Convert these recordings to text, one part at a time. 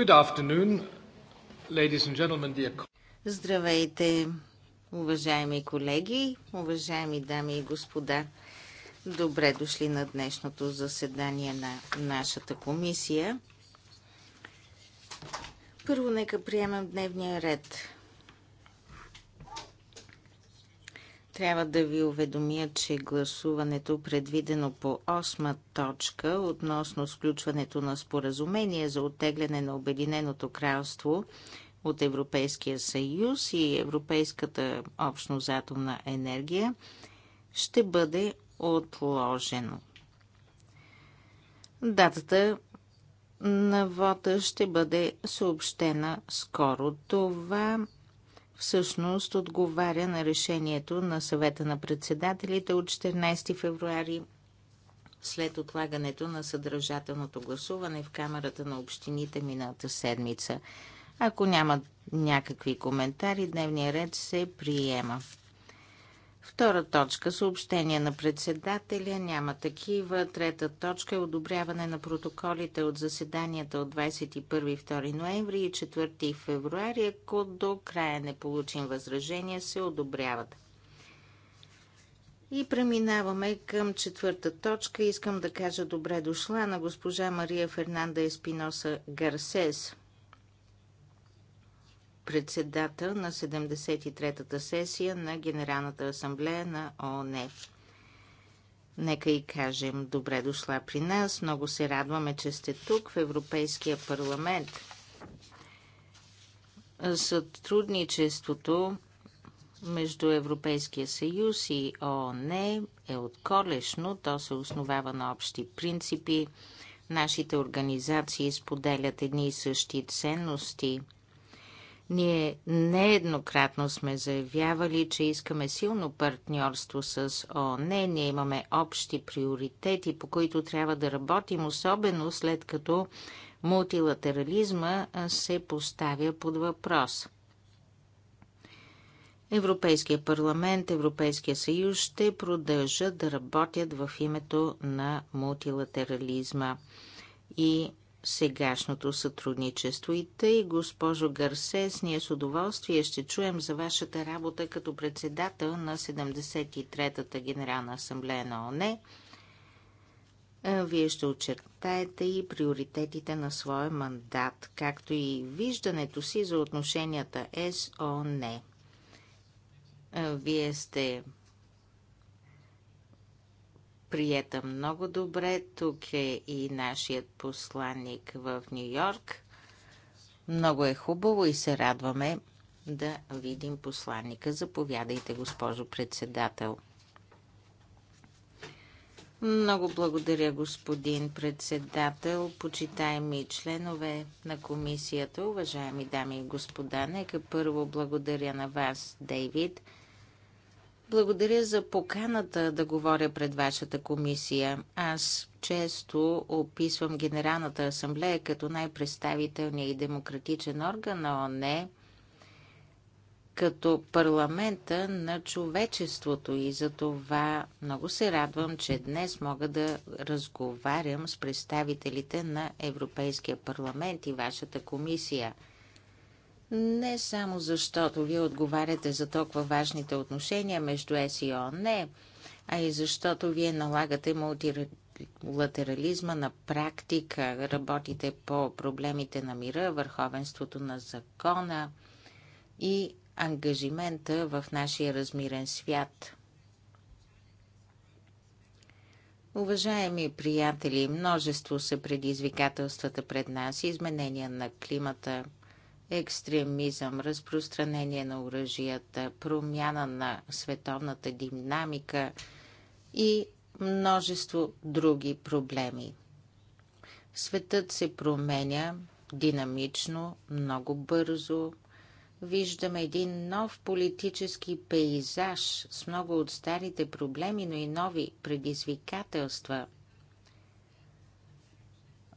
Good afternoon, ladies and gentlemen, dear... Здравейте, уважаеми колеги, уважаеми дами и господа. Добре дошли на днешното заседание на нашата комисия. Първо нека приемем дневния ред. Трябва да ви уведомя, че гласуването, предвидено по осма точка относно сключването на споразумение за оттегляне на Обединеното кралство от Европейския съюз и Европейската общност за атомна енергия, ще бъде отложено. Датата на вота ще бъде съобщена скоро. Това всъщност отговаря на решението на съвета на председателите от 14 февруари след отлагането на съдържателното гласуване в Камерата на общините миналата седмица. Ако няма някакви коментари, дневния ред се приема. Втора точка – съобщение на председателя. Няма такива. Трета точка е одобряване на протоколите от заседанията от 21-2 ноември и 4 февруари. Ако до края не получим възражения, се одобряват. И преминаваме към четвърта точка. Искам да кажа добре дошла на госпожа Мария Фернанда Еспиноса Гарсес – председател на 73-та сесия на Генералната асамблея на ООН. Нека и кажем добре дошла при нас. Много се радваме, че сте тук в Европейския парламент. Сътрудничеството между Европейския съюз и ООН е отколешно. То се основава на общи принципи. Нашите организации споделят едни и същи ценности – ние нееднократно сме заявявали, че искаме силно партньорство с ООН. Ние имаме общи приоритети, по които трябва да работим, особено след като мултилатерализма се поставя под въпрос. Европейския парламент, Европейския съюз ще продължат да работят в името на мултилатерализма и сегашното сътрудничество. И тъй, госпожо Гарсес, ние с удоволствие ще чуем за вашата работа като председател на 73-та Генерална асамблея на ОНЕ. Вие ще очертаете и приоритетите на своя мандат, както и виждането си за отношенията с ОНЕ. Вие сте прията много добре. Тук е и нашият посланник в Нью Йорк. Много е хубаво и се радваме да видим посланника. Заповядайте, госпожо председател. Много благодаря, господин председател, почитаеми членове на комисията, уважаеми дами и господа. Нека първо благодаря на вас, Дейвид. Благодаря за поканата да говоря пред вашата комисия. Аз често описвам Генералната асамблея като най-представителния и демократичен орган на ОНЕ, като парламента на човечеството и за това много се радвам, че днес мога да разговарям с представителите на Европейския парламент и вашата комисия – не само защото вие отговаряте за толкова важните отношения между С и не, а и защото вие налагате мултилатерализма на практика, работите по проблемите на мира, върховенството на закона и ангажимента в нашия размирен свят. Уважаеми приятели, множество са предизвикателствата пред нас, изменения на климата – екстремизъм, разпространение на оръжията, промяна на световната динамика и множество други проблеми. Светът се променя динамично, много бързо. Виждаме един нов политически пейзаж с много от старите проблеми, но и нови предизвикателства –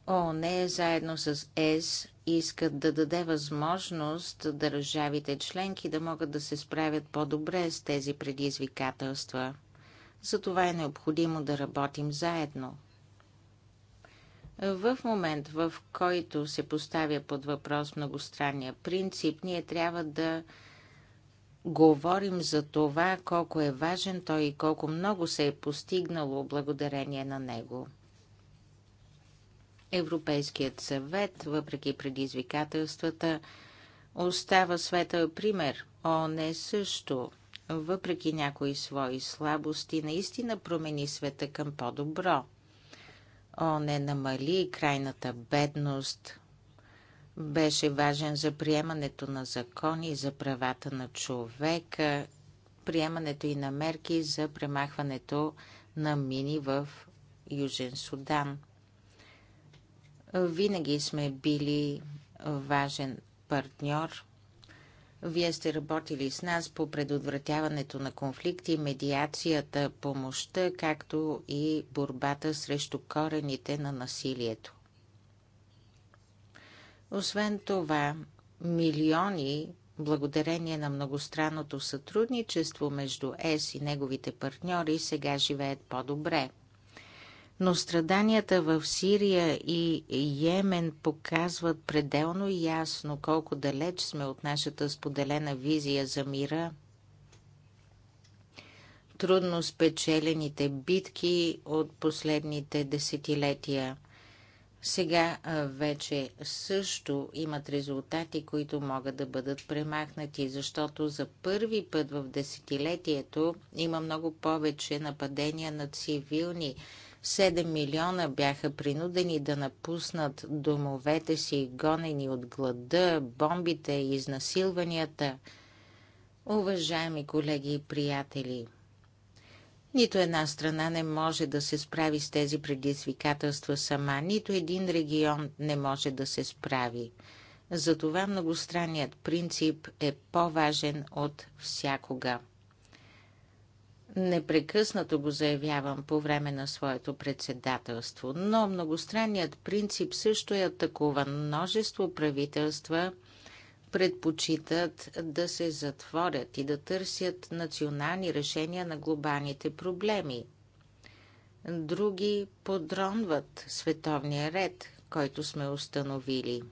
ООН е заедно с ЕС искат да даде възможност държавите членки да могат да се справят по-добре с тези предизвикателства. Затова е необходимо да работим заедно. В момент, в който се поставя под въпрос многостранния принцип, ние трябва да говорим за това колко е важен той и колко много се е постигнало благодарение на него. Европейският съвет, въпреки предизвикателствата, остава светъл пример. О, не също. Въпреки някои свои слабости, наистина промени света към по-добро. О, не намали крайната бедност. Беше важен за приемането на закони за правата на човека, приемането и на мерки за премахването на мини в Южен Судан – винаги сме били важен партньор. Вие сте работили с нас по предотвратяването на конфликти, медиацията, помощта, както и борбата срещу корените на насилието. Освен това, милиони, благодарение на многостранното сътрудничество между ЕС и неговите партньори, сега живеят по-добре – но страданията в Сирия и Йемен показват пределно ясно колко далеч сме от нашата споделена визия за мира. Трудно спечелените битки от последните десетилетия сега вече също имат резултати, които могат да бъдат премахнати, защото за първи път в десетилетието има много повече нападения на цивилни 7 милиона бяха принудени да напуснат домовете си, гонени от глада, бомбите, и изнасилванията. Уважаеми колеги и приятели, нито една страна не може да се справи с тези предизвикателства сама, нито един регион не може да се справи. Затова многостранният принцип е по-важен от всякога. Непрекъснато го заявявам по време на своето председателство, но многостранният принцип също е атакуван. Множество правителства предпочитат да се затворят и да търсят национални решения на глобалните проблеми. Други подронват световния ред, който сме установили.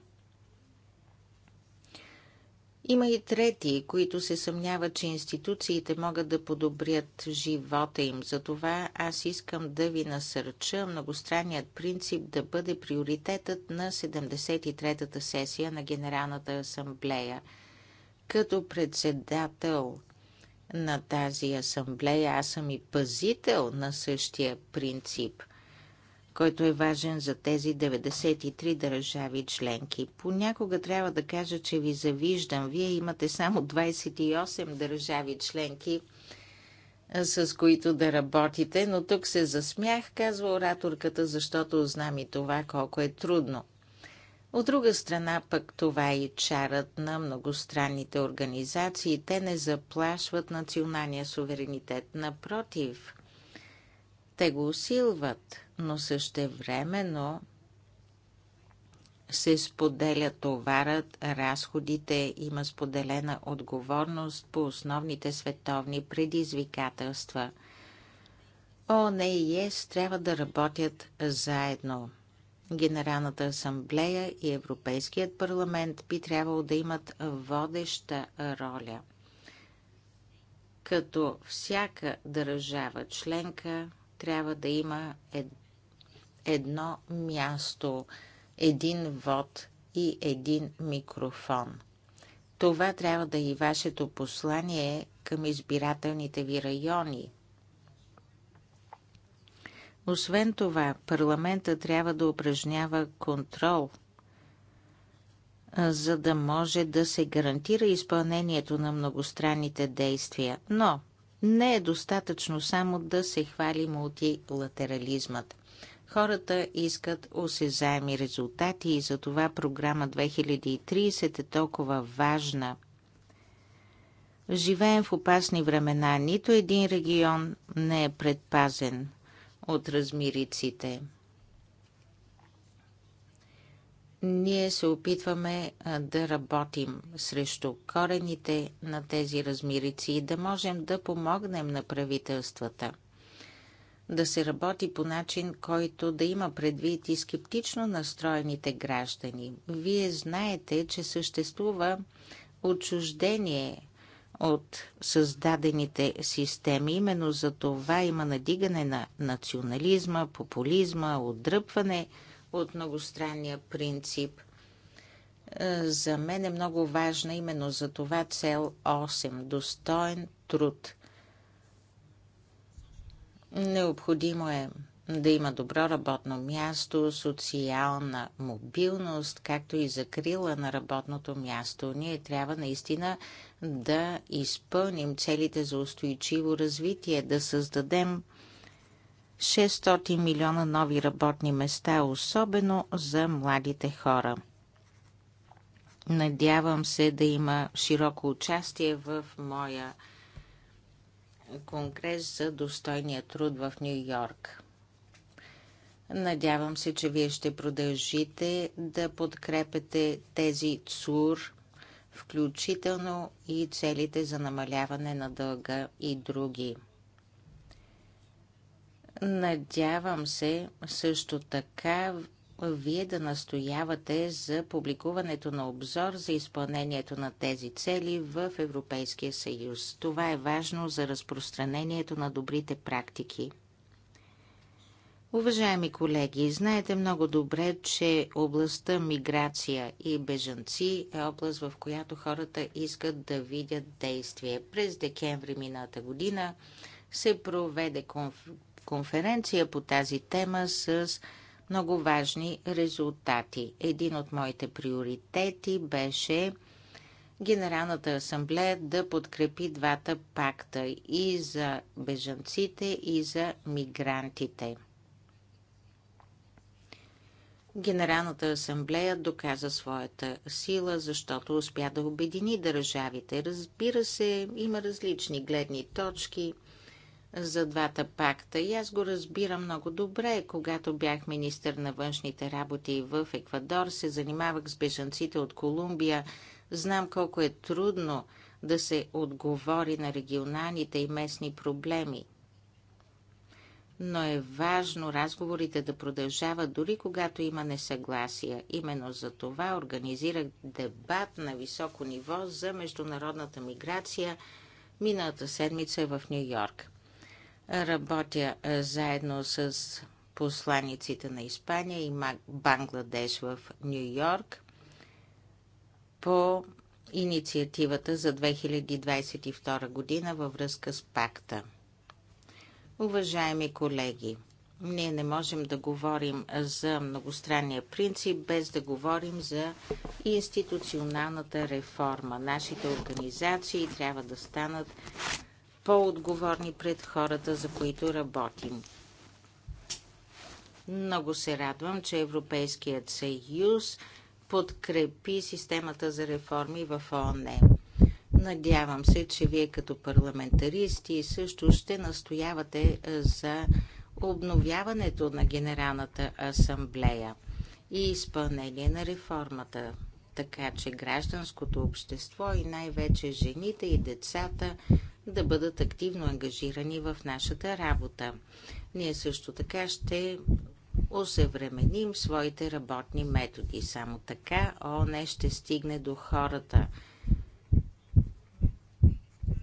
Има и трети, които се съмняват, че институциите могат да подобрят живота им. Затова аз искам да ви насърча многостранният принцип да бъде приоритетът на 73-та сесия на Генералната асамблея. Като председател на тази асамблея аз съм и пазител на същия принцип – който е важен за тези 93 държави членки. Понякога трябва да кажа, че ви завиждам. Вие имате само 28 държави членки, с които да работите, но тук се засмях, казва ораторката, защото знам и това колко е трудно. От друга страна пък това е и чарът на многостранните организации. Те не заплашват националния суверенитет. Напротив, те го усилват, но същевременно се споделя товарът, разходите, има споделена отговорност по основните световни предизвикателства. не и ЕС трябва да работят заедно. Генералната асамблея и Европейският парламент би трябвало да имат водеща роля. Като всяка държава членка трябва да има едно място, един вод и един микрофон. Това трябва да е и вашето послание към избирателните ви райони. Освен това, парламента трябва да упражнява контрол, за да може да се гарантира изпълнението на многостранните действия. Но не е достатъчно само да се хвали мултилатерализмът. Хората искат осезаеми резултати и затова програма 2030 е толкова важна. Живеем в опасни времена. Нито един регион не е предпазен от размириците. ние се опитваме да работим срещу корените на тези размирици и да можем да помогнем на правителствата да се работи по начин, който да има предвид и скептично настроените граждани. Вие знаете, че съществува отчуждение от създадените системи. Именно за това има надигане на национализма, популизма, отдръпване – от многостранния принцип. Е, за мен е много важна именно за това цел 8 достоен труд. Необходимо е да има добро работно място, социална мобилност, както и закрила на работното място. Ние трябва наистина да изпълним целите за устойчиво развитие, да създадем 600 милиона нови работни места, особено за младите хора. Надявам се да има широко участие в моя конгрес за достойния труд в Нью Йорк. Надявам се, че вие ще продължите да подкрепете тези ЦУР, включително и целите за намаляване на дълга и други. Надявам се също така вие да настоявате за публикуването на обзор за изпълнението на тези цели в Европейския съюз. Това е важно за разпространението на добрите практики. Уважаеми колеги, знаете много добре, че областта миграция и бежанци е област, в която хората искат да видят действие. През декември миналата година се проведе конф конференция по тази тема с много важни резултати. Един от моите приоритети беше Генералната асамблея да подкрепи двата пакта и за бежанците, и за мигрантите. Генералната асамблея доказа своята сила, защото успя да обедини държавите. Разбира се, има различни гледни точки – за двата пакта. И аз го разбирам много добре. Когато бях министър на външните работи в Еквадор, се занимавах с бежанците от Колумбия. Знам колко е трудно да се отговори на регионалните и местни проблеми. Но е важно разговорите да продължават дори когато има несъгласия. Именно за това организирах дебат на високо ниво за международната миграция миналата седмица в Нью Йорк. Работя заедно с посланиците на Испания и Бангладеш в Нью Йорк по инициативата за 2022 година във връзка с пакта. Уважаеми колеги, ние не можем да говорим за многостранния принцип без да говорим за институционалната реформа. Нашите организации трябва да станат по-отговорни пред хората, за които работим. Много се радвам, че Европейският съюз подкрепи системата за реформи в ООН. Надявам се, че вие като парламентаристи също ще настоявате за обновяването на Генералната асамблея и изпълнение на реформата, така че гражданското общество и най-вече жените и децата да бъдат активно ангажирани в нашата работа. Ние също така ще осъвременим своите работни методи. Само така оне ще стигне до хората.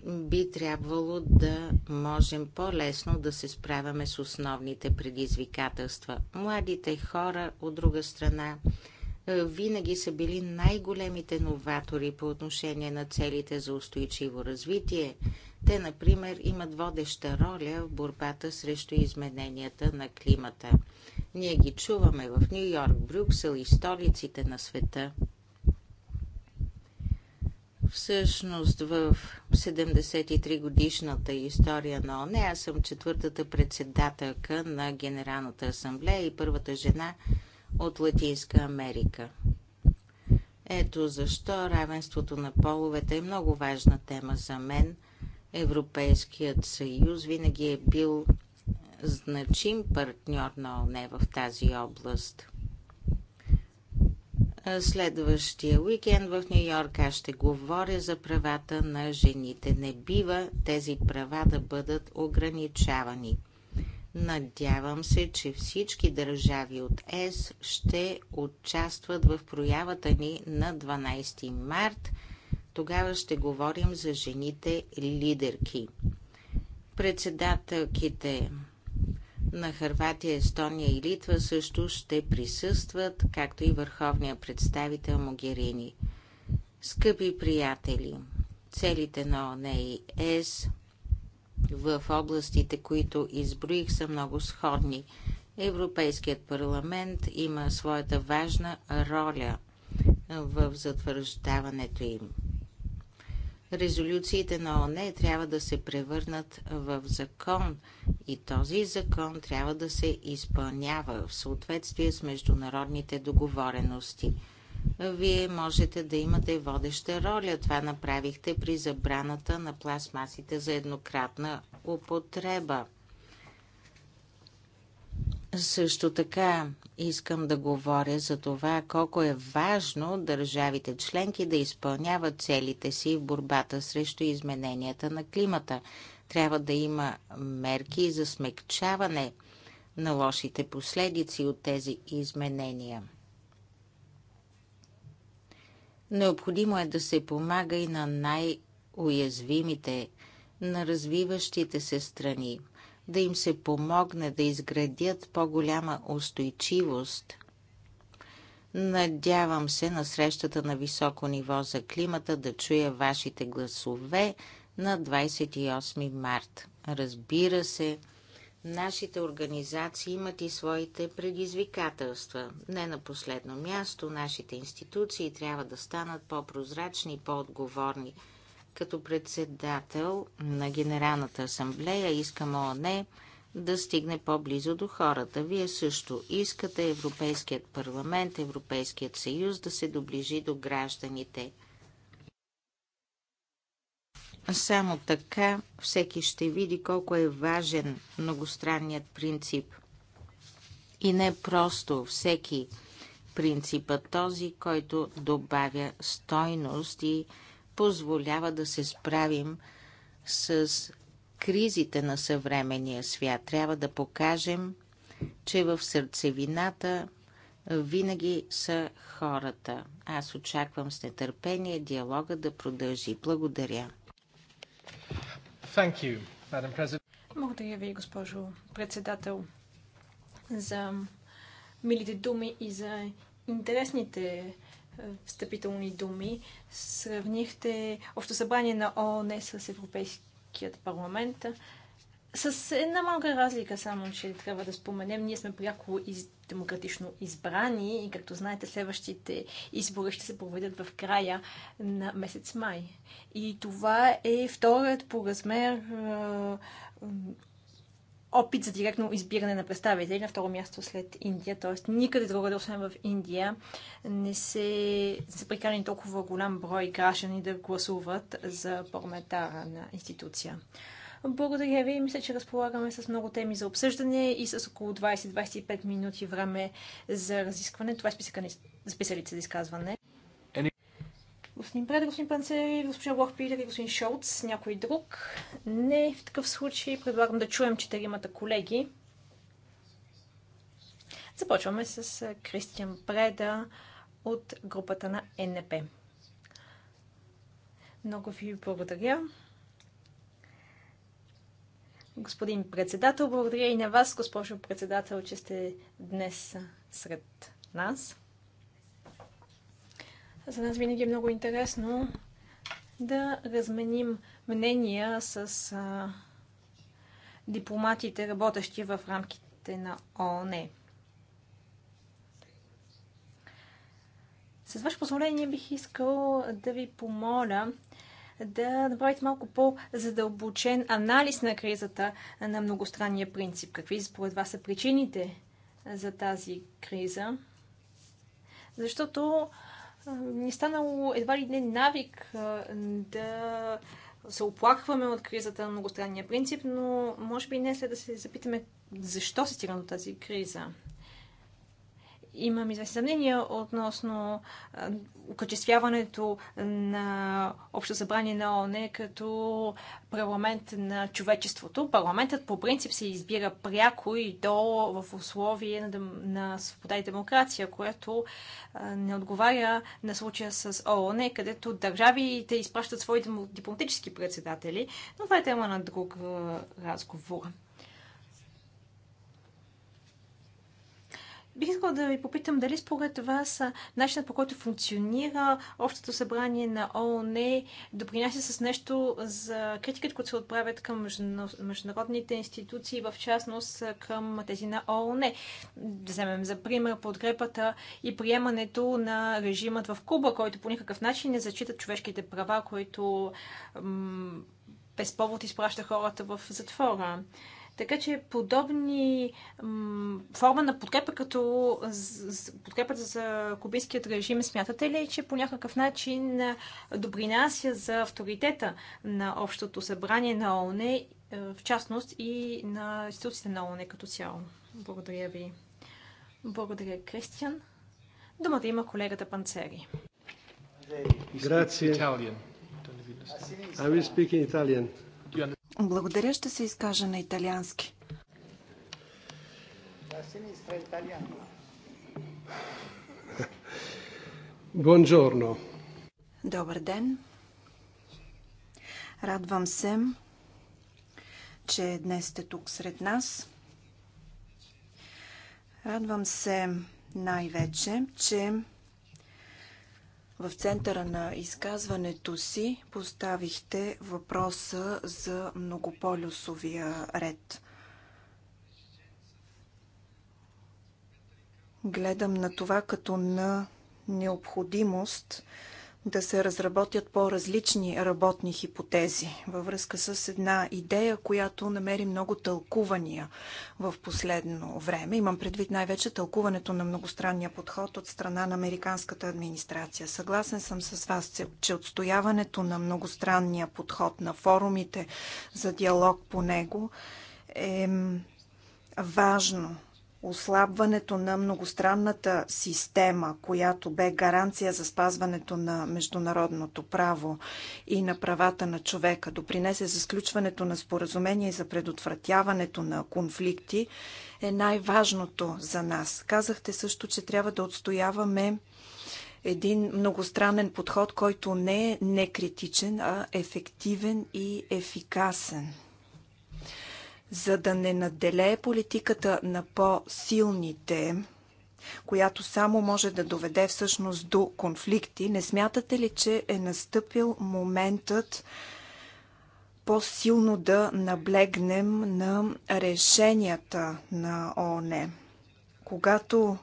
Би трябвало да можем по-лесно да се справяме с основните предизвикателства. Младите хора, от друга страна, е, винаги са били най-големите новатори по отношение на целите за устойчиво развитие. Те, например, имат водеща роля в борбата срещу измененията на климата. Ние ги чуваме в Нью Йорк, Брюксел и столиците на света. Всъщност в 73 годишната история на ОНЕ аз съм четвъртата председателка на Генералната асамблея и първата жена, от Латинска Америка. Ето защо равенството на половете е много важна тема за мен. Европейският съюз винаги е бил значим партньор на ОНЕ в тази област. Следващия уикенд в Нью Йорк аз ще говоря за правата на жените. Не бива тези права да бъдат ограничавани. Надявам се, че всички държави от ЕС ще участват в проявата ни на 12 март. Тогава ще говорим за жените лидерки. Председателките на Харватия, Естония и Литва също ще присъстват, както и върховния представител Могерини. Скъпи приятели, целите на ОНЕ и ЕС – в областите, които изброих, са много сходни. Европейският парламент има своята важна роля в затвърждаването им. Резолюциите на ОНЕ трябва да се превърнат в закон и този закон трябва да се изпълнява в съответствие с международните договорености – вие можете да имате водеща роля. Това направихте при забраната на пластмасите за еднократна употреба. Също така искам да говоря за това колко е важно държавите членки да изпълняват целите си в борбата срещу измененията на климата. Трябва да има мерки за смекчаване на лошите последици от тези изменения. Необходимо е да се помага и на най-уязвимите, на развиващите се страни, да им се помогне да изградят по-голяма устойчивост. Надявам се на срещата на високо ниво за климата да чуя вашите гласове на 28 март. Разбира се, Нашите организации имат и своите предизвикателства. Не на последно място, нашите институции трябва да станат по-прозрачни и по-отговорни. Като председател на Генералната асамблея искам ООН да стигне по-близо до хората. Вие също искате Европейският парламент, Европейският съюз да се доближи до гражданите – само така всеки ще види колко е важен многостранният принцип. И не просто всеки принцип, а този, който добавя стойност и позволява да се справим с кризите на съвременния свят. Трябва да покажем, че в сърцевината винаги са хората. Аз очаквам с нетърпение диалога да продължи. Благодаря. Thank you, Madam President. Благодаря ви, госпожо председател, за милите думи и за интересните е, встъпителни думи. Сравнихте Общо събрание на ООН с Европейския парламент. С една малка разлика само, че трябва да споменем, ние сме пряко из... демократично избрани и както знаете, следващите избори ще се проведат в края на месец май. И това е вторият по размер опит за директно избиране на представители на второ място след Индия, т.е. никъде другаде, освен в Индия, не се, се прикани толкова голям брой граждани да гласуват за парламентарна институция. Благодаря ви. Мисля, че разполагаме с много теми за обсъждане и с около 20-25 минути време за разискване. Това е списъка на списалите за изказване. Господин Пред, господин Панцери, госпожа Лохпилер и господин Шолц, някой друг. Не, в такъв случай предлагам да чуем четиримата колеги. Започваме с Кристиан Преда от групата на НП. Много ви благодаря. Господин председател, благодаря и на вас, госпожо председател, че сте днес сред нас. За нас винаги е много интересно да разменим мнения с а, дипломатите, работещи в рамките на ООН. С ваше позволение бих искал да ви помоля да направите малко по-задълбочен анализ на кризата на многостранния принцип. Какви според вас са причините за тази криза? Защото ни е станало едва ли не навик да се оплакваме от кризата на многостранния принцип, но може би не е след да се запитаме защо се стигна до тази криза имам известни съмнения относно окачествяването на Общо събрание на ООН като парламент на човечеството. Парламентът по принцип се избира пряко и то в условие на, на свобода и демокрация, което не отговаря на случая с ООН, където държавите изпращат своите дипломатически председатели, но това е тема на друг разговор. Бих искала да ви попитам дали според вас начинът по който функционира Общото събрание на ООН е допринася с нещо за критиката, които се отправят към международните институции, в частност към тези на ООН. Да вземем за пример подкрепата и приемането на режимът в Куба, който по никакъв начин не зачита човешките права, които без повод изпраща хората в затвора. Така че подобни форма на подкрепа, като подкрепата за кубинският режим, смятате ли, че по някакъв начин добринася за авторитета на Общото събрание на ООН, е, в частност и на институциите на ООН като цяло? Благодаря ви. Благодаря, Кристиан. Думата има колегата Панцери. Grazie. Italian. I will speak in Italian. Благодаря, ще се изкажа на италиански. Бонжорно. Добър ден. Радвам се, че днес сте тук сред нас. Радвам се най-вече, че в центъра на изказването си поставихте въпроса за многополюсовия ред. Гледам на това като на необходимост да се разработят по-различни работни хипотези във връзка с една идея, която намери много тълкувания в последно време. Имам предвид най-вече тълкуването на многостранния подход от страна на американската администрация. Съгласен съм с вас, че отстояването на многостранния подход на форумите за диалог по него е важно ослабването на многостранната система, която бе гаранция за спазването на международното право и на правата на човека, допринесе за сключването на споразумения и за предотвратяването на конфликти, е най-важното за нас. Казахте също, че трябва да отстояваме един многостранен подход, който не е некритичен, а ефективен и ефикасен за да не наделее политиката на по-силните, която само може да доведе всъщност до конфликти, не смятате ли, че е настъпил моментът по-силно да наблегнем на решенията на ООН? Когато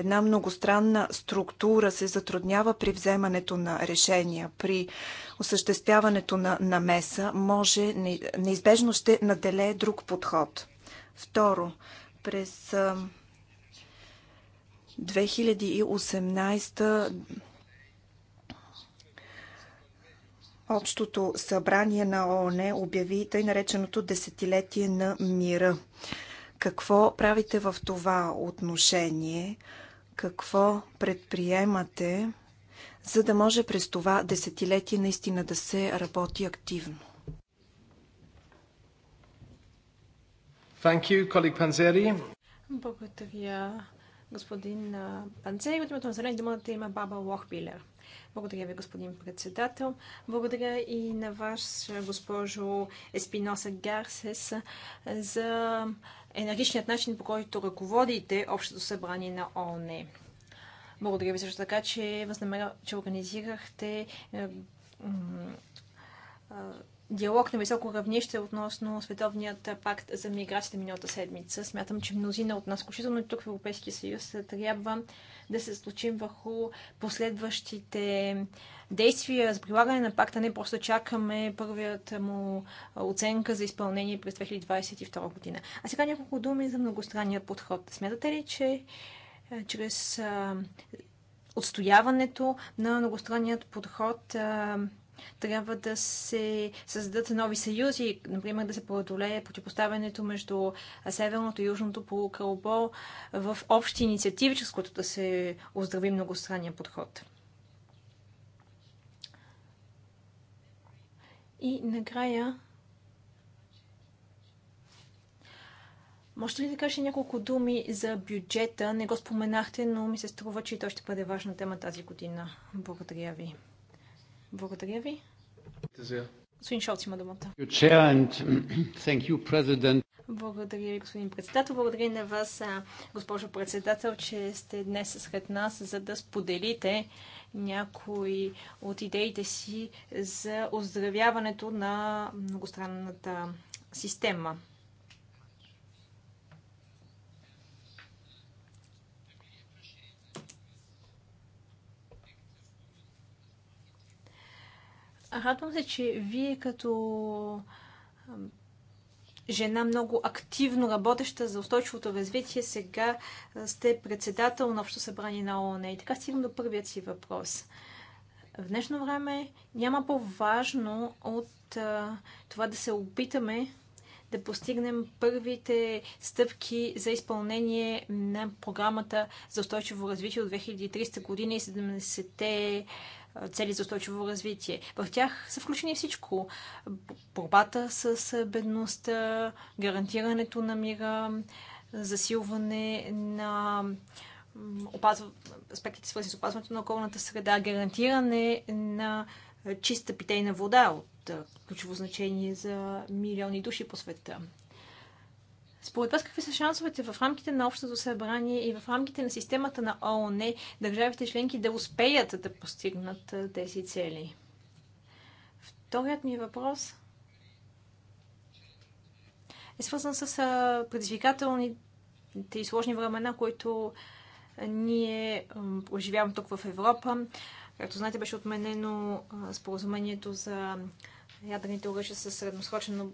една многостранна структура се затруднява при вземането на решения, при осъществяването на намеса, може неизбежно ще наделе друг подход. Второ, през 2018 Общото събрание на ООН обяви тъй нареченото десетилетие на мира. Какво правите в това отношение? какво предприемате, за да може през това десетилетие наистина да се работи активно? Thank you, colleague Panzeri. Благодаря, господин Панцери. От името на зелен думата има баба Лохбилер. Благодаря ви, господин председател. Благодаря и на вас, госпожо Еспиноса Гарсес, за енергичният начин, по който ръководите Общото събрание на ООН. Благодаря ви също така, че, възнамеря, че организирахте диалог на високо равнище относно Световният пакт за миграцията миналата седмица. Смятам, че мнозина от нас, включително и тук в Европейския съюз, трябва да се случим върху последващите действия с прилагане на пакта, не просто чакаме първият му оценка за изпълнение през 2022 година. А сега няколко думи за многостранния подход. Смятате ли, че е, чрез е, отстояването на многостранният подход е, трябва да се създадат нови съюзи, например да се преодолее противопоставянето между Северното и Южното полукълбо в общи инициативи, чрез които да се оздрави многостранния подход. И накрая Може ли да кажете няколко думи за бюджета? Не го споменахте, но ми се струва, че той ще бъде важна тема тази година. Благодаря ви. Благодаря ви. Господин Шолц има думата. Благодаря ви, господин председател. Благодаря и на вас, госпожо председател, че сте днес сред нас, за да споделите някои от идеите си за оздравяването на многостранната система. Радвам се, че вие като жена много активно работеща за устойчивото развитие, сега сте председател на Общо събрание на ООН. И така стигам до първият си въпрос. В днешно време няма по-важно от а, това да се опитаме да постигнем първите стъпки за изпълнение на програмата за устойчиво развитие от 2300 година и 70-те цели за устойчиво развитие. В тях са включени всичко. Борбата с бедността, гарантирането на мира, засилване на опазва, аспектите свързани с опазването на околната среда, гарантиране на чиста питейна вода от ключово значение за милиони души по света. Според вас какви са шансовете в рамките на Общото събрание и в рамките на системата на ООН държавите членки да успеят да постигнат тези цели? Вторият ми въпрос е свързан с предизвикателните и сложни времена, които ние оживяваме тук в Европа. Както знаете, беше отменено споразумението за ядрените оръжия с средносрочено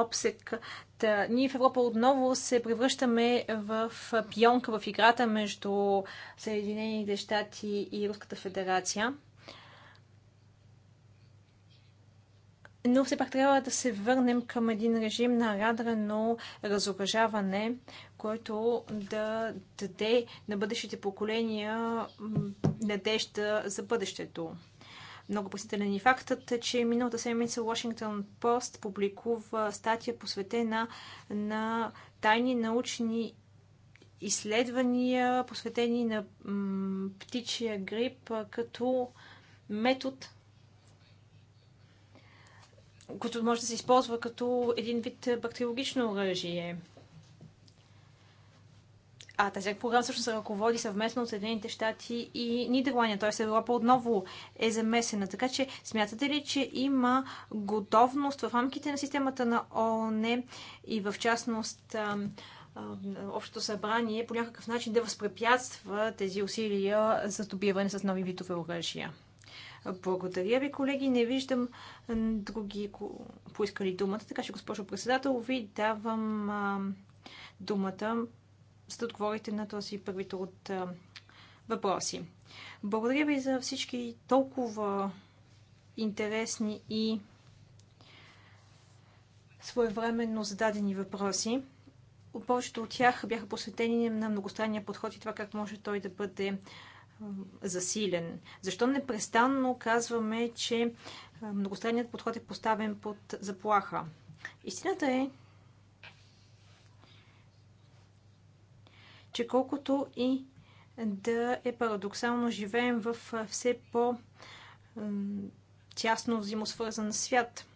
обсек. Та, ние в Европа отново се превръщаме в пионка в играта между Съединените щати и Руската федерация. но все пак трябва да се върнем към един режим на радрено разоръжаване, който да даде на бъдещите поколения надежда за бъдещето. Много посетителен и фактът, е, че миналата седмица Washington Post публикува статия посветена на тайни научни изследвания, посветени на птичия грип като метод, който може да се използва като един вид бактериологично оръжие. А тази програма също се ръководи съвместно от Съединените щати и Нидерландия, т.е. Европа отново е замесена. Така че смятате ли, че има готовност в рамките на системата на ООН и в частност Общото събрание по някакъв начин да възпрепятства тези усилия за добиване с нови видове оръжия? Благодаря ви, колеги. Не виждам други поискали думата, така че, госпожо председател, ви давам думата за да отговорите на този първи от въпроси. Благодаря ви за всички толкова интересни и своевременно зададени въпроси. повечето от тях бяха посветени на многостранния подход и това как може той да бъде засилен. Защо непрестанно казваме, че многостранният подход е поставен под заплаха? Истината е, че колкото и да е парадоксално, живеем в все по-тясно взаимосвързан свят.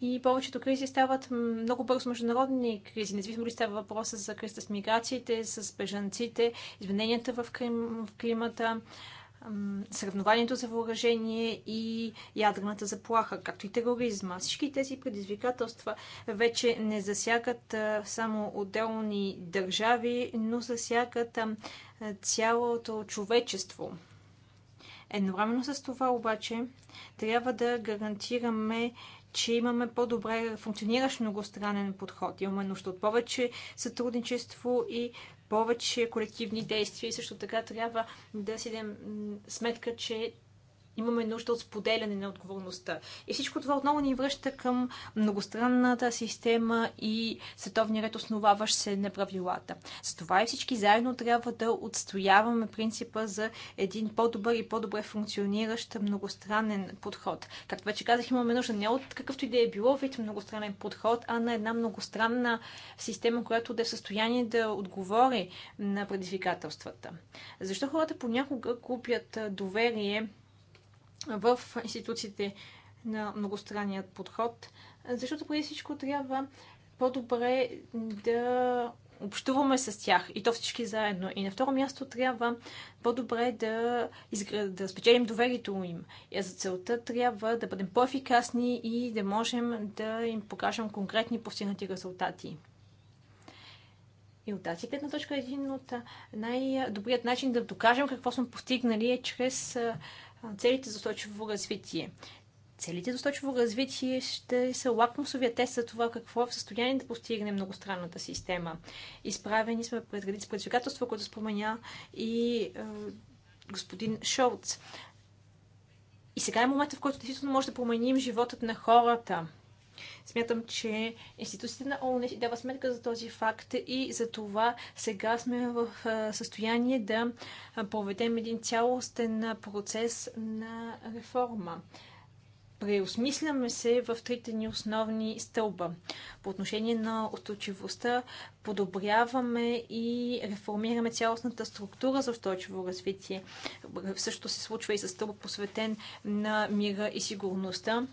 И повечето кризи стават много бързо международни кризи, независимо ли става въпроса за кризата с миграциите, с бежанците, измененията в климата, съревнованието за въоръжение и ядрената заплаха, както и тероризма. Всички тези предизвикателства вече не засягат само отделни държави, но засягат цялото човечество. Едновременно с това обаче трябва да гарантираме че имаме по-добре функциониращ многостранен подход. Имаме нужда от повече сътрудничество и повече колективни действия и също така трябва да си дадем сметка, че имаме нужда от споделяне на отговорността. И всичко това отново ни връща към многостранната система и световния ред, основаващ се на правилата. Затова и всички заедно трябва да отстояваме принципа за един по-добър и по-добре функциониращ многостранен подход. Както вече казах, имаме нужда не от какъвто и да е било вид многостранен подход, а на една многостранна система, която да е в състояние да отговори на предизвикателствата. Защо хората понякога купят доверие в институциите на многостранният подход, защото преди всичко трябва по-добре да общуваме с тях и то всички заедно. И на второ място трябва по-добре да, да спечелим доверието им. И за целта трябва да бъдем по-ефикасни и да можем да им покажем конкретни постигнати резултати. И от тази гледна точка един от най-добрият начин да докажем какво сме постигнали е чрез целите за устойчиво развитие. Целите за устойчиво развитие ще са лакмусовия тест за това какво е в състояние да постигне многостранната система. Изправени сме пред редица предизвикателства, което споменя и е, господин Шолц. И сега е момента, в който действително може да променим живота на хората – Смятам, че институциите на ООН си дава сметка за този факт и за това сега сме в състояние да проведем един цялостен процес на реформа преосмисляме се в трите ни основни стълба. По отношение на устойчивостта подобряваме и реформираме цялостната структура за устойчиво развитие. Също се случва и за стълб посветен на мира и сигурността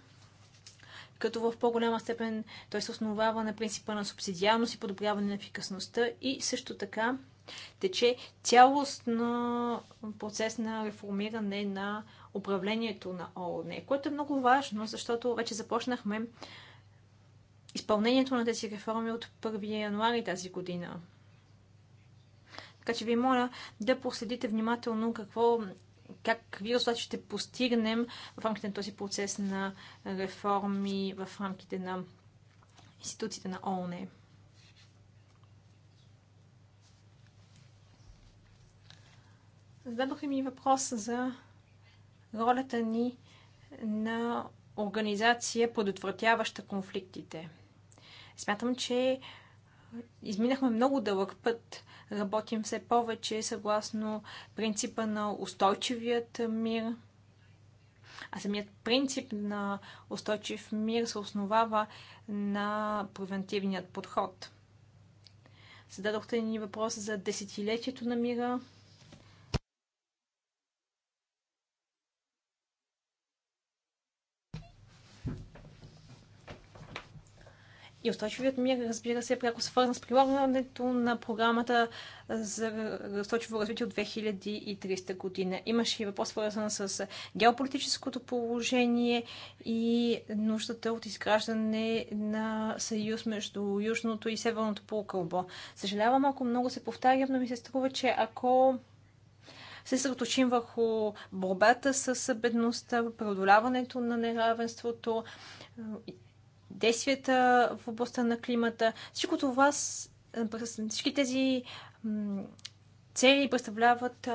като в по-голяма степен той се основава на принципа на субсидиарност и подобряване на ефикасността и също така тече цялостно процес на реформиране на управлението на ООН, което е много важно, защото вече започнахме изпълнението на тези реформи от 1 януари тази година. Така че ви моля да проследите внимателно какво какви резултати ще постигнем в рамките на този процес на реформи в рамките на институциите на ООН. Зададоха ми въпрос за ролята ни на организация, предотвратяваща конфликтите. Смятам, че изминахме много дълъг път работим все повече съгласно принципа на устойчивият мир. А самият принцип на устойчив мир се основава на превентивният подход. Зададохте ни въпрос за десетилетието на мира. И устойчивият мир, разбира се, е пряко свързан с прилагането на програмата за устойчиво развитие от 2300 година. Имаше и въпрос, свързан с геополитическото положение и нуждата от изграждане на съюз между Южното и Северното полукълбо. Съжалявам, ако много се повтарям, но ми се струва, че ако се съсредоточим върху борбата с бедността, преодоляването на неравенството, действията в областта на климата. Всичко това, е, всички тези цели представляват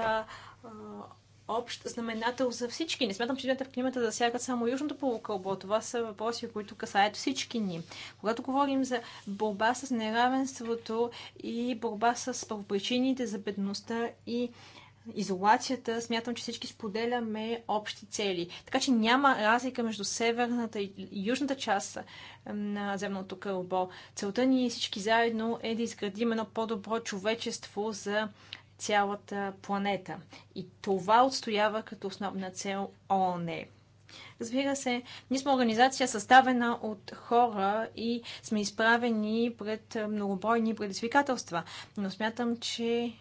общ знаменател за всички. Не смятам, че измененията в климата засягат само Южното полукълбо. Това са въпроси, които касаят всички ни. Когато говорим за борба с неравенството и борба с правопричините за бедността и изолацията, смятам, че всички споделяме общи цели. Така че няма разлика между северната и южната част е, на земното кълбо. Целта ни е всички заедно е да изградим едно по-добро човечество за цялата планета. И това отстоява като основна цел ООН. Разбира се, ние сме организация съставена от хора и сме изправени пред многобройни предизвикателства, но смятам, че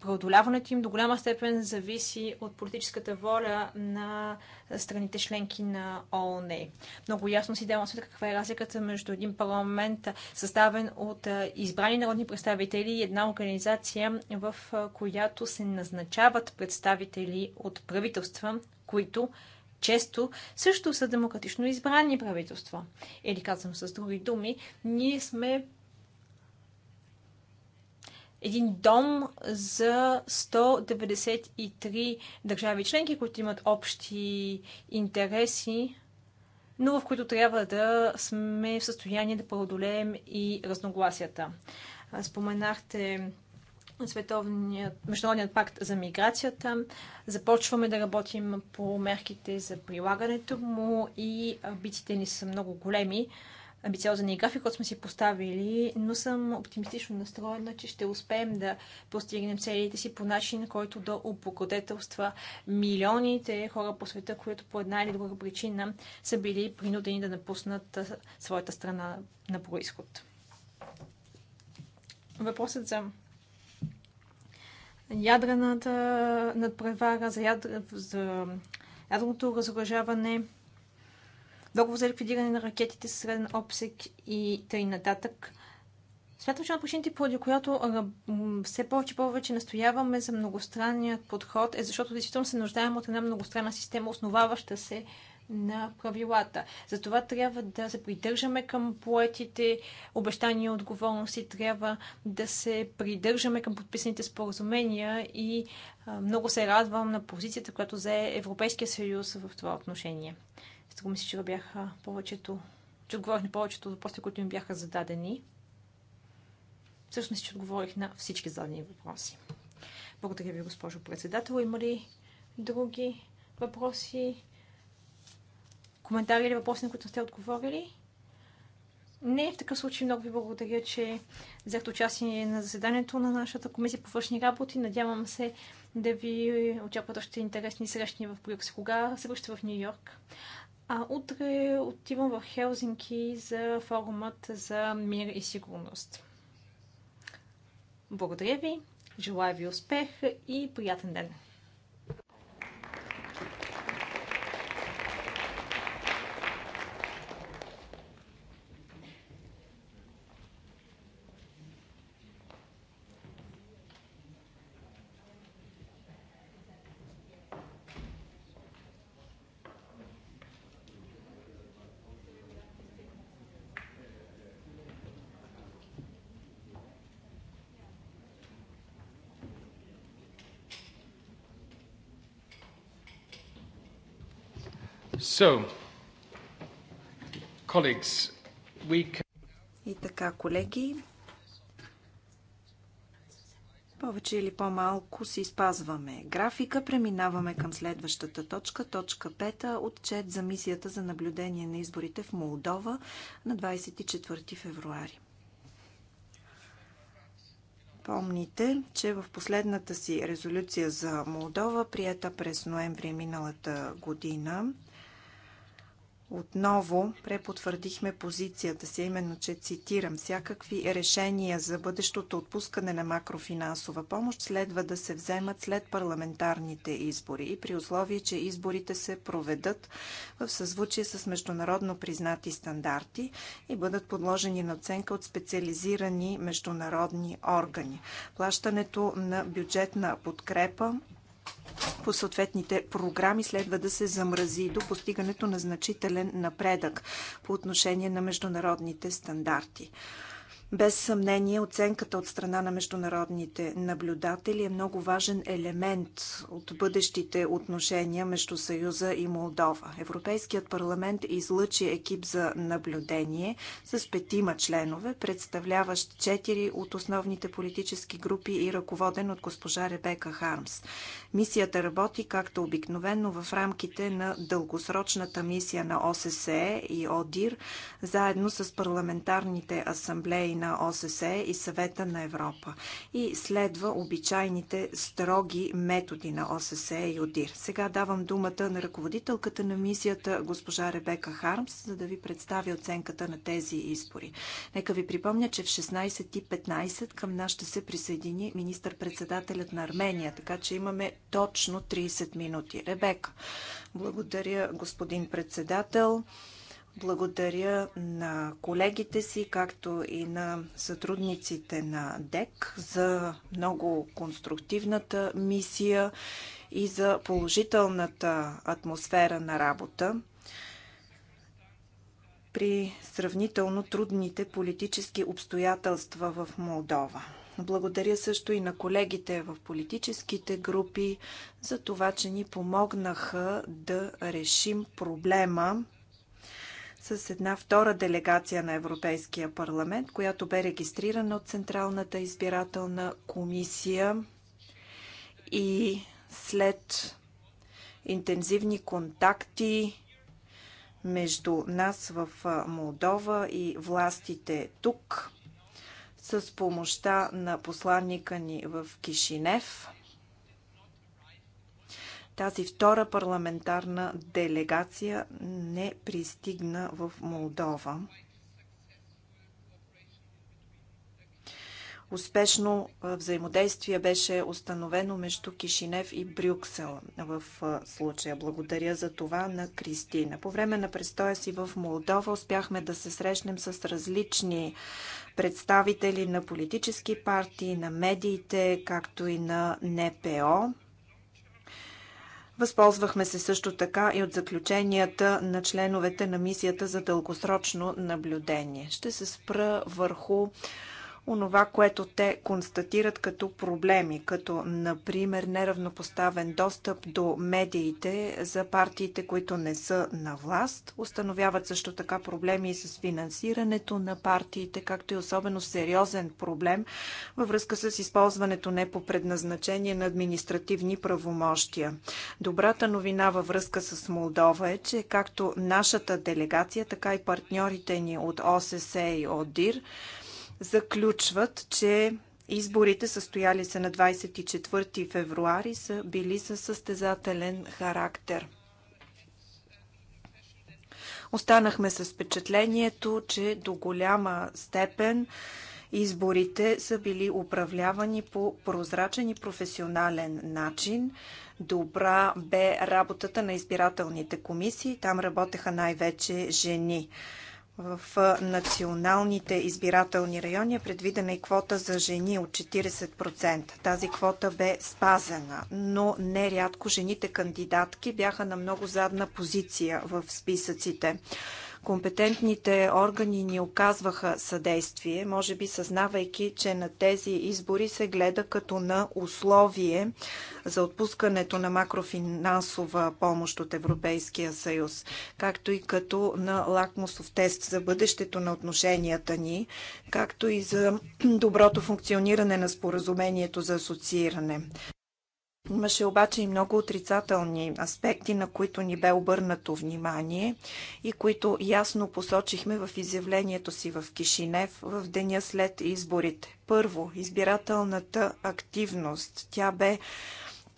преодоляването им до голяма степен зависи от политическата воля на страните членки на ООН. Много ясно си давам сметка каква е разликата между един парламент, съставен от избрани народни представители и една организация, в която се назначават представители от правителства, които често също са демократично избрани правителства. Или казвам с други думи, ние сме един дом за 193 държави членки, които имат общи интереси, но в които трябва да сме в състояние да преодолеем и разногласията. Споменахте Световният, Международният пакт за миграцията. Започваме да работим по мерките за прилагането му и битите ни са много големи амбициозен и график, който сме си поставили, но съм оптимистично настроена, че ще успеем да постигнем целите си по начин, който да облагодетелства милионите хора по света, които по една или друга причина са били принудени да напуснат своята страна на происход. Въпросът за ядрената надпревара, за, ядр... за разоръжаване – договор за ликвидиране на ракетите с среден обсек и тъй нататък. Смятам, че на причините, поради която все повече и повече настояваме за многостранният подход, е защото действително се нуждаем от една многостранна система, основаваща се на правилата. Затова трябва да се придържаме към поетите обещания и отговорности, трябва да се придържаме към подписаните споразумения и много се радвам на позицията, която зае Европейския съюз в това отношение. Струва ми се, че бяха повечето, че отговорих на повечето въпроси, които ми бяха зададени. Всъщност, че отговорих на всички зададени въпроси. Благодаря ви, госпожо председател. Има ли други въпроси, коментари или въпроси, на които не сте отговорили? Не, в такъв случай много ви благодаря, че взехте участие на заседанието на нашата комисия по външни работи. Надявам се да ви очакват още интересни срещи в Брюкс. Кога се връщате в Нью Йорк? А утре отивам в Хелзинки за форумът за мир и сигурност. Благодаря ви, желая ви успех и приятен ден! So, colleagues, we can... И така, колеги, повече или по-малко си спазваме графика. Преминаваме към следващата точка, точка 5, отчет за мисията за наблюдение на изборите в Молдова на 24 февруари. Помните, че в последната си резолюция за Молдова, прията през ноември миналата година, отново препотвърдихме позицията си, именно, че цитирам, всякакви решения за бъдещото отпускане на макрофинансова помощ следва да се вземат след парламентарните избори и при условие, че изборите се проведат в съзвучие с международно признати стандарти и бъдат подложени на оценка от специализирани международни органи. Плащането на бюджетна подкрепа по съответните програми следва да се замрази до постигането на значителен напредък по отношение на международните стандарти. Без съмнение, оценката от страна на международните наблюдатели е много важен елемент от бъдещите отношения между Съюза и Молдова. Европейският парламент излъчи екип за наблюдение с петима членове, представляващ четири от основните политически групи и ръководен от госпожа Ребека Хармс. Мисията работи, както обикновено, в рамките на дългосрочната мисия на ОССЕ и ОДИР, заедно с парламентарните асамблеи на ОССЕ и Съвета на Европа и следва обичайните строги методи на ОССЕ и ОДИР. Сега давам думата на ръководителката на мисията госпожа Ребека Хармс, за да ви представи оценката на тези избори. Нека ви припомня, че в 16.15 към нас ще се присъедини министър-председателят на Армения, така че имаме точно 30 минути. Ребека, благодаря господин председател. Благодаря на колегите си, както и на сътрудниците на ДЕК за много конструктивната мисия и за положителната атмосфера на работа при сравнително трудните политически обстоятелства в Молдова. Благодаря също и на колегите в политическите групи за това, че ни помогнаха да решим проблема с една втора делегация на Европейския парламент, която бе регистрирана от Централната избирателна комисия и след интензивни контакти между нас в Молдова и властите тук, с помощта на посланника ни в Кишинев – тази втора парламентарна делегация не пристигна в Молдова. Успешно взаимодействие беше установено между Кишинев и Брюксел в случая. Благодаря за това на Кристина. По време на престоя си в Молдова успяхме да се срещнем с различни представители на политически партии, на медиите, както и на НПО. Възползвахме се също така и от заключенията на членовете на мисията за дългосрочно наблюдение. Ще се спра върху онова, което те констатират като проблеми, като например неравнопоставен достъп до медиите за партиите, които не са на власт. Установяват също така проблеми и с финансирането на партиите, както и особено сериозен проблем във връзка с използването не по предназначение на административни правомощия. Добрата новина във връзка с Молдова е, че както нашата делегация, така и партньорите ни от ОССЕ и ОДИР заключват, че изборите, състояли се на 24 февруари, са били със състезателен характер. Останахме с впечатлението, че до голяма степен изборите са били управлявани по прозрачен и професионален начин. Добра бе работата на избирателните комисии. Там работеха най-вече жени в националните избирателни райони е предвидена и квота за жени от 40%. Тази квота бе спазена, но нерядко жените кандидатки бяха на много задна позиция в списъците Компетентните органи ни оказваха съдействие, може би съзнавайки, че на тези избори се гледа като на условие за отпускането на макрофинансова помощ от Европейския съюз, както и като на лакмусов тест за бъдещето на отношенията ни, както и за доброто функциониране на споразумението за асоцииране. Имаше обаче и много отрицателни аспекти, на които ни бе обърнато внимание и които ясно посочихме в изявлението си в Кишинев в деня след изборите. Първо, избирателната активност. Тя бе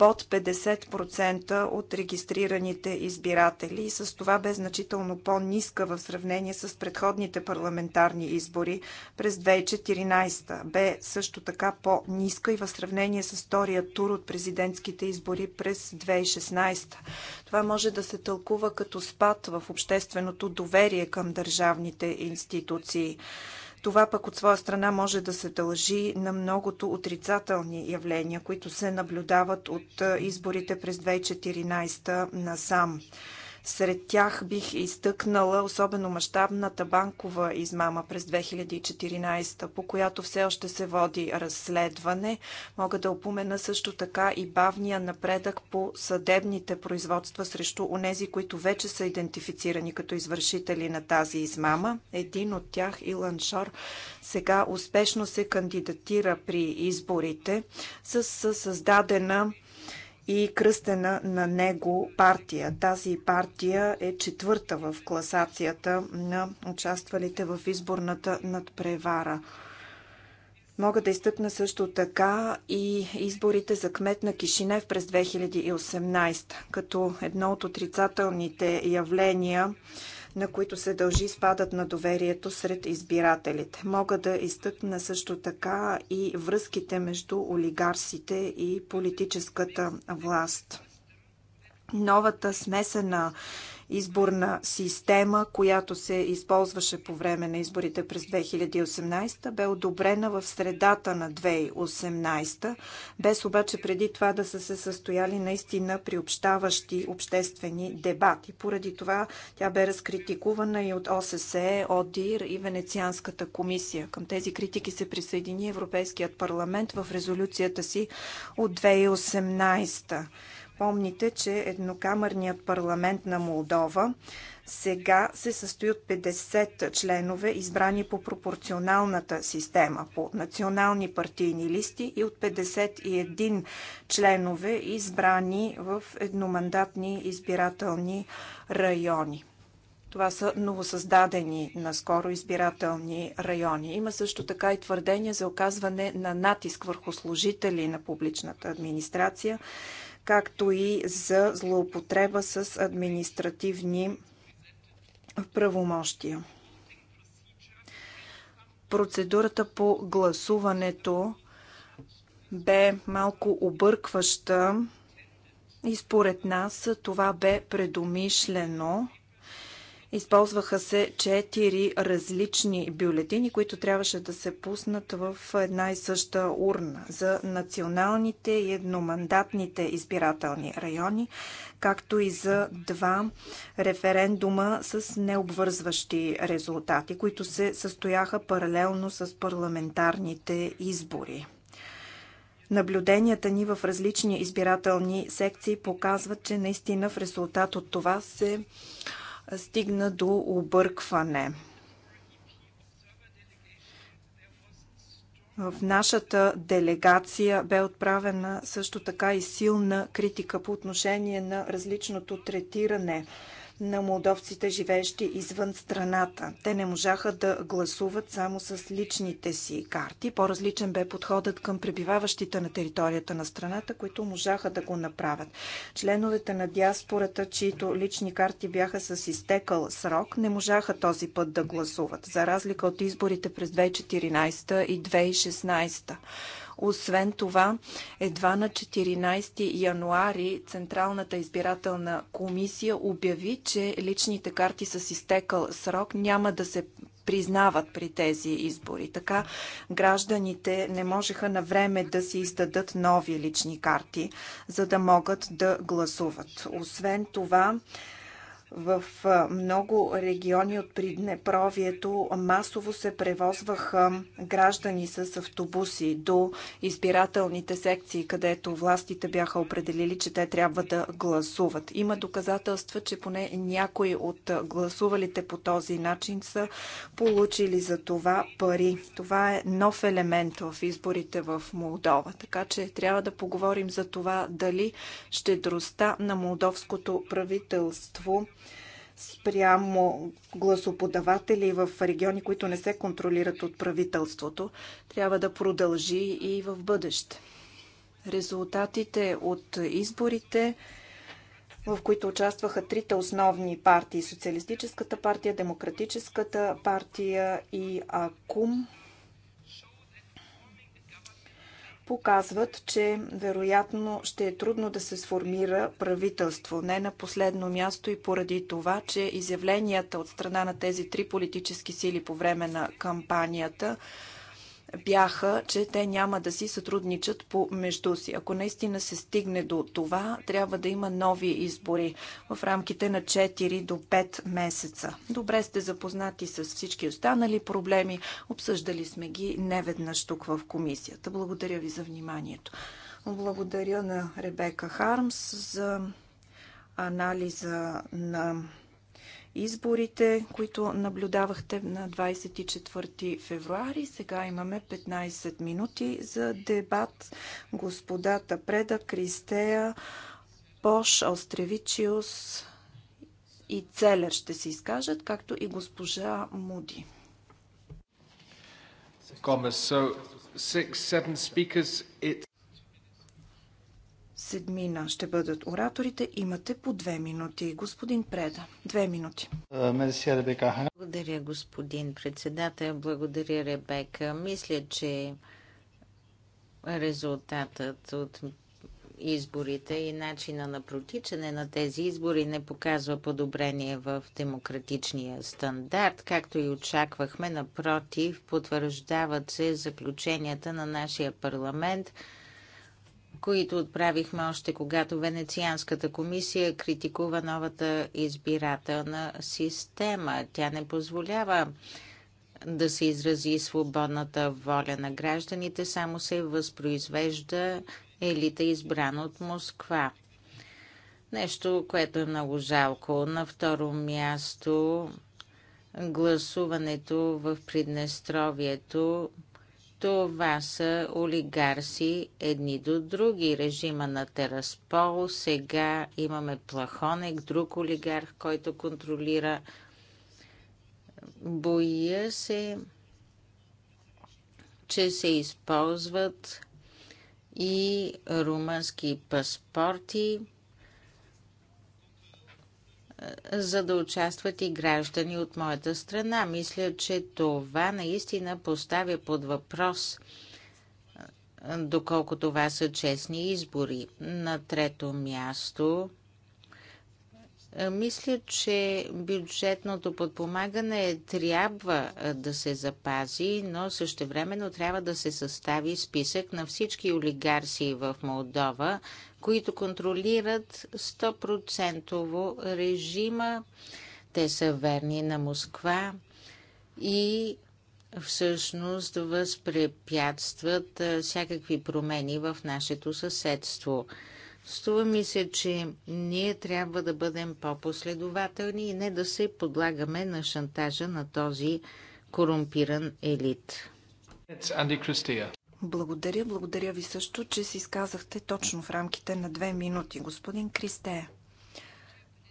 под 50% от регистрираните избиратели и с това бе значително по-ниска в сравнение с предходните парламентарни избори през 2014. Бе също така по-ниска и в сравнение с втория тур от президентските избори през 2016. Това може да се тълкува като спад в общественото доверие към държавните институции. Това пък от своя страна може да се дължи на многото отрицателни явления, които се наблюдават от изборите през 2014 насам. Сред тях бих изтъкнала особено мащабната банкова измама през 2014, по която все още се води разследване. Мога да опомена също така и бавния напредък по съдебните производства срещу онези, които вече са идентифицирани като извършители на тази измама. Един от тях, Илан Шор, сега успешно се кандидатира при изборите с създадена и кръстена на него партия. Тази партия е четвърта в класацията на участвалите в изборната надпревара. Мога да изтъкна също така и изборите за кмет на Кишинев през 2018, като едно от отрицателните явления – на които се дължи спадът на доверието сред избирателите. Мога да изтъкна също така и връзките между олигарсите и политическата власт. Новата смесена изборна система, която се използваше по време на изборите през 2018, бе одобрена в средата на 2018, без обаче преди това да са се състояли наистина приобщаващи обществени дебати. Поради това тя бе разкритикувана и от ОССЕ, ОДИР и Венецианската комисия. Към тези критики се присъедини Европейският парламент в резолюцията си от 2018. Помните, че еднокамърният парламент на Молдова сега се състои от 50 членове, избрани по пропорционалната система, по национални партийни листи и от 51 членове, избрани в едномандатни избирателни райони. Това са новосъздадени наскоро избирателни райони. Има също така и твърдение за оказване на натиск върху служители на публичната администрация както и за злоупотреба с административни правомощия. Процедурата по гласуването бе малко объркваща и според нас това бе предумишлено. Използваха се четири различни бюлетини, които трябваше да се пуснат в една и съща урна за националните и едномандатните избирателни райони, както и за два референдума с необвързващи резултати, които се състояха паралелно с парламентарните избори. Наблюденията ни в различни избирателни секции показват, че наистина в резултат от това се стигна до объркване. В нашата делегация бе отправена също така и силна критика по отношение на различното третиране на молдовците, живеещи извън страната. Те не можаха да гласуват само с личните си карти. По-различен бе подходът към пребиваващите на територията на страната, които можаха да го направят. Членовете на диаспората, чието лични карти бяха с изтекал срок, не можаха този път да гласуват, за разлика от изборите през 2014 и 2016. Освен това, едва на 14 януари Централната избирателна комисия обяви, че личните карти с изтекал срок няма да се признават при тези избори. Така гражданите не можеха на време да си издадат нови лични карти, за да могат да гласуват. Освен това, в много региони от Приднепровието масово се превозваха граждани с автобуси до избирателните секции, където властите бяха определили, че те трябва да гласуват. Има доказателства, че поне някои от гласувалите по този начин са получили за това пари. Това е нов елемент в изборите в Молдова. Така че трябва да поговорим за това дали щедростта на молдовското правителство спрямо гласоподаватели в региони, които не се контролират от правителството, трябва да продължи и в бъдеще. Резултатите от изборите, в които участваха трите основни партии Социалистическата партия, Демократическата партия и АКУМ, показват, че вероятно ще е трудно да се сформира правителство. Не на последно място и поради това, че изявленията от страна на тези три политически сили по време на кампанията – бяха, че те няма да си сътрудничат помежду си. Ако наистина се стигне до това, трябва да има нови избори в рамките на 4 до 5 месеца. Добре сте запознати с всички останали проблеми. Обсъждали сме ги неведнъж тук в комисията. Благодаря ви за вниманието. Благодаря на Ребека Хармс за анализа на изборите, които наблюдавахте на 24 февруари. Сега имаме 15 минути за дебат. Господата Преда, Кристея, Пош, Остревичиус и Целер ще се изкажат, както и госпожа Муди. six, seven speakers. It седмина ще бъдат ораторите. Имате по две минути. Господин Преда, две минути. Благодаря, господин председател. Благодаря, Ребека. Мисля, че резултатът от изборите и начина на протичане на тези избори не показва подобрение в демократичния стандарт, както и очаквахме. Напротив, потвърждават се заключенията на нашия парламент – които отправихме още когато Венецианската комисия критикува новата избирателна система. Тя не позволява да се изрази свободната воля на гражданите, само се възпроизвежда елита избран от Москва. Нещо, което е много жалко. На второ място гласуването в Приднестровието това са олигарси едни до други. Режима на Тераспол. Сега имаме Плахонек, друг олигарх, който контролира. Боя се, че се използват и румънски паспорти за да участват и граждани от моята страна. Мисля, че това наистина поставя под въпрос доколко това са честни избори. На трето място мисля, че бюджетното подпомагане трябва да се запази, но същевременно трябва да се състави списък на всички олигарси в Молдова, които контролират 100% режима. Те са верни на Москва и всъщност възпрепятстват всякакви промени в нашето съседство. Струва ми се, че ние трябва да бъдем по-последователни и не да се подлагаме на шантажа на този корумпиран елит. Благодаря, благодаря ви също, че се изказахте точно в рамките на две минути. Господин Кристе,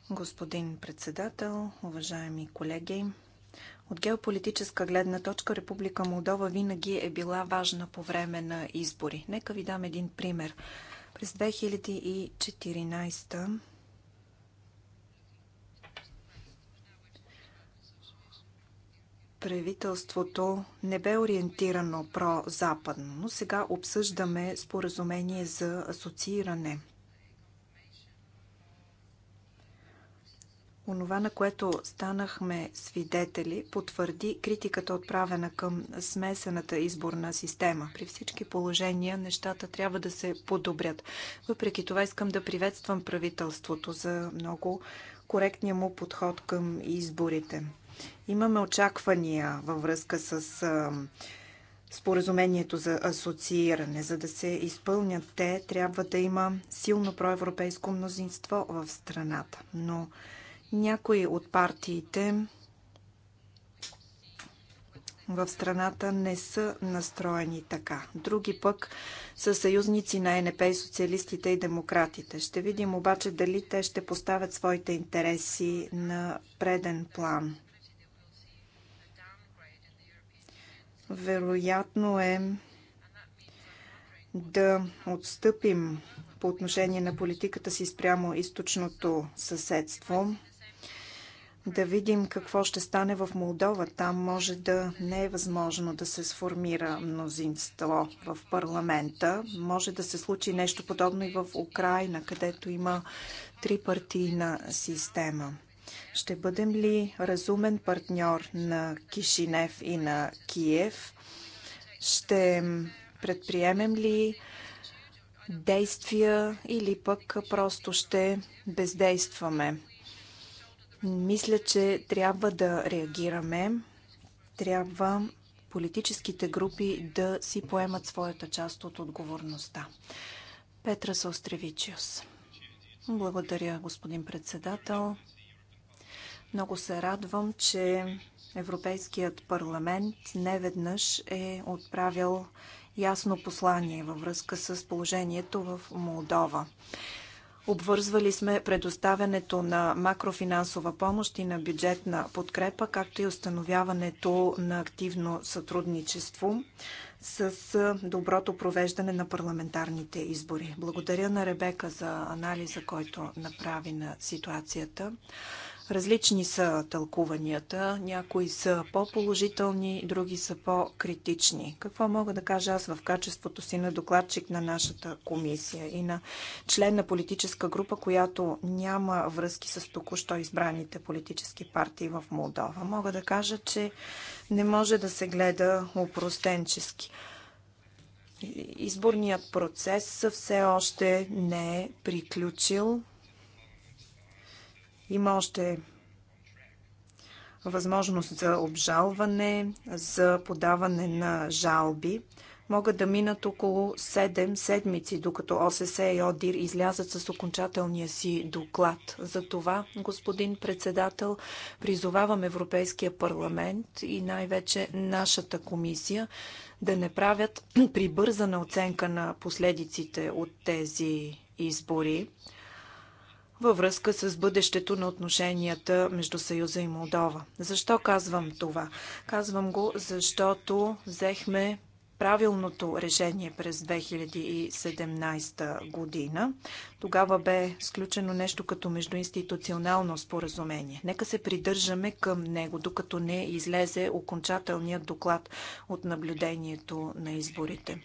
Господин председател, уважаеми колеги, от геополитическа гледна точка Република Молдова винаги е била важна по време на избори. Нека ви дам един пример. През 2014 правителството не бе ориентирано про-западно, но сега обсъждаме споразумение за асоцииране. Онова, на което станахме свидетели, потвърди критиката отправена към смесената изборна система. При всички положения нещата трябва да се подобрят. Въпреки това искам да приветствам правителството за много коректния му подход към изборите. Имаме очаквания във връзка с споразумението за асоцииране. За да се изпълнят те, трябва да има силно проевропейско мнозинство в страната. Но някои от партиите в страната не са настроени така. Други пък са съюзници на НП и социалистите и демократите. Ще видим обаче дали те ще поставят своите интереси на преден план. вероятно е да отстъпим по отношение на политиката си спрямо източното съседство. Да видим какво ще стане в Молдова. Там може да не е възможно да се сформира мнозинство в парламента. Може да се случи нещо подобно и в Украина, където има трипартийна система. Ще бъдем ли разумен партньор на Кишинев и на Киев? Ще предприемем ли действия или пък просто ще бездействаме? Мисля, че трябва да реагираме. Трябва политическите групи да си поемат своята част от отговорността. Петра Саустревичиус. Благодаря, господин председател. Много се радвам, че Европейският парламент неведнъж е отправил ясно послание във връзка с положението в Молдова. Обвързвали сме предоставянето на макрофинансова помощ и на бюджетна подкрепа, както и установяването на активно сътрудничество с доброто провеждане на парламентарните избори. Благодаря на Ребека за анализа, който направи на ситуацията. Различни са тълкуванията, някои са по-положителни, други са по-критични. Какво мога да кажа аз в качеството си на докладчик на нашата комисия и на член на политическа група, която няма връзки с току-що избраните политически партии в Молдова? Мога да кажа, че не може да се гледа упростенчески. Изборният процес все още не е приключил. Има още възможност за обжалване, за подаване на жалби. Могат да минат около 7 седмици, докато ОССЕ и ОДИР излязат с окончателния си доклад. За това, господин председател, призовавам Европейския парламент и най-вече нашата комисия да не правят прибързана оценка на последиците от тези избори във връзка с бъдещето на отношенията между Съюза и Молдова. Защо казвам това? Казвам го, защото взехме правилното решение през 2017 година. Тогава бе сключено нещо като междуинституционално споразумение. Нека се придържаме към него, докато не излезе окончателният доклад от наблюдението на изборите.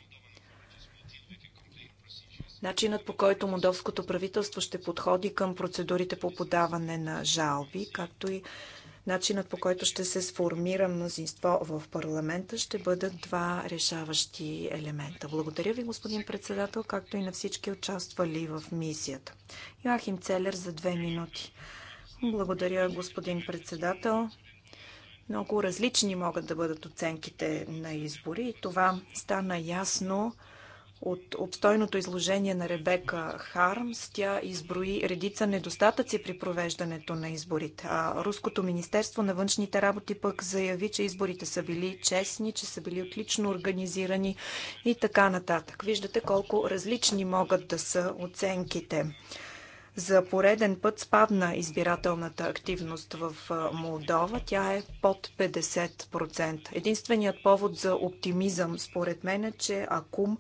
Начинът по който молдовското правителство ще подходи към процедурите по подаване на жалби, както и начинът по който ще се сформира мнозинство в парламента, ще бъдат два решаващи елемента. Благодаря ви, господин председател, както и на всички участвали в мисията. Йоахим Целер за две минути. Благодаря, господин председател. Много различни могат да бъдат оценките на избори и това стана ясно от обстойното изложение на Ребека Хармс тя изброи редица недостатъци при провеждането на изборите. А Руското министерство на външните работи пък заяви, че изборите са били честни, че са били отлично организирани и така нататък. Виждате колко различни могат да са оценките. За пореден път спадна избирателната активност в Молдова. Тя е под 50%. Единственият повод за оптимизъм, според мен, е, че Акум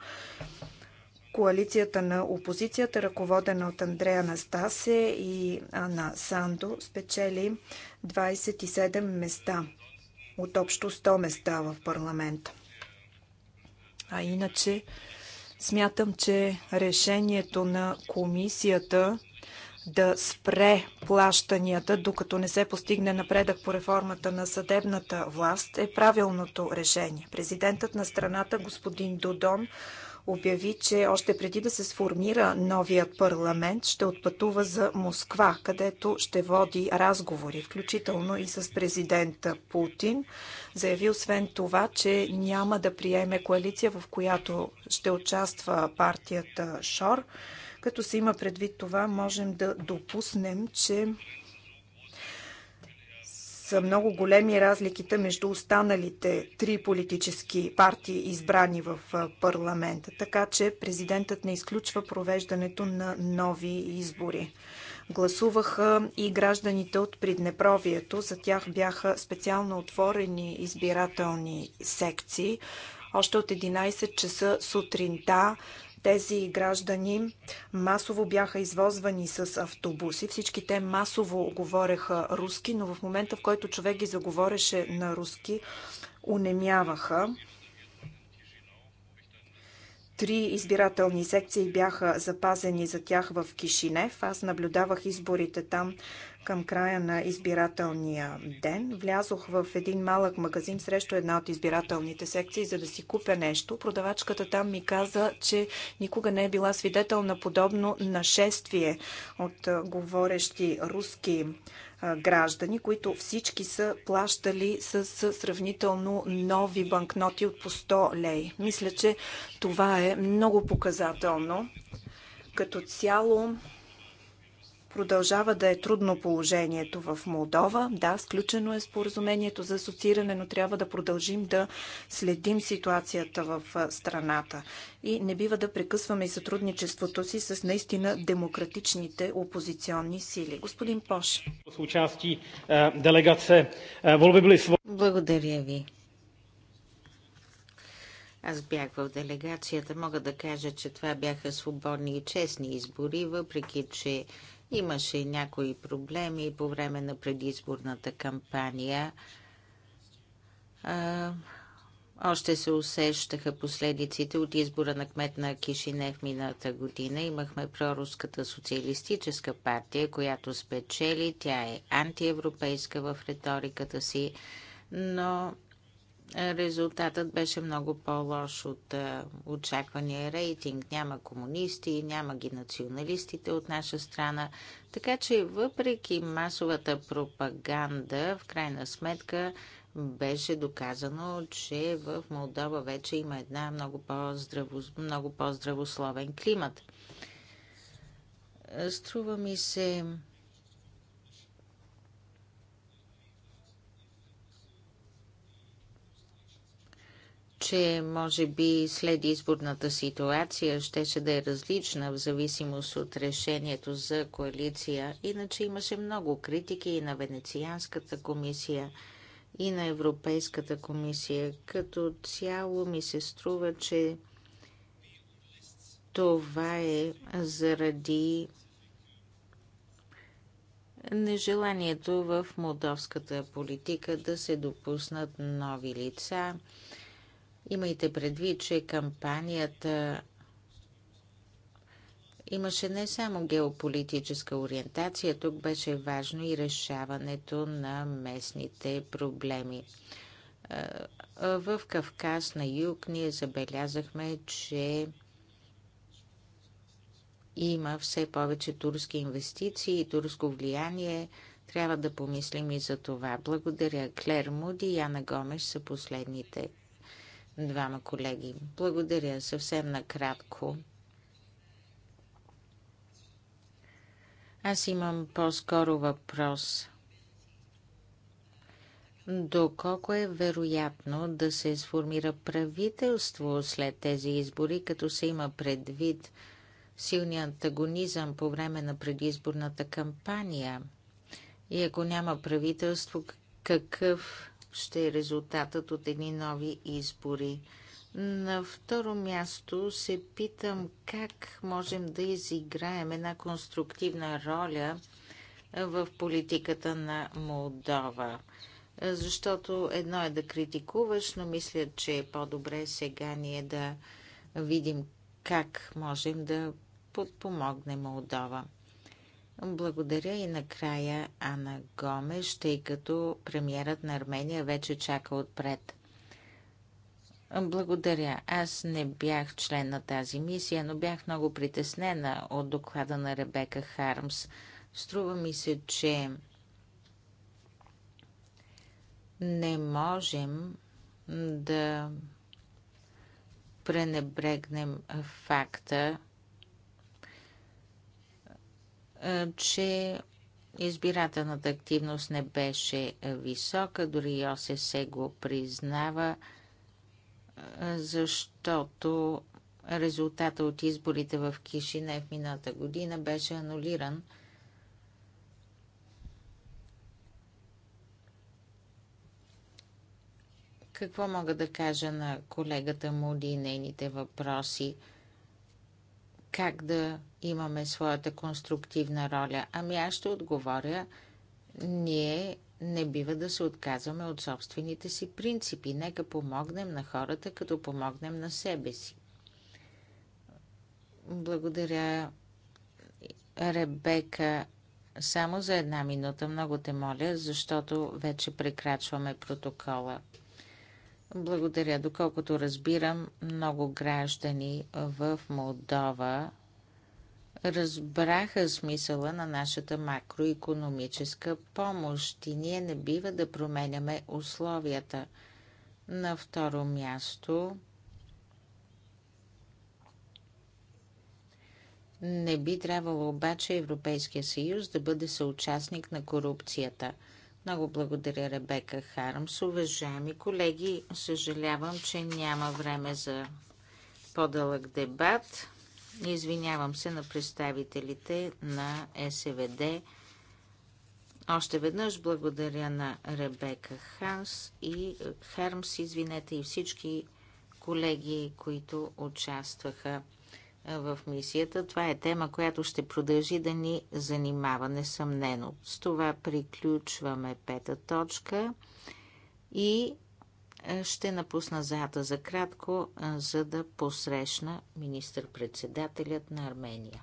коалицията на опозицията, ръководена от Андрея Настасе и Ана Сандо, спечели 27 места от общо 100 места в парламента. А иначе смятам, че решението на комисията да спре плащанията, докато не се постигне напредък по реформата на съдебната власт, е правилното решение. Президентът на страната, господин Додон, обяви, че още преди да се сформира новият парламент, ще отпътува за Москва, където ще води разговори, включително и с президента Путин. Заяви освен това, че няма да приеме коалиция, в която ще участва партията Шор. Като се има предвид това, можем да допуснем, че са много големи разликите между останалите три политически партии, избрани в парламента. Така че президентът не изключва провеждането на нови избори. Гласуваха и гражданите от Приднепровието. За тях бяха специално отворени избирателни секции. Още от 11 часа сутринта тези граждани масово бяха извозвани с автобуси. Всички те масово говореха руски, но в момента, в който човек ги заговореше на руски, унемяваха. Три избирателни секции бяха запазени за тях в Кишинев. Аз наблюдавах изборите там към края на избирателния ден. Влязох в един малък магазин срещу една от избирателните секции, за да си купя нещо. Продавачката там ми каза, че никога не е била свидетел на подобно нашествие от говорещи руски граждани, които всички са плащали с сравнително нови банкноти от по 100 лей. Мисля, че това е много показателно. Като цяло Продължава да е трудно положението в Молдова. Да, сключено е споразумението за асоцииране, но трябва да продължим да следим ситуацията в страната. И не бива да прекъсваме и сътрудничеството си с наистина демократичните опозиционни сили. Господин Пош. Благодаря ви. Аз бях в делегацията. Мога да кажа, че това бяха свободни и честни избори, въпреки че Имаше някои проблеми по време на предизборната кампания. А, още се усещаха последиците от избора на кмет на Кишинев миналата година. Имахме проруската социалистическа партия, която спечели. Тя е антиевропейска в риториката си, но резултатът беше много по-лош от очаквания рейтинг. Няма комунисти, няма ги националистите от наша страна. Така че въпреки масовата пропаганда, в крайна сметка беше доказано, че в Молдова вече има една много, по-здраво, много по-здравословен климат. Струва ми се, че може би след изборната ситуация ще се да е различна в зависимост от решението за коалиция. Иначе имаше много критики и на Венецианската комисия, и на Европейската комисия. Като цяло ми се струва, че това е заради нежеланието в молдовската политика да се допуснат нови лица – Имайте предвид, че кампанията имаше не само геополитическа ориентация, тук беше важно и решаването на местните проблеми. В Кавказ на юг ние забелязахме, че има все повече турски инвестиции и турско влияние. Трябва да помислим и за това. Благодаря. Клер Муди и Яна Гомеш са последните двама колеги. Благодаря съвсем накратко. Аз имам по-скоро въпрос. Доколко е вероятно да се сформира правителство след тези избори, като се има предвид силния антагонизъм по време на предизборната кампания? И ако няма правителство, какъв ще е резултатът от едни нови избори. На второ място се питам как можем да изиграем една конструктивна роля в политиката на Молдова. Защото едно е да критикуваш, но мисля, че е по-добре сега ние да видим как можем да подпомогнем Молдова. Благодаря и накрая Ана Гомеш, тъй като премиерът на Армения вече чака отпред. Благодаря. Аз не бях член на тази мисия, но бях много притеснена от доклада на Ребека Хармс. Струва ми се, че не можем да пренебрегнем факта, е, че избирателната активност не беше е, висока, дори и ОССЕ го признава, е, защото резултата от изборите в в миналата година беше анулиран. Какво мога да кажа на колегата Муди и нейните въпроси – как да имаме своята конструктивна роля? Ами аз ще отговоря, ние не бива да се отказваме от собствените си принципи. Нека помогнем на хората, като помогнем на себе си. Благодаря, Ребека. Само за една минута, много те моля, защото вече прекрачваме протокола. Благодаря. Доколкото разбирам, много граждани в Молдова разбраха смисъла на нашата макроекономическа помощ и ние не бива да променяме условията. На второ място не би трябвало обаче Европейския съюз да бъде съучастник на корупцията – много благодаря, Ребека Хармс. Уважаеми колеги, съжалявам, че няма време за по-дълъг дебат. Извинявам се на представителите на СВД. Още веднъж благодаря на Ребека Ханс и Хармс, извинете, и всички колеги, които участваха в мисията. Това е тема, която ще продължи да ни занимава, несъмнено. С това приключваме пета точка и ще напусна заята за кратко, за да посрещна министър-председателят на Армения.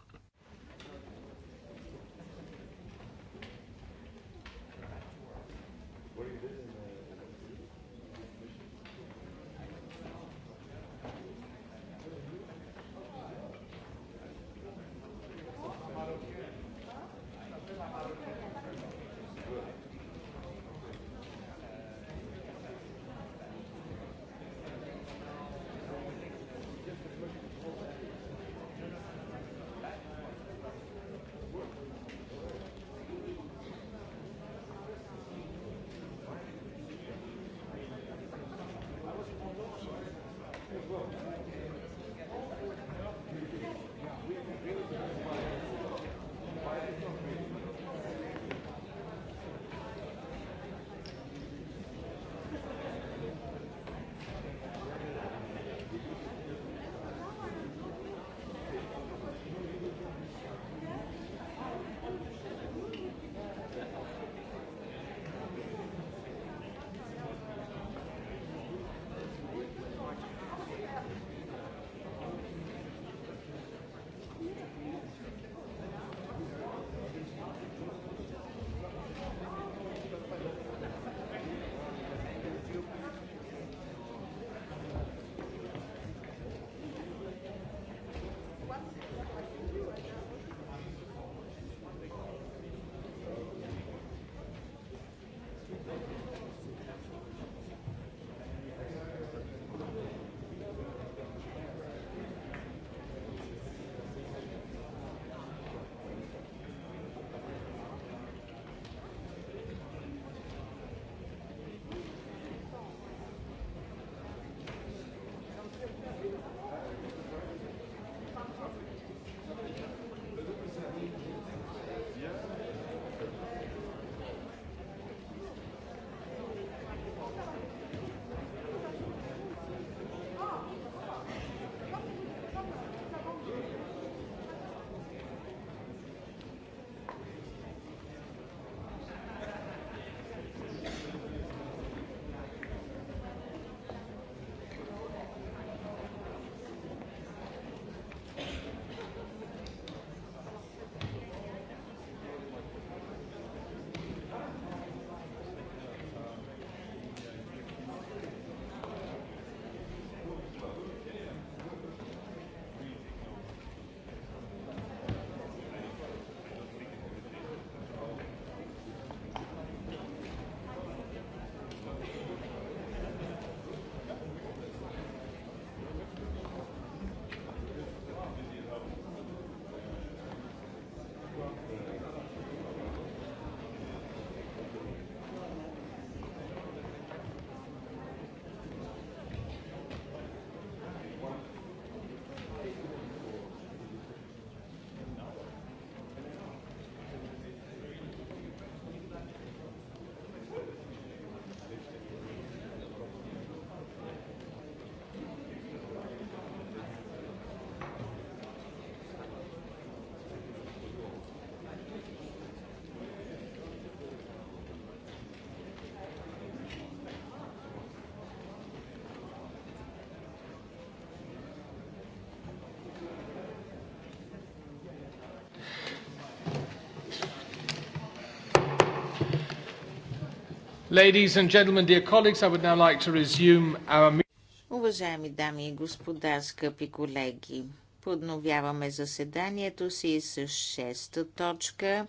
Ladies and gentlemen, dear colleagues, I would now like to resume our meeting. Уважаеми дами и господа, скъпи колеги, подновяваме заседанието си с шеста точка.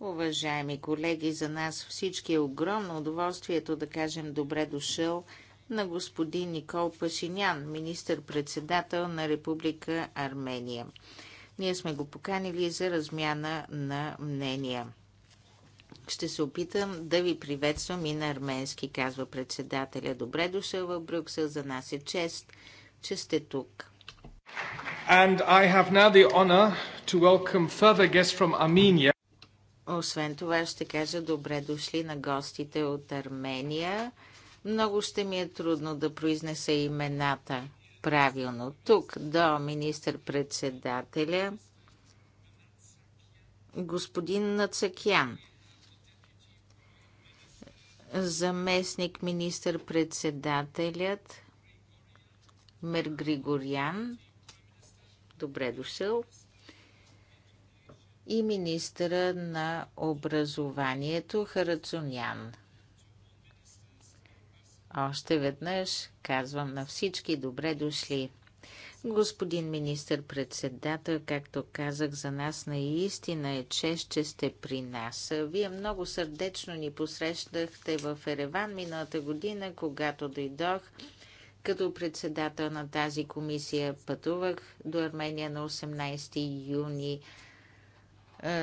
Уважаеми колеги, за нас всички е огромно удоволствието да кажем добре дошъл на господин Никол Пашинян, министър-председател на Република Армения. Ние сме го поканили за размяна на мнения. Ще се опитам да ви приветствам и на арменски, казва председателя. Добре дошъл в Брюксел, за нас е чест, че сте тук. And I have now the honor to welcome further guests from Armenia. Освен това ще кажа добре дошли на гостите от Армения. Много ще ми е трудно да произнеса имената правилно. Тук до министър-председателя господин Нацакян заместник министър-председателят Мер Григориан. добре дошъл, и министъра на образованието Харацунян. Още веднъж казвам на всички добре дошли. Господин министр-председател, както казах, за нас наистина е чест, че сте при нас. Вие много сърдечно ни посрещнахте в Ереван миналата година, когато дойдох. Като председател на тази комисия пътувах до Армения на 18 юни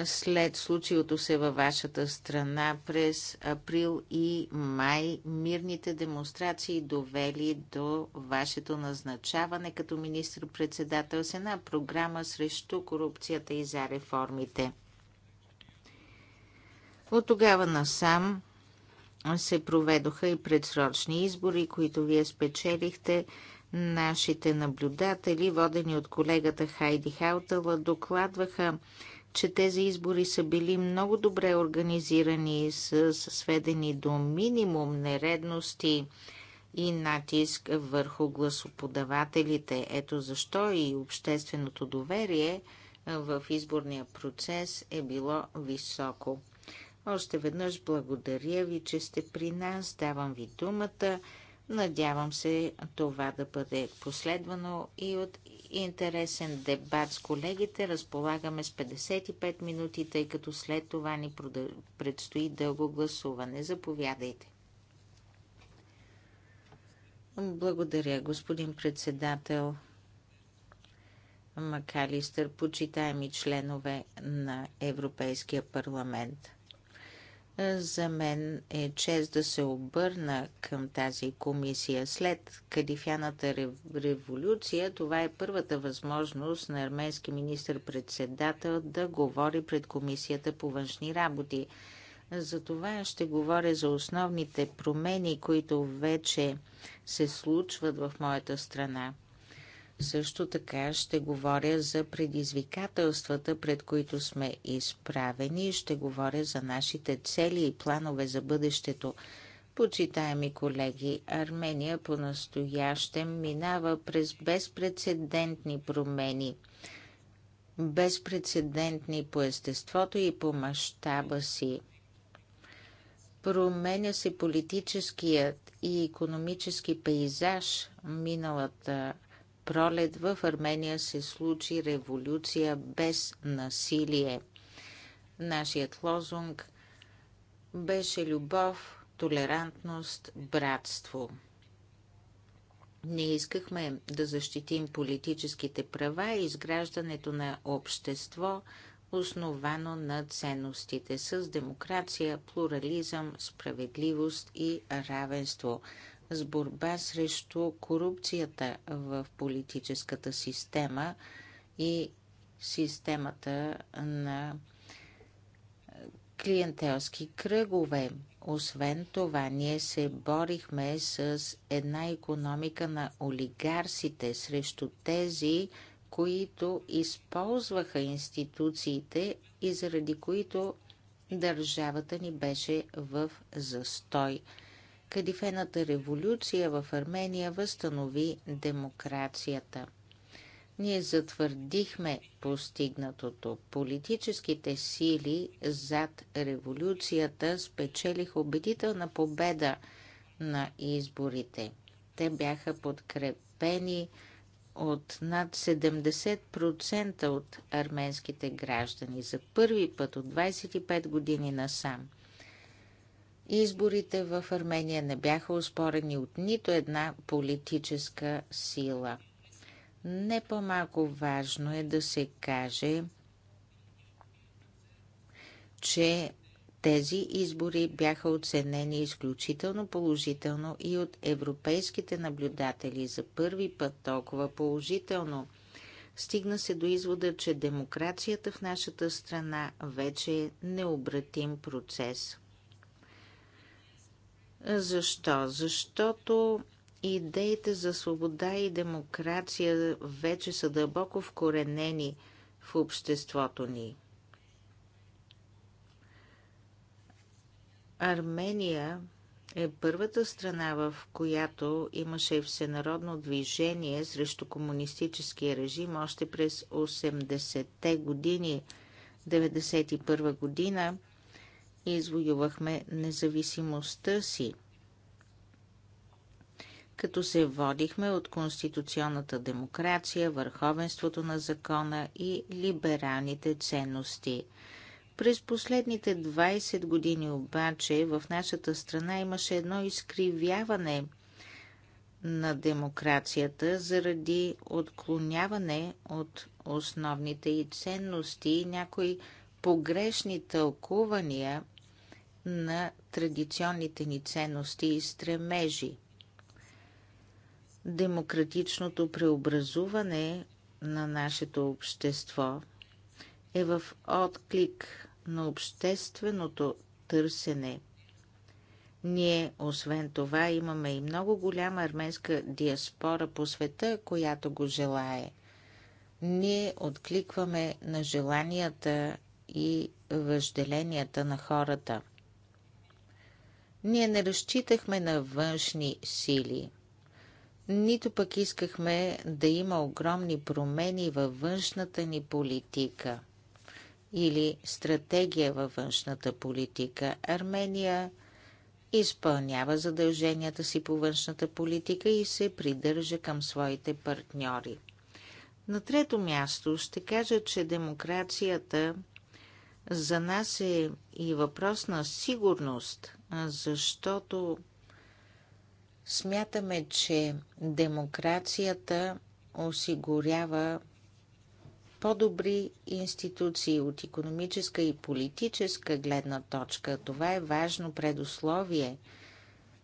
след случилото се във вашата страна през април и май, мирните демонстрации довели до вашето назначаване като министр-председател с една програма срещу корупцията и за реформите. От тогава насам се проведоха и предсрочни избори, които вие спечелихте. Нашите наблюдатели, водени от колегата Хайди Хаутала, докладваха че тези избори са били много добре организирани, са сведени до минимум нередности и натиск върху гласоподавателите. Ето защо и общественото доверие в изборния процес е било високо. Още веднъж благодаря ви, че сте при нас. Давам ви думата Надявам се това да бъде последвано и от интересен дебат с колегите. Разполагаме с 55 минути, тъй като след това ни предстои дълго гласуване. Заповядайте. Благодаря, господин председател. Макалистър, почитаеми членове на Европейския парламент. За мен е чест да се обърна към тази комисия. След Кадифяната революция, това е първата възможност на армейски министр-председател да говори пред комисията по външни работи. За това ще говоря за основните промени, които вече се случват в моята страна. Също така ще говоря за предизвикателствата, пред които сме изправени. Ще говоря за нашите цели и планове за бъдещето. Почитаеми колеги, Армения по-настоящем минава през безпредседентни промени. Безпредседентни по естеството и по мащаба си. Променя се политическият и економически пейзаж. Миналата пролет в Армения се случи революция без насилие. Нашият лозунг беше любов, толерантност, братство. Ние искахме да защитим политическите права и изграждането на общество, основано на ценностите с демокрация, плурализъм, справедливост и равенство с борба срещу корупцията в политическата система и системата на е, клиентелски кръгове. Освен това, ние се борихме с една економика на олигарсите срещу тези, които използваха институциите и заради които държавата ни беше в застой. Кадифената революция в Армения възстанови демокрацията. Ние затвърдихме постигнатото. Политическите сили зад революцията спечелих убедителна победа на изборите. Те бяха подкрепени от над 70% от арменските граждани за първи път от 25 години насам. Изборите в Армения не бяха успорени от нито една политическа сила. Не по-малко важно е да се каже, че тези избори бяха оценени изключително положително и от европейските наблюдатели за първи път толкова положително. Стигна се до извода, че демокрацията в нашата страна вече е необратим процес. Защо? Защото идеите за свобода и демокрация вече са дълбоко вкоренени в обществото ни. Армения е първата страна, в която имаше всенародно движение срещу комунистическия режим още през 80-те години. 91 година извоювахме независимостта си, като се водихме от конституционната демокрация, върховенството на закона и либералните ценности. През последните 20 години обаче в нашата страна имаше едно изкривяване на демокрацията заради отклоняване от основните и ценности и някои погрешни тълкувания – на традиционните ни ценности и стремежи. Демократичното преобразуване на нашето общество е в отклик на общественото търсене. Ние, освен това, имаме и много голяма арменска диаспора по света, която го желае. Ние откликваме на желанията и въжделенията на хората – ние не разчитахме на външни сили. Нито пък искахме да има огромни промени във външната ни политика или стратегия във външната политика. Армения изпълнява задълженията си по външната политика и се придържа към своите партньори. На трето място ще кажа, че демокрацията за нас е и въпрос на сигурност защото смятаме, че демокрацията осигурява по-добри институции от економическа и политическа гледна точка. Това е важно предусловие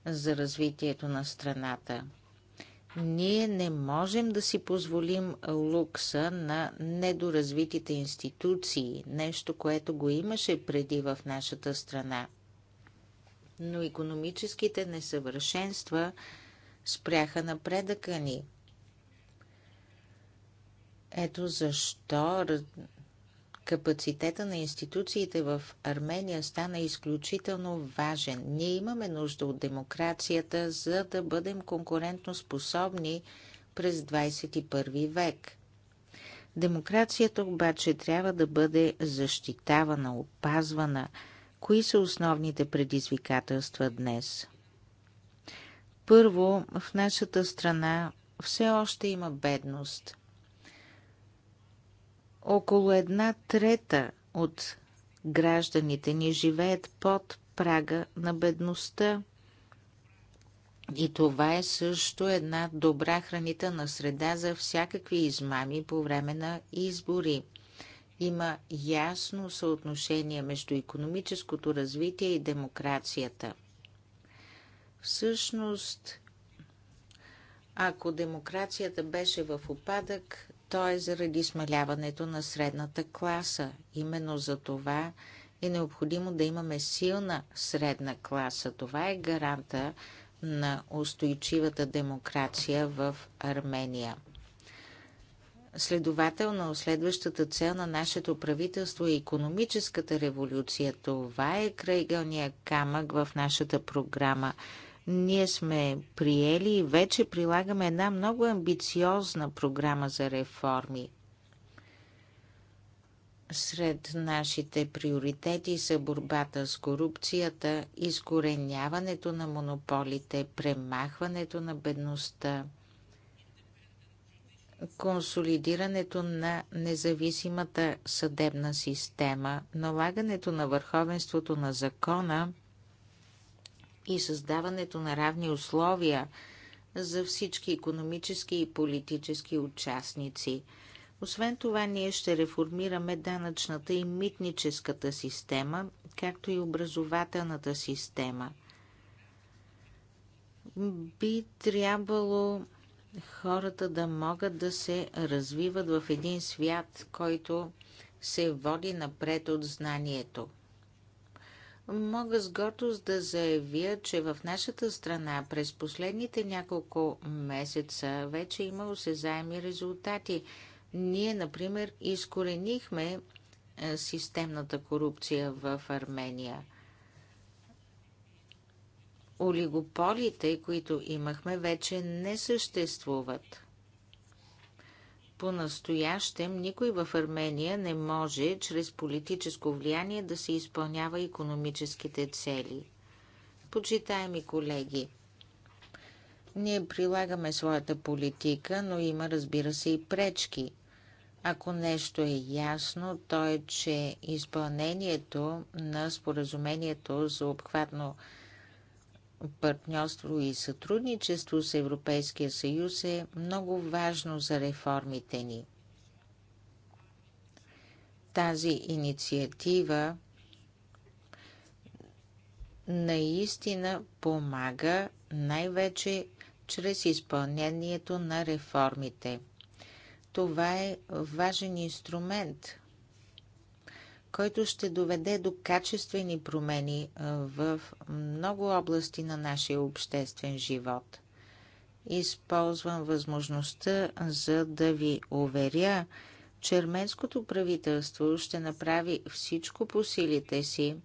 за развитието на страната. Ние не можем да си позволим лукса на недоразвитите институции, нещо, което го имаше преди в нашата страна – но економическите несъвършенства спряха напредъка ни. Ето защо капацитета на институциите в Армения стана изключително важен. Ние имаме нужда от демокрацията, за да бъдем конкурентно способни през 21 век. Демокрацията обаче трябва да бъде защитавана, опазвана – Кои са основните предизвикателства днес? Първо, в нашата страна все още има бедност. Около една трета от гражданите ни живеят под прага на бедността. И това е също една добра хранителна среда за всякакви измами по време на избори – има ясно съотношение между економическото развитие и демокрацията. Всъщност, ако демокрацията беше в опадък, то е заради смаляването на средната класа. Именно за това е необходимо да имаме силна средна класа. Това е гаранта на устойчивата демокрация в Армения. Следователно, следващата цел на нашето правителство е економическата революция. Това е крайгълния камък в нашата програма. Ние сме приели и вече прилагаме една много амбициозна програма за реформи. Сред нашите приоритети са борбата с корупцията, изкореняването на монополите, премахването на бедността – консолидирането на независимата съдебна система, налагането на върховенството на закона и създаването на равни условия за всички економически и политически участници. Освен това, ние ще реформираме данъчната и митническата система, както и образователната система. Би трябвало хората да могат да се развиват в един свят, който се води напред от знанието. Мога с гордост да заявя, че в нашата страна през последните няколко месеца вече има осезаеми резултати. Ние, например, изкоренихме е, системната корупция в Армения олигополите, които имахме, вече не съществуват. По-настоящем никой в Армения не може чрез политическо влияние да се изпълнява економическите цели. Почитаеми колеги, ние прилагаме своята политика, но има, разбира се, и пречки. Ако нещо е ясно, то е, че изпълнението на споразумението за обхватно партньорство и сътрудничество с Европейския съюз е много важно за реформите ни. Тази инициатива наистина помага най-вече чрез изпълнението на реформите. Това е важен инструмент който ще доведе до качествени промени в много области на нашия обществен живот. Използвам възможността за да ви уверя, че арменското правителство ще направи всичко по силите си,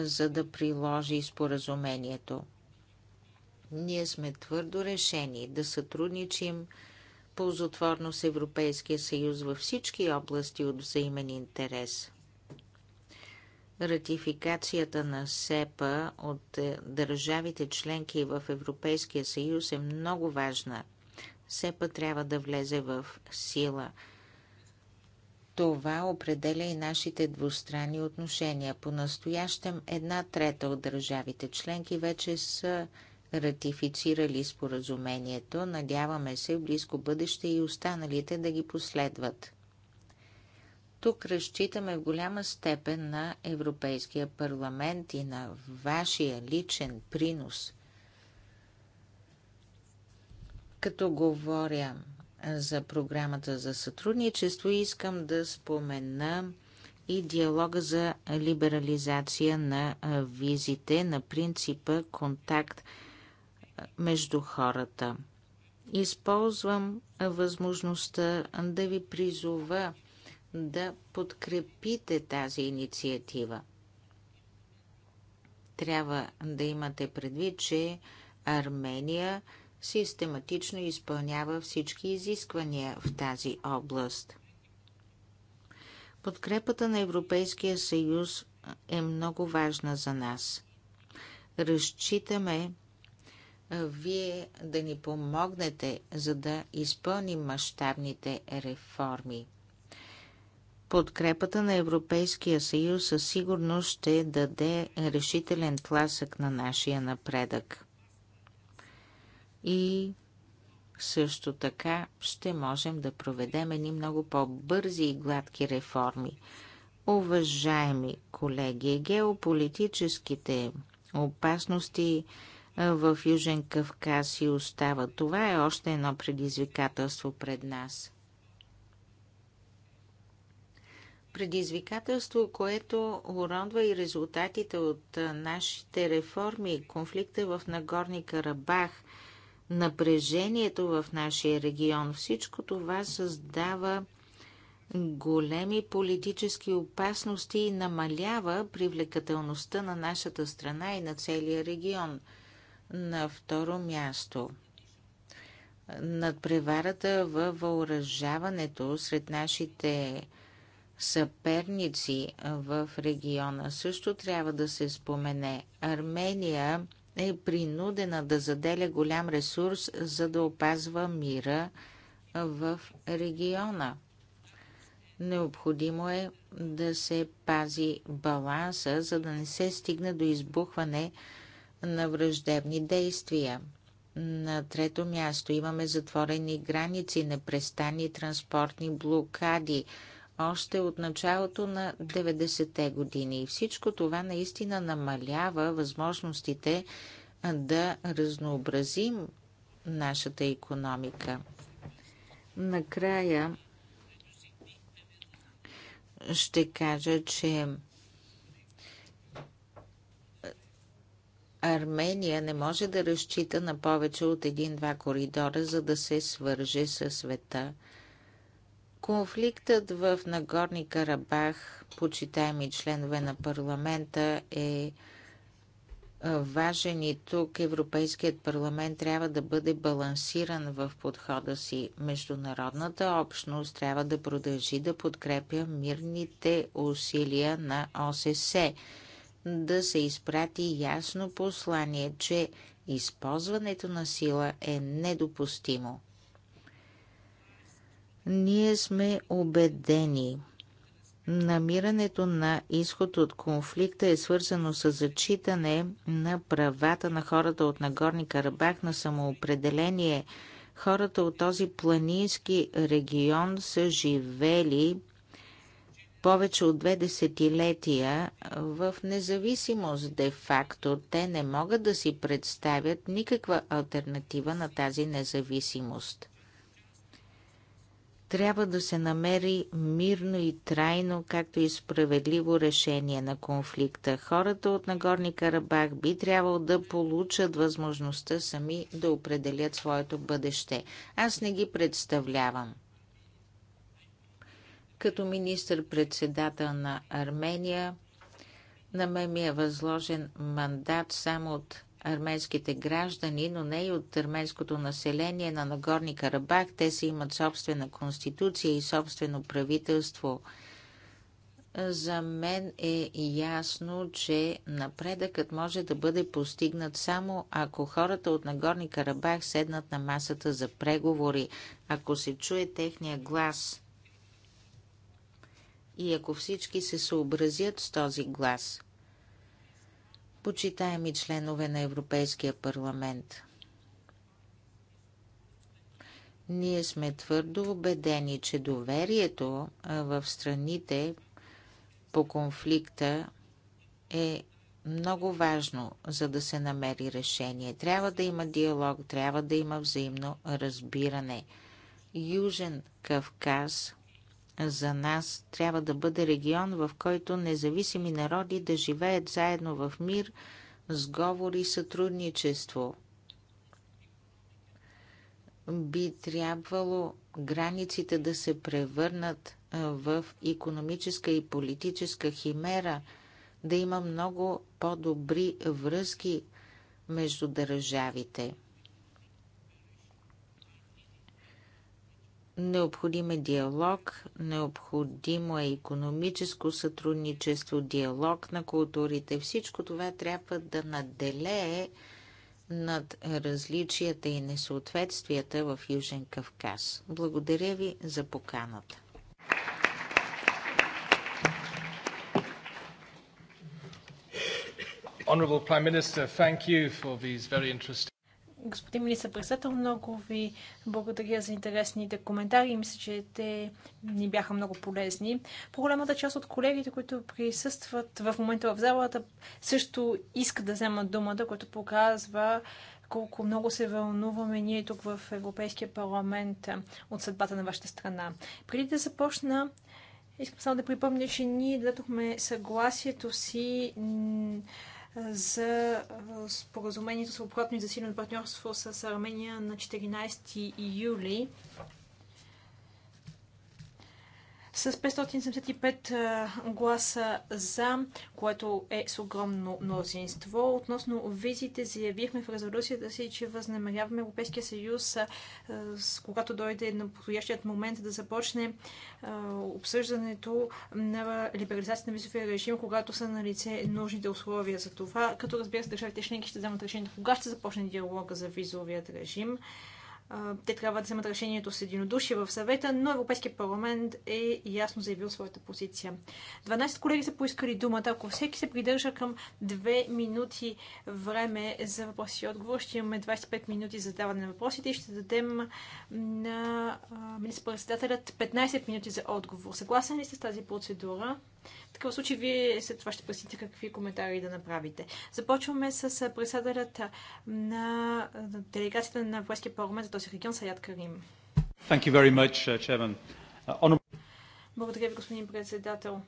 за да приложи споразумението. Ние сме твърдо решени да сътрудничим ползотворно с Европейския съюз във всички области от взаимен интерес. Ратификацията на СЕПА от е, държавите членки в Европейския съюз е много важна. СЕПА трябва да влезе в сила. Това определя и нашите двустранни отношения. По-настоящем една трета от държавите членки вече са ратифицирали споразумението. Надяваме се в близко бъдеще и останалите да ги последват. Тук разчитаме в голяма степен на Европейския парламент и на вашия личен принос. Като говоря за програмата за сътрудничество, искам да спомена и диалога за либерализация на визите на принципа контакт между хората. Използвам възможността да ви призова – да подкрепите тази инициатива. Трябва да имате предвид, че Армения систематично изпълнява всички изисквания в тази област. Подкрепата на Европейския съюз е много важна за нас. Разчитаме вие да ни помогнете, за да изпълним мащабните реформи – Подкрепата на Европейския съюз със сигурност ще даде решителен тласък на нашия напредък. И също така ще можем да проведем едни много по-бързи и гладки реформи. Уважаеми колеги, геополитическите опасности в Южен Кавказ и остава. Това е още едно предизвикателство пред нас. Предизвикателство, което уронва и резултатите от нашите реформи, конфликта в Нагорни Карабах, напрежението в нашия регион, всичко това създава големи политически опасности и намалява привлекателността на нашата страна и на целия регион. На второ място Над преварата във въоръжаването сред нашите съперници в региона. Също трябва да се спомене. Армения е принудена да заделя голям ресурс, за да опазва мира в региона. Необходимо е да се пази баланса, за да не се стигне до избухване на враждебни действия. На трето място имаме затворени граници, непрестанни транспортни блокади – още от началото на 90-те години. И всичко това наистина намалява възможностите да разнообразим нашата економика. Накрая ще кажа, че Армения не може да разчита на повече от един-два коридора, за да се свърже със света. Конфликтът в Нагорни Карабах, почитаеми членове на парламента, е важен и тук Европейският парламент трябва да бъде балансиран в подхода си. Международната общност трябва да продължи да подкрепя мирните усилия на ОССЕ, да се изпрати ясно послание, че използването на сила е недопустимо. Ние сме убедени. Намирането на изход от конфликта е свързано с зачитане на правата на хората от Нагорни Карабах на самоопределение. Хората от този планински регион са живели повече от две десетилетия в независимост де-факто. Те не могат да си представят никаква альтернатива на тази независимост. Трябва да се намери мирно и трайно, както и справедливо решение на конфликта. Хората от Нагорни Карабах би трябвало да получат възможността сами да определят своето бъдеще. Аз не ги представлявам като министър-председател на Армения. На мен ми е възложен мандат само от арменските граждани, но не и от арменското население на Нагорни Карабах. Те си имат собствена конституция и собствено правителство. За мен е ясно, че напредъкът може да бъде постигнат само ако хората от Нагорни Карабах седнат на масата за преговори, ако се чуе техния глас и ако всички се съобразят с този глас – почитаеми членове на Европейския парламент. Ние сме твърдо убедени, че доверието в страните по конфликта е много важно, за да се намери решение. Трябва да има диалог, трябва да има взаимно разбиране. Южен Кавказ за нас трябва да бъде регион, в който независими народи да живеят заедно в мир, сговор и сътрудничество. Би трябвало границите да се превърнат в економическа и политическа химера, да има много по-добри връзки между държавите – Необходим е диалог, необходимо е економическо сътрудничество, диалог на културите. Всичко това трябва да наделее над различията и несъответствията в Южен Кавказ. Благодаря ви за поканата. Honorable Prime Minister, thank you for these very interesting Господин министър председател, много ви благодаря за интересните коментари. Мисля, че те ни бяха много полезни. По-голямата част от колегите, които присъстват в момента в залата, също искат да вземат думата, което показва колко много се вълнуваме ние тук в Европейския парламент от съдбата на вашата страна. Преди да започна, искам само да припомня, че ние дадохме съгласието си за споразумението за обхватно и засилено партньорство с Армения на 14 юли с 575 гласа за, което е с огромно мнозинство. Относно визите заявихме в резолюцията си, че възнамеряваме Европейския съюз, когато дойде на подходящият момент да започне обсъждането на либерализацията на визовия режим, когато са на лице нужните условия за това, като разбира се държавите членки ще вземат решение кога ще започне диалога за визовият режим те трябва да вземат решението с единодушие в съвета, но Европейския парламент е ясно заявил своята позиция. 12 колеги са поискали думата. Ако всеки се придържа към 2 минути време за въпроси и отговор, ще имаме 25 минути за даване на въпросите и ще дадем на министър-председателят 15 минути за отговор. Съгласен ли сте с тази процедура? В такъв случай вие след това ще пресните какви коментари да направите. Започваме с председателят на делегацията на Европейския парламент за този този Саят Карим. Thank you very much, uh, uh, Благодаря ви, господин председател.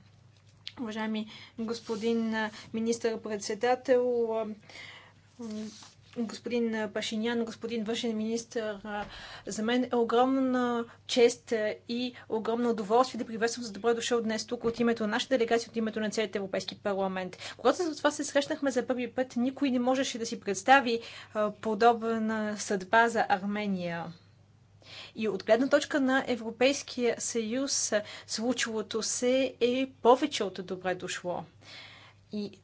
Уважаеми господин uh, министър-председател, uh, господин Пашинян, господин външен министр, за мен е огромна чест и огромно удоволствие да приветствам за добре дошъл днес тук от името на нашата делегация, от името на целият Европейски парламент. Когато с това се срещнахме за първи път, никой не можеше да си представи подобна съдба за Армения. И от гледна точка на Европейския съюз, случилото се е повече от добре дошло. И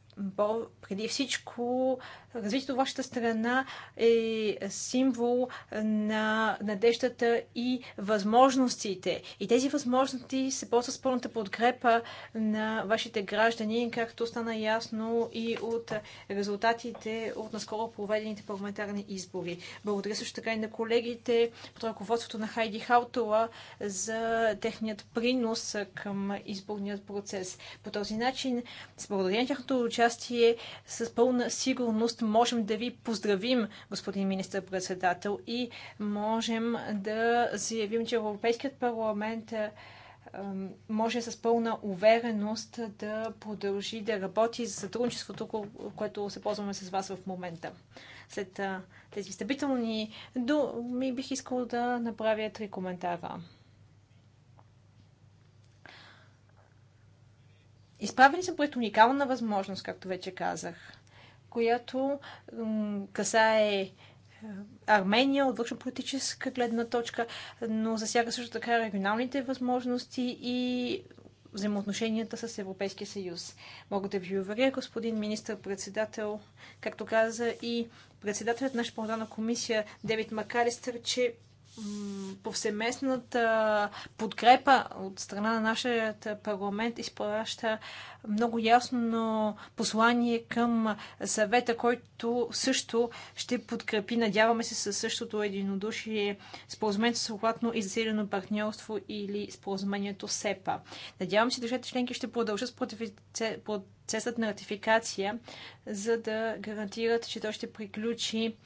преди всичко Развитието вашата страна е символ на надеждата и възможностите. И тези възможности се ползват с пълната подкрепа на вашите граждани, както стана ясно и от резултатите от наскоро проведените парламентарни избори. Благодаря също така и на колегите под ръководството на Хайди Хаутова за техният принос към изборният процес. По този начин, с благодарение на тяхното участие, с пълна сигурност можем да ви поздравим, господин министър-председател, и можем да заявим, че Европейският парламент е, може с пълна увереност да продължи да работи за сътрудничеството, което се ползваме с вас в момента. След тези стабилни думи бих искал да направя три коментара. Изправени са пред уникална възможност, както вече казах която касае е, Армения от външно-политическа гледна точка, но засяга също така регионалните възможности и взаимоотношенията с Европейския съюз. Мога да ви уверя, господин министр-председател, както каза и председателят на нашата комисия Девит Макалистър, че повсеместната подкрепа от страна на нашия парламент изпраща много ясно послание към съвета, който също ще подкрепи, надяваме се, със същото единодушие споразумението с и засилено партньорство или споразумението СЕПА. Надявам се, държавите членки ще продължат с процесът на ратификация, за да гарантират, че той ще приключи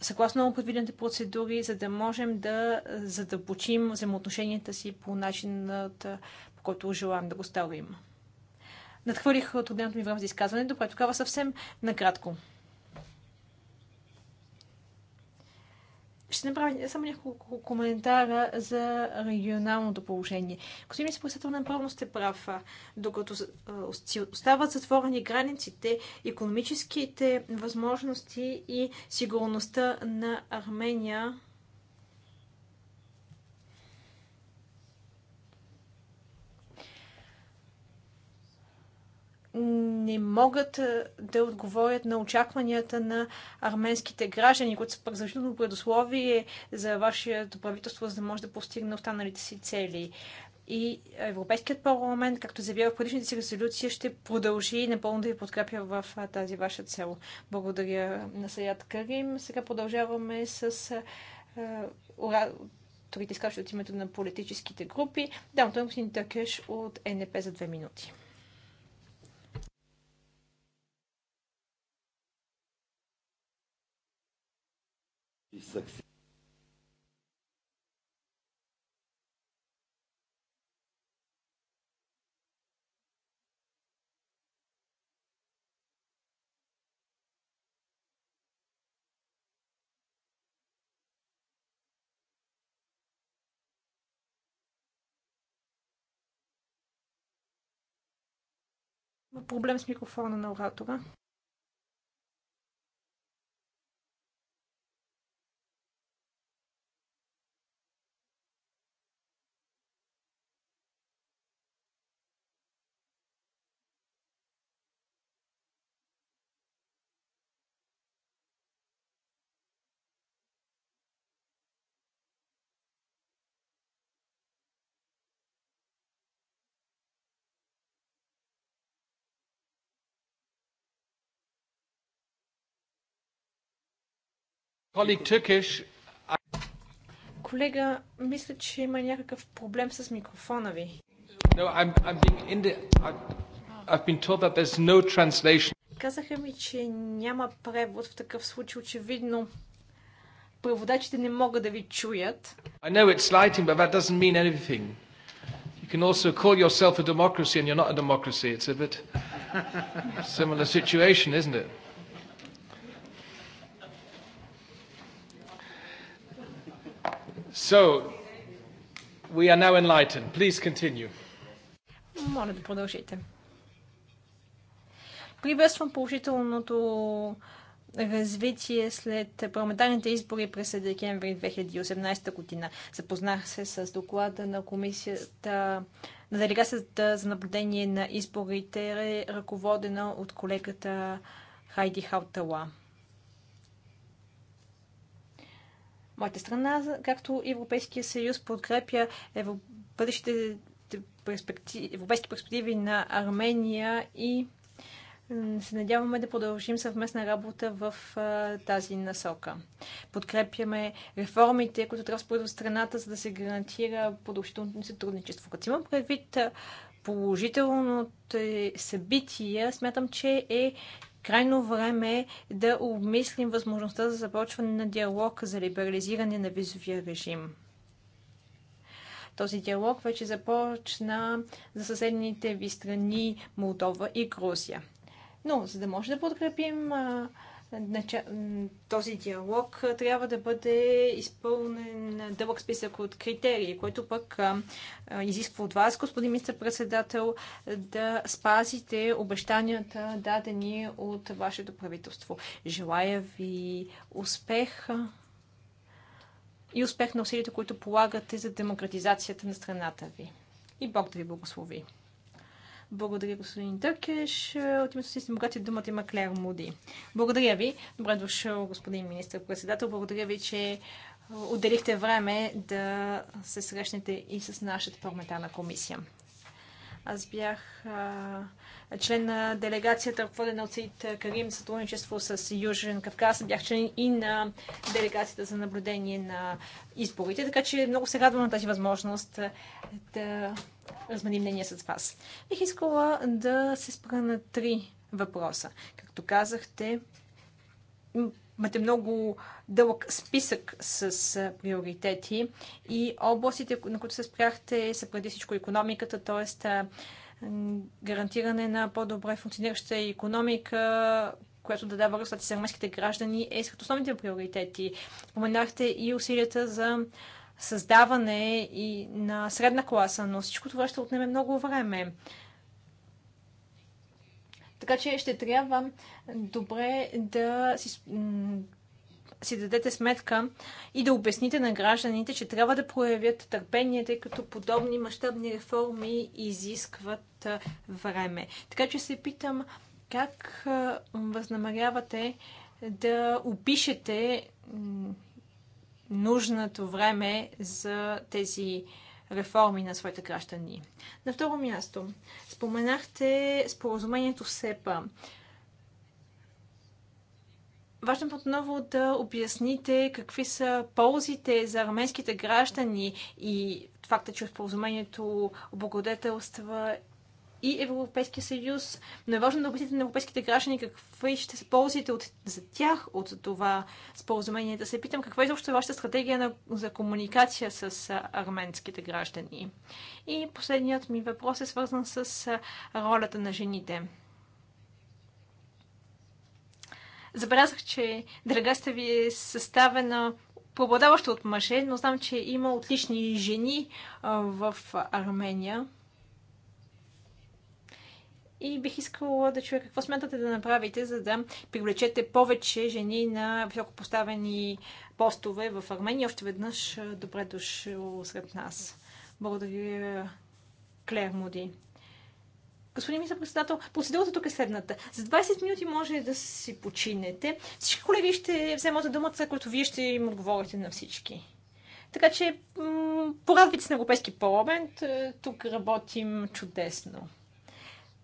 съгласно много предвидените процедури, за да можем да задълбочим взаимоотношенията си по начинът, по който желаем да го ставим. Надхвърлих трудното ми време за изказването, което тогава съвсем накратко. ще направя само няколко коментара за регионалното положение. Господин Председател, напълно сте прав. Докато е, остават затворени границите, економическите възможности и сигурността на Армения не могат е, да отговорят на очакванията на арменските граждани, които са пък защитно предусловие за вашето правителство, за да може да постигне останалите си цели. И Европейският парламент, както заявява в предишните си резолюция, ще продължи напълно да ви подкрепя в тази ваша цел. Благодаря на Саят Карим. Сега продължаваме с ораторите, изкачват от името на политическите групи. Дамото е господин Търкеш от НП за две минути. и succeed. проблем с микрофона на оратора. Колега, мисля, че има някакъв проблем с микрофона ви. No, I'm, I'm being the... I've been told that there's no translation. Казаха ми, че няма превод в такъв случай. Очевидно, преводачите не могат да ви чуят. I know it's lighting, but that doesn't mean anything. You can also call yourself a democracy and you're not a democracy. It's a bit similar situation, isn't it? So, we are now enlightened. Please continue. Моля да продължите. Приветствам положителното развитие след парламентарните избори през декември 2018 година. Запознах се с доклада на комисията на делегацията за наблюдение на изборите, ръководена от колегата Хайди Хаутала. Моята страна, както и Европейския съюз, подкрепя евро... бъдещите перспектив... европейски перспективи на Армения и се надяваме да продължим съвместна работа в а, тази насока. Подкрепяме реформите, които трябва в страната, за да се гарантира продължително сътрудничество. Като имам предвид положителното е събитие, смятам, че е Крайно време е да обмислим възможността за започване на диалог за либерализиране на визовия режим. Този диалог вече започна за съседните ви страни Молдова и Грузия. Но, за да може да подкрепим а, този диалог трябва да бъде изпълнен дълъг списък от критерии, което пък изисква от вас, господин министър-председател, да спазите обещанията дадени от вашето правителство. Желая ви успех и успех на усилията, които полагате за демократизацията на страната ви. И Бог да ви благослови. Благодаря, господин Дъркеш. От името си демократи думата има Клер Муди. Благодаря ви. Добре дошъл, господин министр-председател. Благодаря ви, че отделихте време да се срещнете и с нашата парламентарна комисия. Аз бях а, член на делегацията, ръководена от Саид Карим, сътрудничество с Южен Кавказ. Бях член и на делегацията за наблюдение на изборите, така че много се радвам на тази възможност да размени мнение с вас. Бих искала да се спра на три въпроса. Както казахте, имате много дълъг списък с приоритети и областите, на които се спряхте, са преди всичко економиката, т.е. гарантиране на по-добре функционираща економика, която да дава резултати с армейските граждани, е сред основните приоритети. Споменахте и усилията за създаване и на средна класа, но всичко това ще отнеме много време. Така че ще трябва добре да си си дадете сметка и да обясните на гражданите, че трябва да проявят търпение, тъй като подобни мащабни реформи изискват време. Така че се питам как възнамерявате да опишете нужното време за тези реформи на своите граждани. На второ място, споменахте споразумението СЕПА. Важно е отново да обясните какви са ползите за арменските граждани и факта, че споразумението облагодетелства и Европейския съюз. Но е важно да обясните на европейските граждани какви ще се ползите от, за тях от това споразумение. Да се питам каква е изобщо вашата стратегия на, за комуникация с арменските граждани. И последният ми въпрос е свързан с ролята на жените. Забелязах, че делегацията ви е съставена преобладаващо от мъже, но знам, че има отлични жени в Армения. И бих искала да чуя какво смятате да направите, за да привлечете повече жени на високопоставени постове в Армения. Още веднъж добре дошъл сред нас. Благодаря, Клер Муди. Господин министър председател, процедурата тук е следната. За 20 минути може да си починете. Всички колеги ще вземат думата, което вие ще им отговорите на всички. Така че, порадвайте се на Европейски парламент. Тук работим чудесно.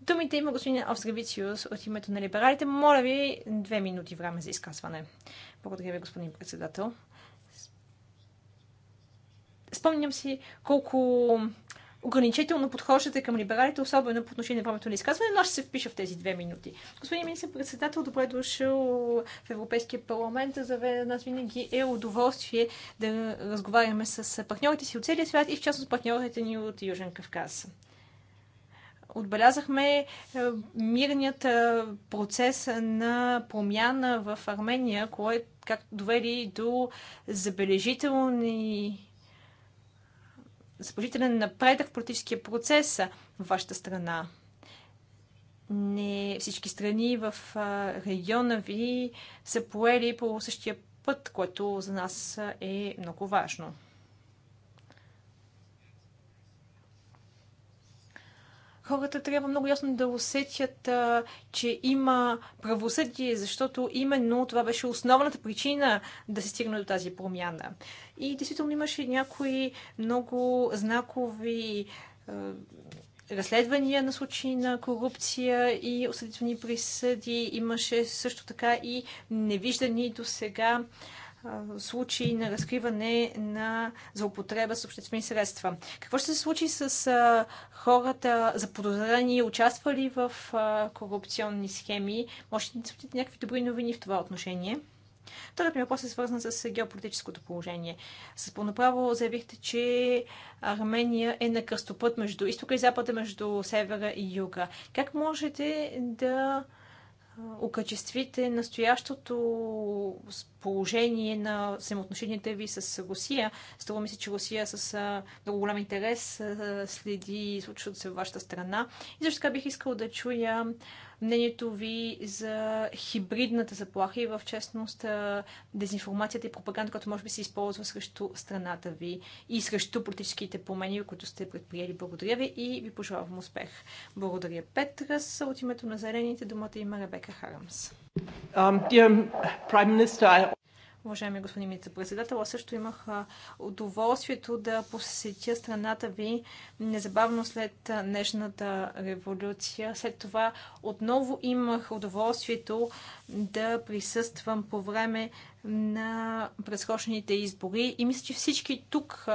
Думите има господин Овстревициус от името на либералите. Моля ви, две минути време за изказване. Благодаря ви, господин председател. Спомням си колко ограничително подхождате към либералите, особено по отношение на времето на изказване, но ще се впиша в тези две минути. Господин министър председател, добре дошъл в Европейския парламент. За нас винаги е удоволствие да разговаряме с партньорите си от целия свят и в частност партньорите ни от Южен Кавказ отбелязахме е, мирният е, процес на промяна в Армения, което как довели до забележителни забележителен напредък в политическия процес е, в вашата страна. Не всички страни в региона ви са поели по същия път, което за нас е много важно. хората трябва много ясно да усетят, че има правосъдие, защото именно това беше основната причина да се стигне до тази промяна. И действително имаше някои много знакови разследвания на случаи на корупция и осъдителни присъди. Имаше също така и невиждани до сега случаи на разкриване на злоупотреба с обществени средства. Какво ще се случи с хората за подозрение, участвали в корупционни схеми? Може да съобщите някакви добри новини в това отношение? Вторият ми въпрос е свързан с геополитическото положение. С пълноправо заявихте, че Армения е на кръстопът между изтока и запада, между севера и юга. Как можете да окачествите настоящото положение на взаимоотношенията ви с Русия. Струва ми се, че Русия с много голям интерес следи случващото се в вашата страна. И също така бих искал да чуя мнението ви за хибридната заплаха и в честност дезинформацията и пропаганда, която може би се използва срещу страната ви и срещу политическите промени, които сте предприели. Благодаря ви и ви пожелавам успех. Благодаря, Петрас. От името на Зелените думата има Ребека Харамс. Um, dear Prime Minister, I уважаеми господин министър-председател. Аз също имах удоволствието да посетя страната ви незабавно след днешната революция. След това отново имах удоволствието да присъствам по време на предсрочните избори. И мисля, че всички тук,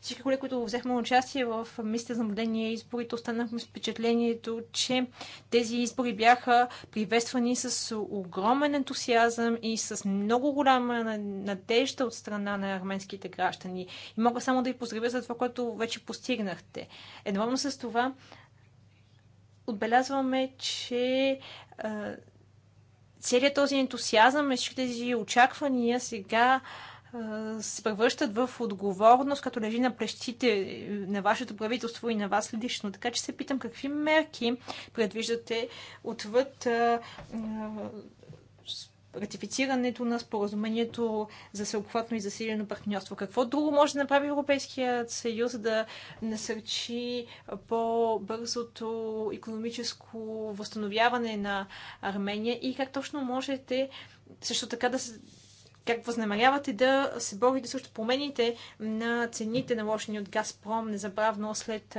всички колеги, които взехме участие в мисля за избори, изборите, останахме с впечатлението, че тези избори бяха приветствани с огромен ентусиазъм и с много голяма надежда от страна на арменските граждани. И мога само да ви поздравя за това, което вече постигнахте. Едновременно с това отбелязваме, че целият този ентусиазъм и всички тези очаквания сега се превръщат в отговорност, като лежи на плещите е, на вашето правителство и на вас лично. Така че се питам какви мерки предвиждате отвъд ратифицирането на споразумението за всеобхватно и засилено партньорство. Какво друго може да направи Европейският съюз да насърчи по-бързото економическо възстановяване на Армения и как точно можете също така да се как възнамерявате да се борите също промените на цените, наложени от Газпром незабравно след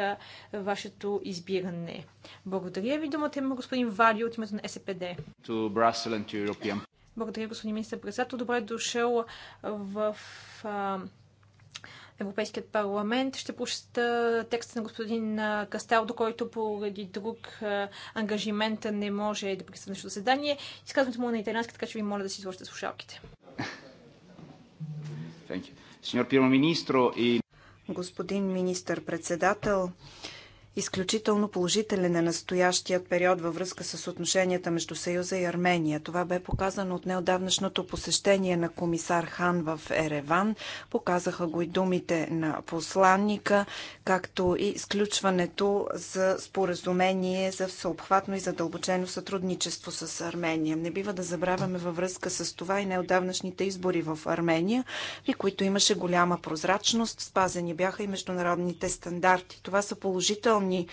вашето избиране? Благодаря ви. Думата има господин Вали от името на СПД. Благодаря, господин министър председател. Добре дошъл в а, Европейският парламент. Ще пуща текста на господин Кастел, до който поради друг а, ангажимент не може да присъства нещо заседание. Изказването му е на италянски, така че ви моля да си изложите слушалките. Господин министър-председател, изключително положителен е настоящият период във връзка с отношенията между Съюза и Армения. Това бе показано от неодавнашното посещение на комисар Хан в Ереван. Показаха го и думите на посланника, както и сключването за споразумение за всеобхватно и задълбочено сътрудничество с Армения. Не бива да забравяме във връзка с това и неодавнашните избори в Армения, при които имаше голяма прозрачност, спазени бяха и международните стандарти. Това са положителни огромни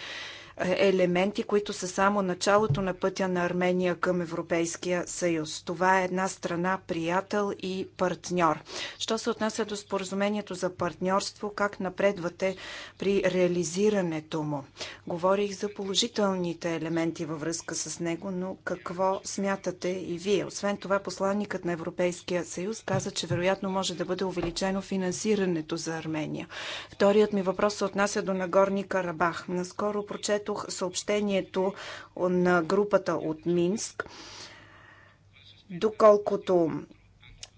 е, елементи, които са само началото на пътя на Армения към Европейския съюз. Това е една страна, приятел и партньор. Що се отнася до споразумението за партньорство, как напредвате при реализирането му? Говорих за положителните елементи във връзка с него, но какво смятате и вие? Освен това, посланникът на Европейския съюз каза, че вероятно може да бъде увеличено финансирането за Армения. Вторият ми въпрос се отнася до Нагорни Карабах. Наскоро прочет прочетох съобщението на групата от Минск. Доколкото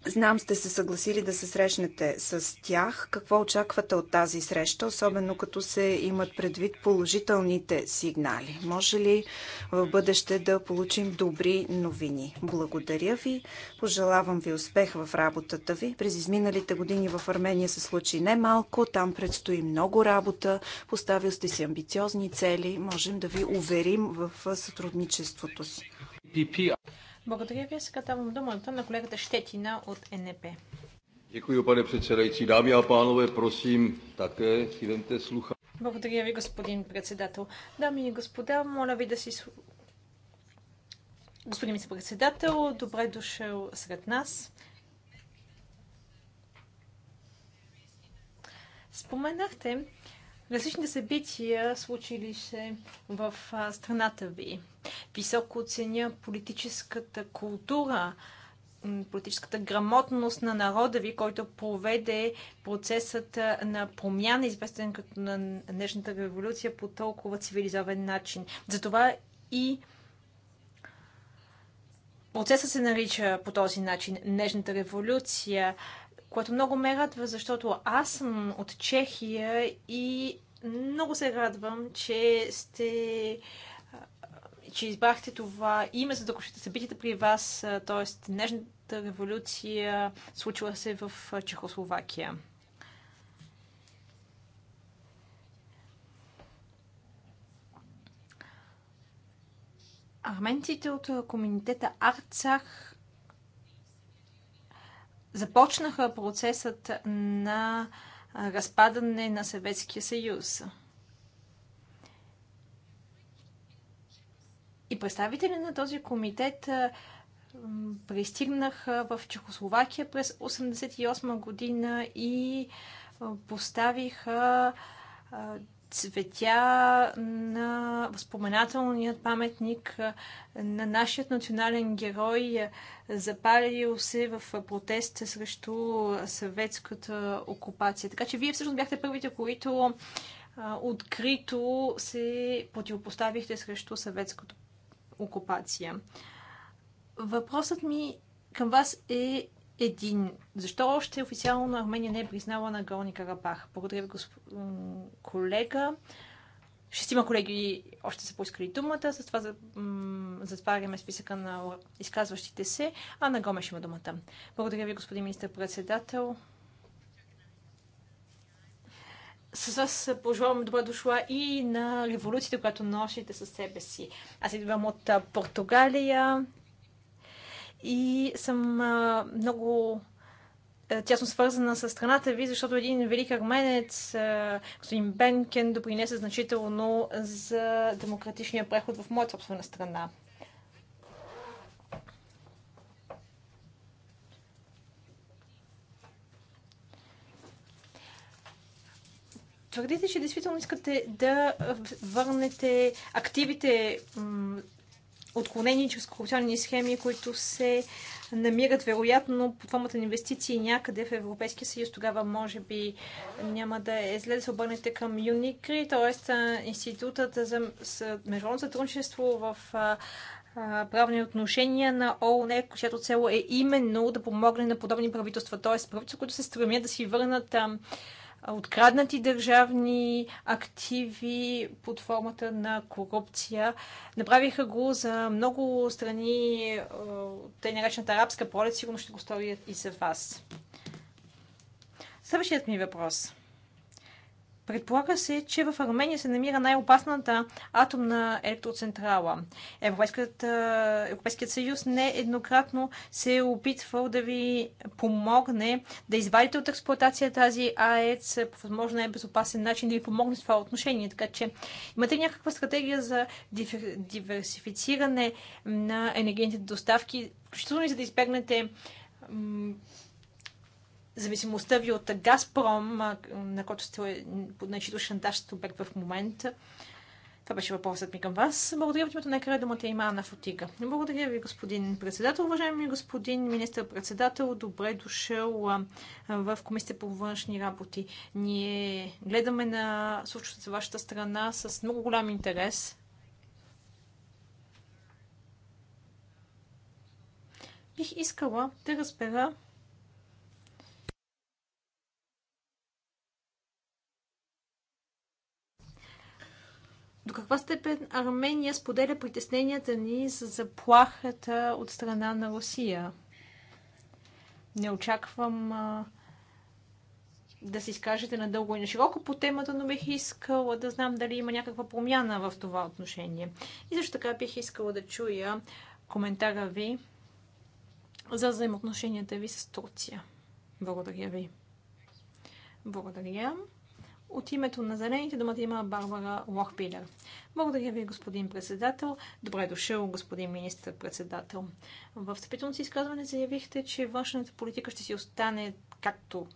Знам, сте се съгласили да се срещнете с тях. Какво очаквате от тази среща, особено като се имат предвид положителните сигнали? Може ли в бъдеще да получим добри новини? Благодаря ви. Пожелавам ви успех в работата ви. През изминалите години в Армения се случи немалко. Там предстои много работа. Поставил сте си амбициозни цели. Можем да ви уверим в сътрудничеството си. Благодаря ви. Сега давам думата на колегата Щетина от НП. Děkuji, pane předsedající. Dámy a pánové, prosím, také si vemte slucha. Благодаря ви, господин председател. Дами и господа, моля ви да си... Господин председател добре дошъл сред нас. Споменахте, различните събития, случили се в страната ви. Високо оценя политическата култура, политическата грамотност на народа ви, който проведе процесът на промяна, известен като на днешната революция по толкова цивилизован начин. Затова и процесът се нарича по този начин Нежната революция което много ме радва, защото аз съм от Чехия и много се радвам, че сте че избрахте това име, за да кушите събитията при вас, т.е. днешната революция случила се в Чехословакия. Арменците от комунитета Арцах започнаха процесът на разпадане на Съветския съюз. И представители на този комитет пристигнаха в Чехословакия през 1988 година и поставиха цветя на възпоменателният паметник на нашият национален герой, запалил се в протест срещу съветската окупация. Така че вие всъщност бяхте първите, които открито се противопоставихте срещу съветската окупация. Въпросът ми към вас е един. Защо още официално Армения не е признала на Горни Карабах? Благодаря ви, госп... колега. Шестима колеги още са поискали думата, с това затваряме списъка на изказващите се, а на Гомеш има думата. Благодаря ви, господин министър-председател. С вас пожелавам добре дошла и на революцията, която носите със себе си. Аз идвам от Португалия и съм много тясно свързана с страната ви, защото един велик арменец, господин Бенкен, допринесе значително за демократичния преход в моята собствена страна. твърдите, че действително искате да върнете активите отклонени чрез корупционни схеми, които се намират вероятно под формата на инвестиции някъде в Европейския съюз. Тогава може би няма да е зле да се обърнете към Юникри, т.е. институтът за международно сътрудничество в правни отношения на ООН, чиято цел е именно да помогне на подобни правителства, т.е. правителства, които се стремят да си върнат откраднати държавни активи под формата на корупция. Направиха го за много страни, те наречената арабска пролет, сигурно ще го стори и за вас. Следващият ми въпрос. Предполага се, че в Армения се намира най-опасната атомна електроцентрала. Европейският съюз нееднократно се е опитвал да ви помогне да извадите от експлуатация тази АЕЦ по възможно най-безопасен начин, да ви помогне с това отношение. Така че имате ли някаква стратегия за диверсифициране на енергийните доставки, включително и за да избегнете зависимостта ви от Газпром, на който сте на чието шантаж обект в момента. Това беше въпросът ми към вас. Благодаря от името на края думата има Анна Фотига. Благодаря ви, господин председател. Уважаеми господин министър председател добре дошъл в Комисията по външни работи. Ние гледаме на случващата се вашата страна с много голям интерес. Бих искала да разбера До каква степен Армения споделя притесненията ни за заплахата от страна на Русия? Не очаквам а, да се изкажете надълго и на широко по темата, но бих искала да знам дали има някаква промяна в това отношение. И също така бих искала да чуя коментара ви за взаимоотношенията ви с Турция. Благодаря ви. Благодаря. От името на Зелените думата има Барбара Лохпилер. Благодаря ви, господин председател. Добре дошъл, господин министр-председател. В стъпително си изказване заявихте, че външната политика ще си остане както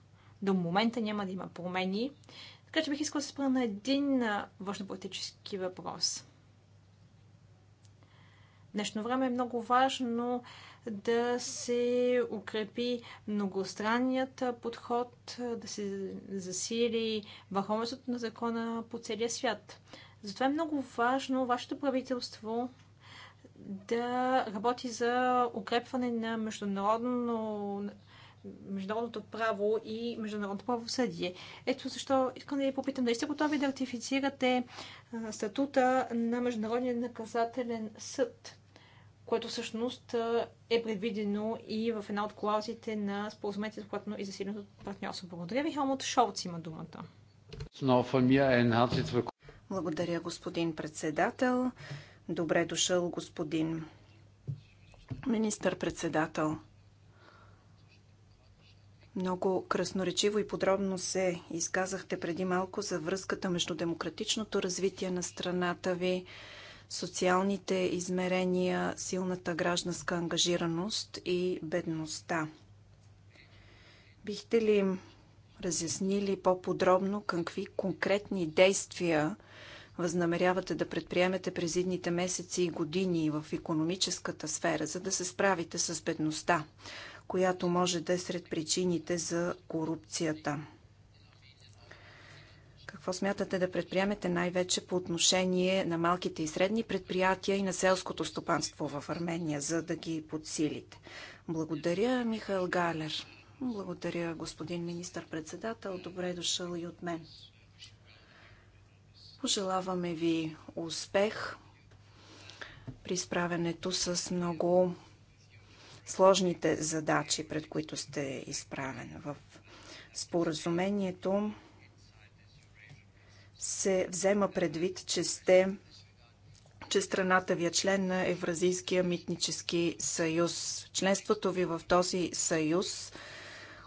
до момента няма да има промени. Така че бих искала да се спра на един външнополитически въпрос. В днешно време е много важно да се укрепи многостранният подход, да се засили върховенството на закона по целия свят. Затова е много важно вашето правителство да работи за укрепване на международно международното право и международното правосъдие. Ето защо искам да ви попитам, дали сте готови да ратифицирате статута на Международния наказателен съд? което всъщност е предвидено и в една от клаузите на споразумението за и засиленото партньорство. Благодаря ви. Хелмут Шолц има думата. Благодаря, господин председател. Добре дошъл, господин министър-председател. Много красноречиво и подробно се изказахте преди малко за връзката между демократичното развитие на страната ви, социалните измерения, силната гражданска ангажираност и бедността. Бихте ли разяснили по-подробно какви конкретни действия възнамерявате да предприемете през идните месеци и години в економическата сфера, за да се справите с бедността, която може да е сред причините за корупцията? Какво смятате да предприемете най-вече по отношение на малките и средни предприятия и на селското стопанство в Армения, за да ги подсилите? Благодаря, Михаил Галер. Благодаря, господин министър-председател. Добре е дошъл и от мен. Пожелаваме ви успех при справянето с много сложните задачи, пред които сте изправен. В споразумението се взема предвид, че сте че страната ви е член на Евразийския митнически съюз. Членството ви в този съюз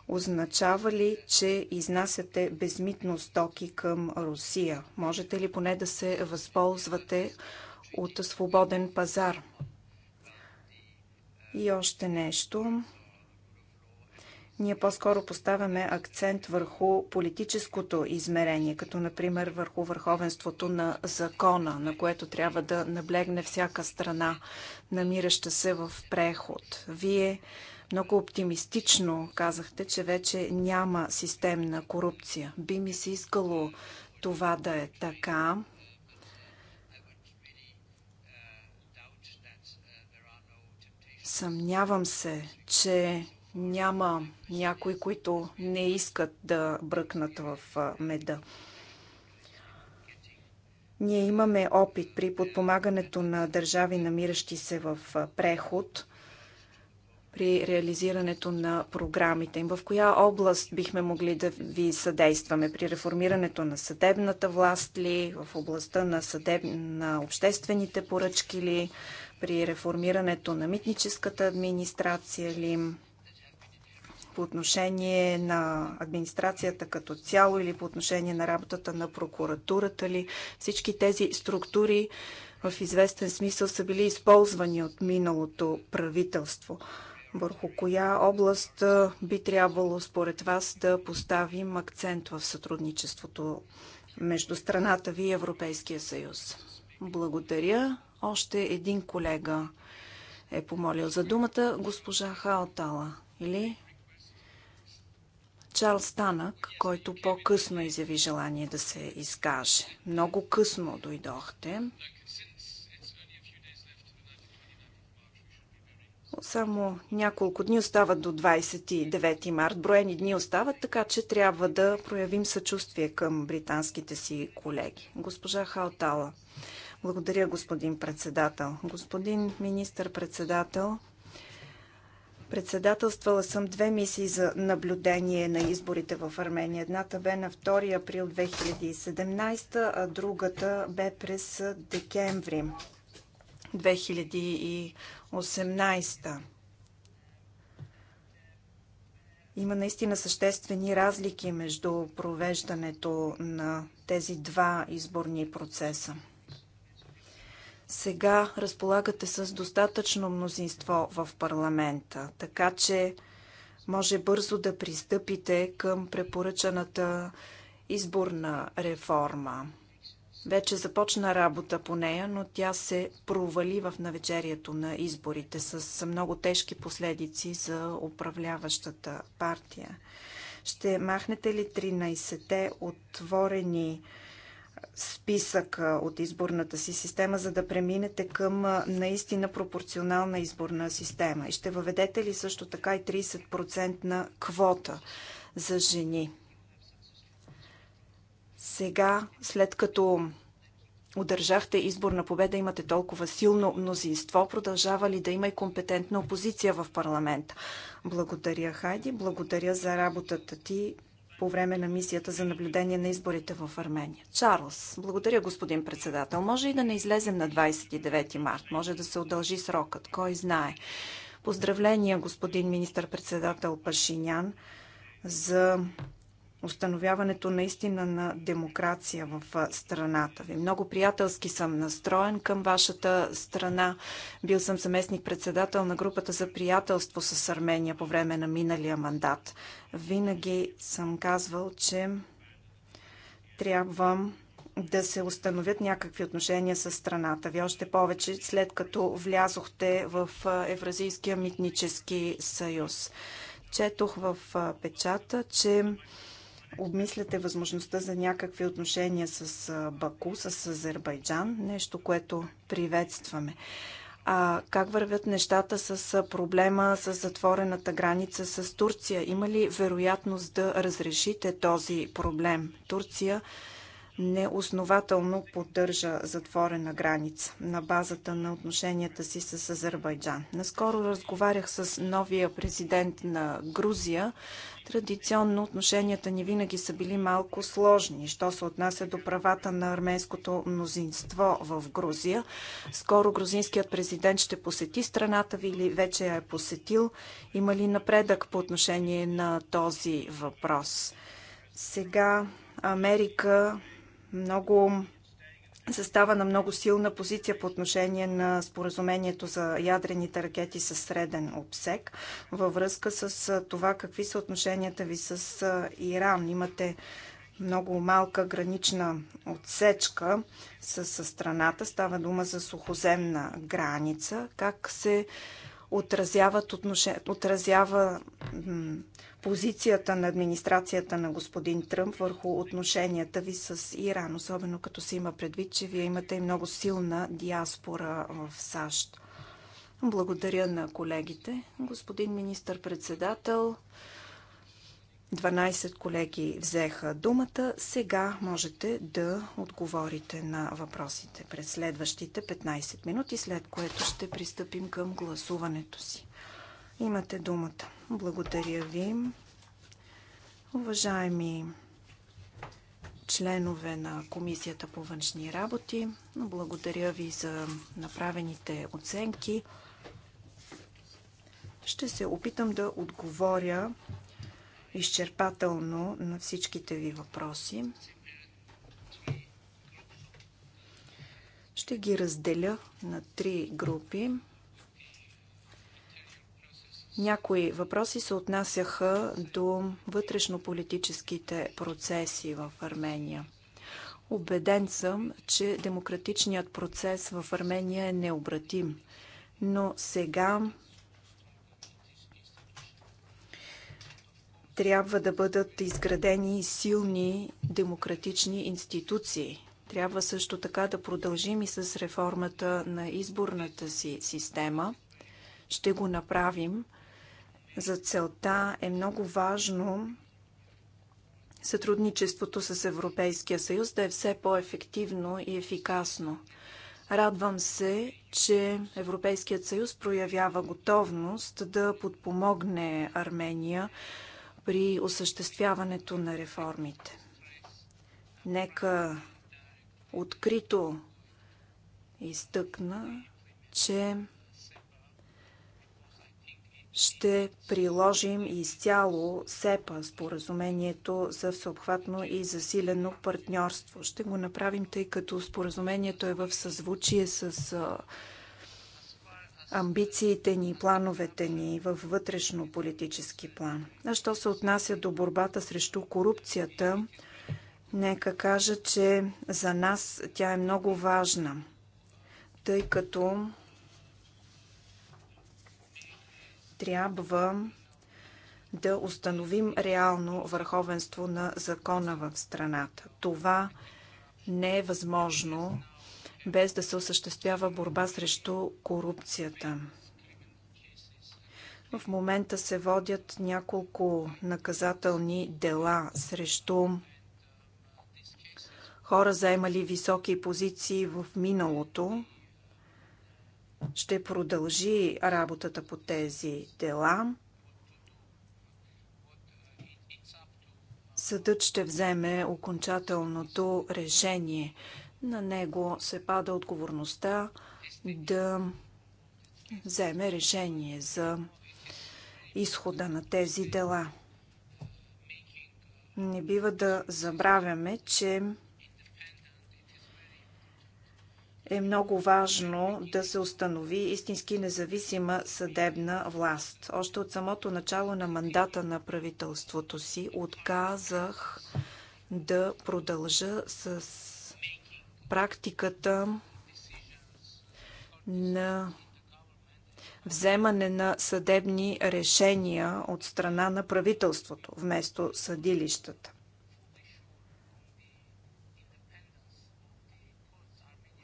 означава ли, че изнасяте безмитно стоки към Русия? Можете ли поне да се възползвате от свободен пазар? И още нещо. Ние по-скоро поставяме акцент върху политическото измерение, като например върху върховенството на закона, на което трябва да наблегне всяка страна, намираща се в преход. Вие много оптимистично казахте, че вече няма системна корупция. Би ми се искало това да е така. Съмнявам се, че няма някои, които не искат да бръкнат в меда. Ние имаме опит при подпомагането на държави, намиращи се в преход, при реализирането на програмите им. В коя област бихме могли да ви съдействаме? При реформирането на съдебната власт ли? В областта на, съдеб... на обществените поръчки ли? При реформирането на митническата администрация ли? по отношение на администрацията като цяло или по отношение на работата на прокуратурата ли. Всички тези структури в известен смисъл са били използвани от миналото правителство. Върху коя област би трябвало според вас да поставим акцент в сътрудничеството между страната ви и Европейския съюз? Благодаря. Още един колега е помолил за думата госпожа Хаотала. Или Чарлз Танък, който по-късно изяви желание да се изкаже. Много късно дойдохте. Само няколко дни остават до 29 март. Броени дни остават, така че трябва да проявим съчувствие към британските си колеги. Госпожа Халтала. Благодаря, господин председател. Господин министър-председател, Председателствала съм две мисии за наблюдение на изборите в Армения. Едната бе на 2 април 2017, а другата бе през декември 2018. Има наистина съществени разлики между провеждането на тези два изборни процеса сега разполагате с достатъчно мнозинство в парламента, така че може бързо да пристъпите към препоръчаната изборна реформа. Вече започна работа по нея, но тя се провали в навечерието на изборите с много тежки последици за управляващата партия. Ще махнете ли 13-те отворени списък от изборната си система, за да преминете към наистина пропорционална изборна система? И ще въведете ли също така и 30% на квота за жени? Сега, след като удържахте изборна победа, имате толкова силно мнозинство, продължава ли да има и компетентна опозиция в парламента? Благодаря, Хайди, благодаря за работата ти по време на мисията за наблюдение на изборите в Армения. Чарлз, благодаря господин председател. Може и да не излезем на 29 март, може да се удължи срокът, кой знае. Поздравления господин министър-председател Пашинян за установяването наистина на демокрация в страната ви. Много приятелски съм настроен към вашата страна. Бил съм заместник-председател на групата за приятелство с Армения по време на миналия мандат. Винаги съм казвал, че трябва да се установят някакви отношения с страната ви. Още повече след като влязохте в Евразийския митнически съюз. Четох в печата, че обмисляте възможността за някакви отношения с Баку, с Азербайджан, нещо, което приветстваме. А как вървят нещата с проблема с затворената граница с Турция? Има ли вероятност да разрешите този проблем? Турция неоснователно поддържа затворена граница на базата на отношенията си с Азербайджан. Наскоро разговарях с новия президент на Грузия. Традиционно отношенията ни винаги са били малко сложни, що се отнася до правата на арменското мнозинство в Грузия. Скоро грузинският президент ще посети страната ви или вече я е посетил. Има ли напредък по отношение на този въпрос? Сега Америка много застава на много силна позиция по отношение на споразумението за ядрените ракети с среден обсек във връзка с това какви са отношенията ви с Иран. Имате много малка гранична отсечка с, с страната. Става дума за сухоземна граница. Как се отразяват отношен... отразява позицията на администрацията на господин Тръмп върху отношенията ви с Иран, особено като се има предвид, че вие имате и много силна диаспора в САЩ. Благодаря на колегите. Господин министър-председател, 12 колеги взеха думата. Сега можете да отговорите на въпросите през следващите 15 минути, след което ще пристъпим към гласуването си. Имате думата. Благодаря ви. Уважаеми членове на Комисията по външни работи, благодаря ви за направените оценки. Ще се опитам да отговоря изчерпателно на всичките ви въпроси. Ще ги разделя на три групи. Някои въпроси се отнасяха до вътрешно-политическите процеси в Армения. Обеден съм, че демократичният процес в Армения е необратим. Но сега трябва да бъдат изградени силни демократични институции. Трябва също така да продължим и с реформата на изборната си система. Ще го направим. За целта е много важно сътрудничеството с Европейския съюз да е все по-ефективно и ефикасно. Радвам се, че Европейският съюз проявява готовност да подпомогне Армения при осъществяването на реформите. Нека открито изтъкна, че ще приложим изцяло СЕПА, споразумението за всеобхватно и засилено партньорство. Ще го направим, тъй като споразумението е в съзвучие с амбициите ни и плановете ни в вътрешно политически план. А що се отнася до борбата срещу корупцията, нека кажа, че за нас тя е много важна, тъй като трябва да установим реално върховенство на закона в страната. Това не е възможно без да се осъществява борба срещу корупцията. В момента се водят няколко наказателни дела срещу хора, заемали високи позиции в миналото. Ще продължи работата по тези дела. Съдът ще вземе окончателното решение. На него се пада отговорността да вземе решение за изхода на тези дела. Не бива да забравяме, че е много важно да се установи истински независима съдебна власт. Още от самото начало на мандата на правителството си отказах да продължа с практиката на вземане на съдебни решения от страна на правителството вместо съдилищата.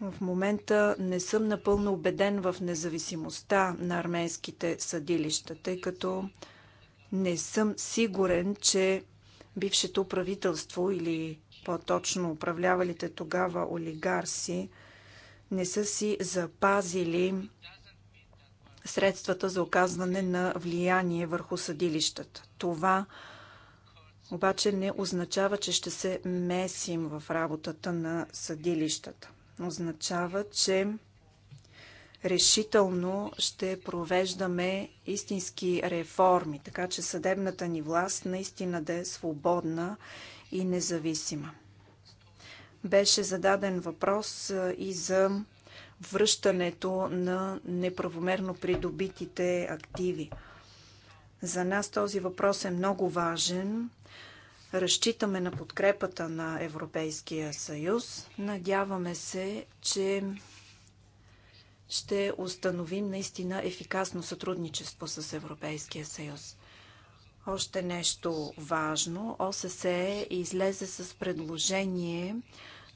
В момента не съм напълно убеден в независимостта на арменските съдилища, тъй като не съм сигурен, че бившето правителство или по-точно управлявалите тогава олигарси, не са си запазили средствата за оказване на влияние върху съдилищата. Това обаче не означава, че ще се месим в работата на съдилищата. Означава, че решително ще провеждаме истински реформи, така че съдебната ни власт наистина да е свободна и независима. Беше зададен въпрос и за връщането на неправомерно придобитите активи. За нас този въпрос е много важен. Разчитаме на подкрепата на Европейския съюз. Надяваме се, че ще установим наистина ефикасно сътрудничество с Европейския съюз. Още нещо важно. ОССЕ излезе с предложение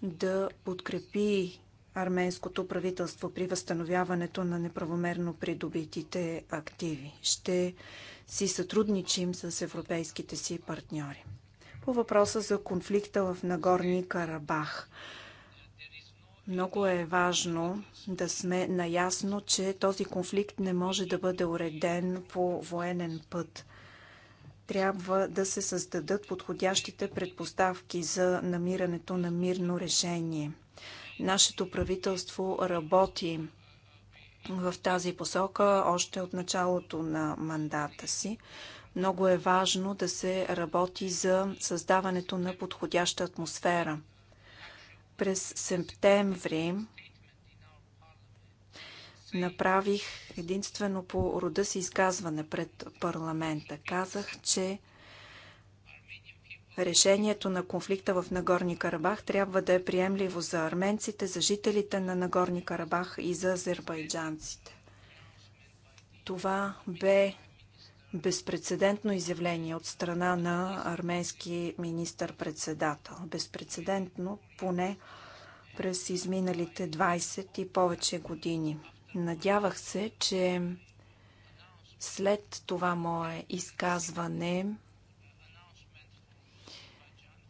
да подкрепи арменското правителство при възстановяването на неправомерно придобитите активи. Ще си сътрудничим с европейските си партньори. По въпроса за конфликта в Нагорни Карабах. Много е важно да сме наясно, че този конфликт не може да бъде уреден по военен път трябва да се създадат подходящите предпоставки за намирането на мирно решение. Нашето правителство работи в тази посока още от началото на мандата си. Много е важно да се работи за създаването на подходяща атмосфера. През септември направих единствено по рода си изказване пред парламента. Казах, че решението на конфликта в Нагорни Карабах трябва да е приемливо за арменците, за жителите на Нагорни Карабах и за азербайджанците. Това бе безпредседентно изявление от страна на арменски министър-председател. Безпредседентно поне през изминалите 20 и повече години. Надявах се, че след това мое изказване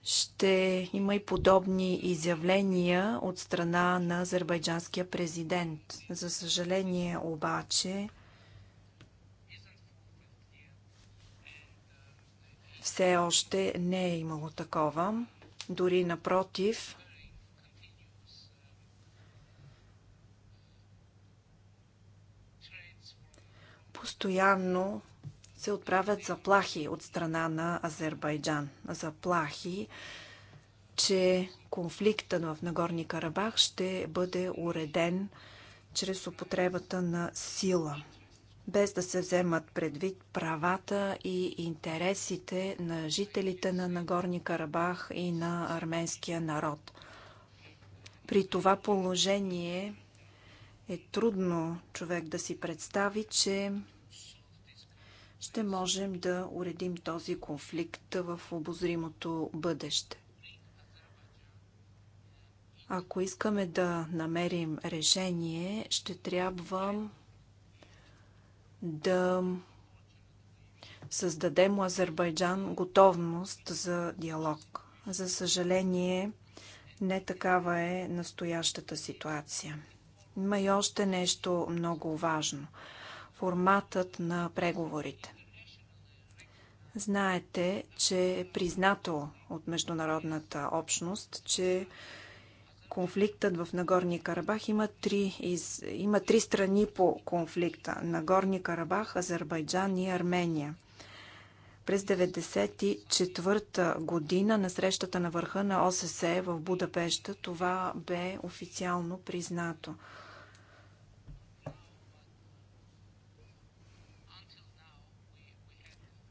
ще има и подобни изявления от страна на азербайджанския президент. За съжаление обаче, все още не е имало такова. Дори напротив, Постоянно се отправят заплахи от страна на Азербайджан. Заплахи, че конфликтът в Нагорни Карабах ще бъде уреден чрез употребата на сила, без да се вземат предвид правата и интересите на жителите на Нагорни Карабах и на арменския народ. При това положение е трудно човек да си представи, че ще можем да уредим този конфликт в обозримото бъдеще. Ако искаме да намерим решение, ще трябва да създадем у Азербайджан готовност за диалог. За съжаление, не такава е настоящата ситуация. Има и още нещо много важно – форматът на преговорите. Знаете, че е признато от международната общност, че конфликтът в Нагорни Карабах има три, из... има три страни по конфликта. Нагорни Карабах, Азербайджан и Армения. През 1994 година на срещата на върха на ОССЕ в Будапеща това бе официално признато.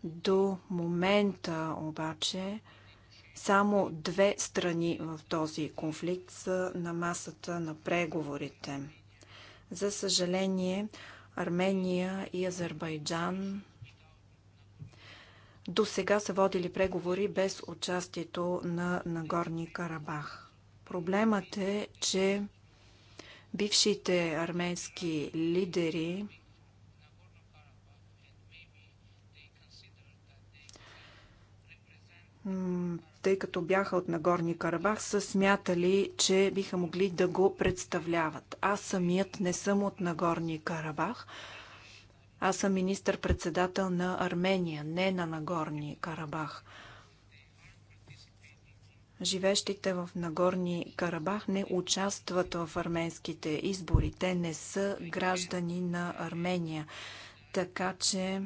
До момента обаче само две страни в този конфликт са на масата на преговорите. За съжаление, Армения и Азербайджан до сега са водили преговори без участието на Нагорни Карабах. Проблемът е, че бившите арменски лидери тъй като бяха от Нагорни Карабах, са смятали, че биха могли да го представляват. Аз самият не съм от Нагорни Карабах. Аз съм министър-председател на Армения, не на Нагорни Карабах. Живещите в Нагорни Карабах не участват в арменските избори. Те не са граждани на Армения. Така че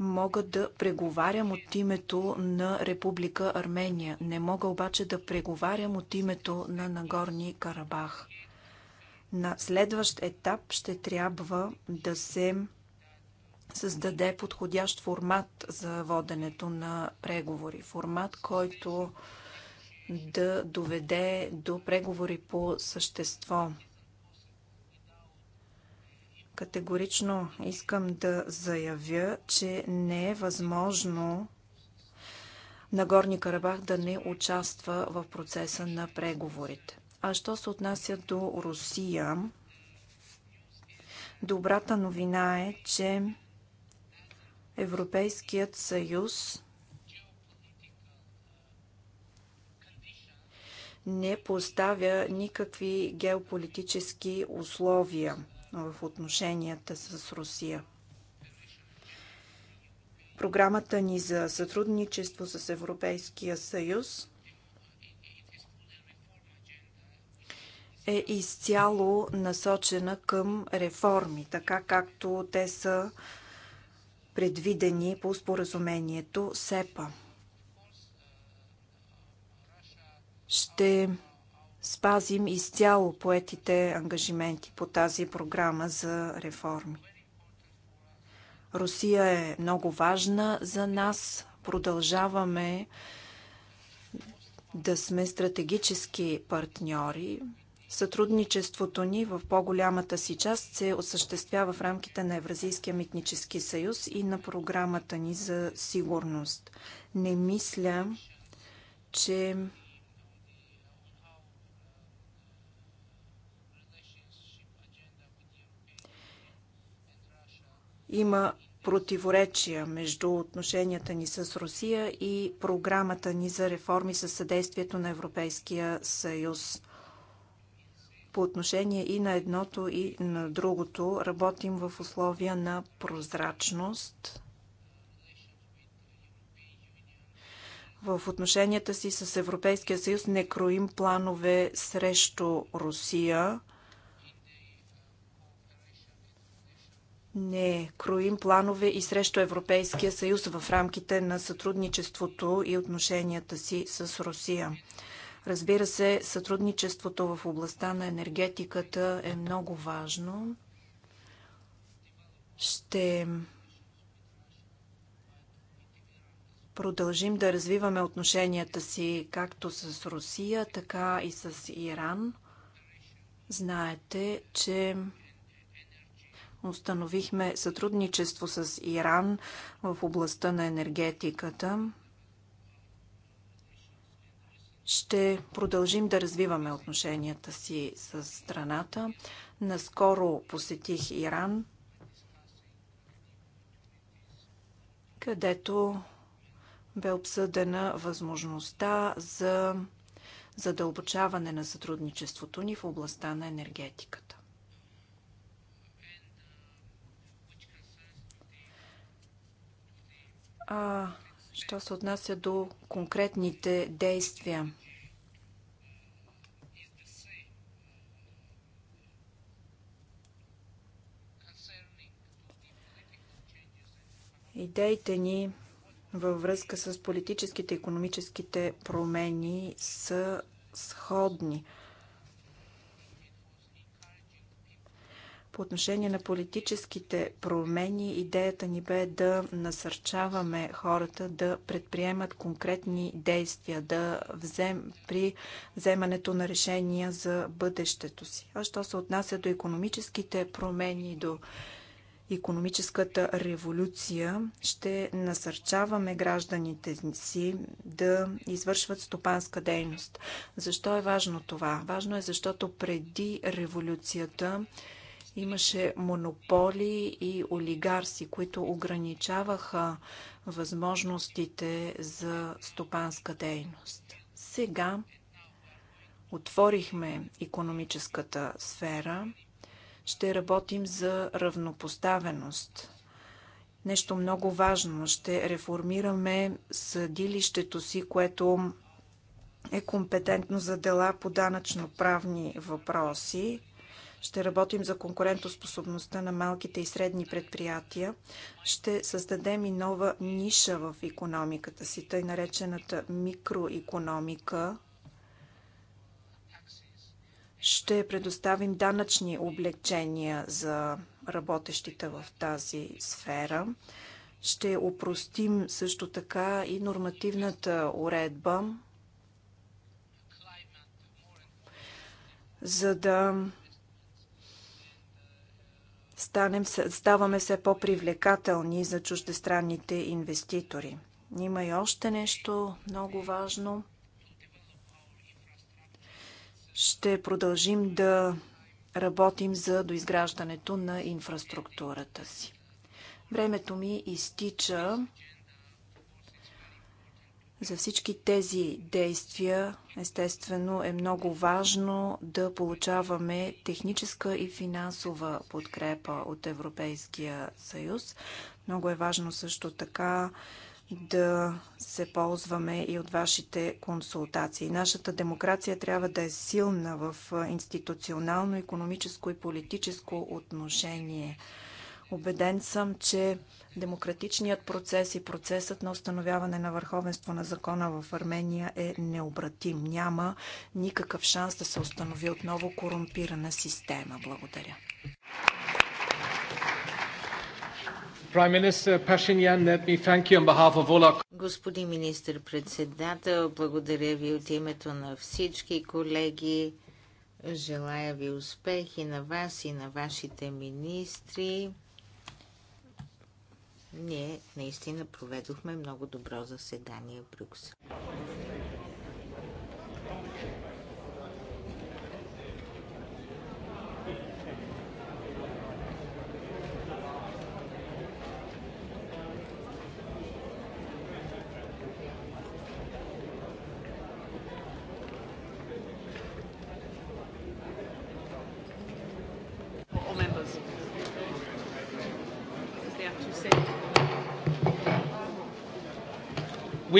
мога да преговарям от името на Република Армения. Не мога обаче да преговарям от името на Нагорни Карабах. На следващ етап ще трябва да се създаде подходящ формат за воденето на преговори. Формат, който да доведе до преговори по същество. Категорично искам да заявя, че не е възможно Нагорни Карабах да не участва в процеса на преговорите. А що се отнася до Русия, добрата новина е, че Европейският съюз не поставя никакви геополитически условия в отношенията с Русия. Програмата ни за сътрудничество с Европейския съюз е изцяло насочена към реформи, така както те са предвидени по споразумението СЕПА. Ще спазим изцяло поетите ангажименти по тази програма за реформи. Русия е много важна за нас. Продължаваме да сме стратегически партньори. Сътрудничеството ни в по-голямата си част се осъществява в рамките на Евразийския митнически съюз и на програмата ни за сигурност. Не мисля, че има противоречия между отношенията ни с Русия и програмата ни за реформи със съдействието на Европейския съюз. По отношение и на едното, и на другото работим в условия на прозрачност. В отношенията си с Европейския съюз не кроим планове срещу Русия не кроим планове и срещу Европейския съюз в рамките на сътрудничеството и отношенията си с Русия. Разбира се, сътрудничеството в областта на енергетиката е много важно. Ще продължим да развиваме отношенията си както с Русия, така и с Иран. Знаете, че Установихме сътрудничество с Иран в областта на енергетиката. Ще продължим да развиваме отношенията си с страната. Наскоро посетих Иран, където бе обсъдена възможността за задълбочаване на сътрудничеството ни в областта на енергетиката. А, що се отнася до конкретните действия? Идеите ни във връзка с политическите и економическите промени са сходни – По отношение на политическите промени, идеята ни бе да насърчаваме хората да предприемат конкретни действия, да взем, при вземането на решения за бъдещето си. А що се отнася до економическите промени, до економическата революция, ще насърчаваме гражданите си да извършват стопанска дейност. Защо е важно това? Важно е, защото преди революцията Имаше монополи и олигарси, които ограничаваха възможностите за стопанска дейност. Сега отворихме економическата сфера, ще работим за равнопоставеност. Нещо много важно. Ще реформираме съдилището си, което е компетентно за дела по данъчно-правни въпроси. Ще работим за конкурентоспособността на малките и средни предприятия. Ще създадем и нова ниша в економиката си, тъй наречената микроекономика. Ще предоставим данъчни облегчения за работещите в тази сфера. Ще опростим също така и нормативната уредба, за да станем, ставаме все по-привлекателни за чуждестранните инвеститори. Има и още нещо много важно. Ще продължим да работим за доизграждането на инфраструктурата си. Времето ми изтича. За всички тези действия, естествено, е много важно да получаваме техническа и финансова подкрепа от Европейския съюз. Много е важно също така да се ползваме и от вашите консултации. Нашата демокрация трябва да е силна в институционално, економическо и политическо отношение. Обеден съм, че демократичният процес и процесът на установяване на върховенство на закона в Армения е необратим. Няма никакъв шанс да се установи отново корумпирана система. Благодаря. Господин министр-председател, благодаря ви от името на всички колеги. Желая ви успех и на вас, и на вашите министри. Ние наистина проведохме много добро заседание в Брюксел.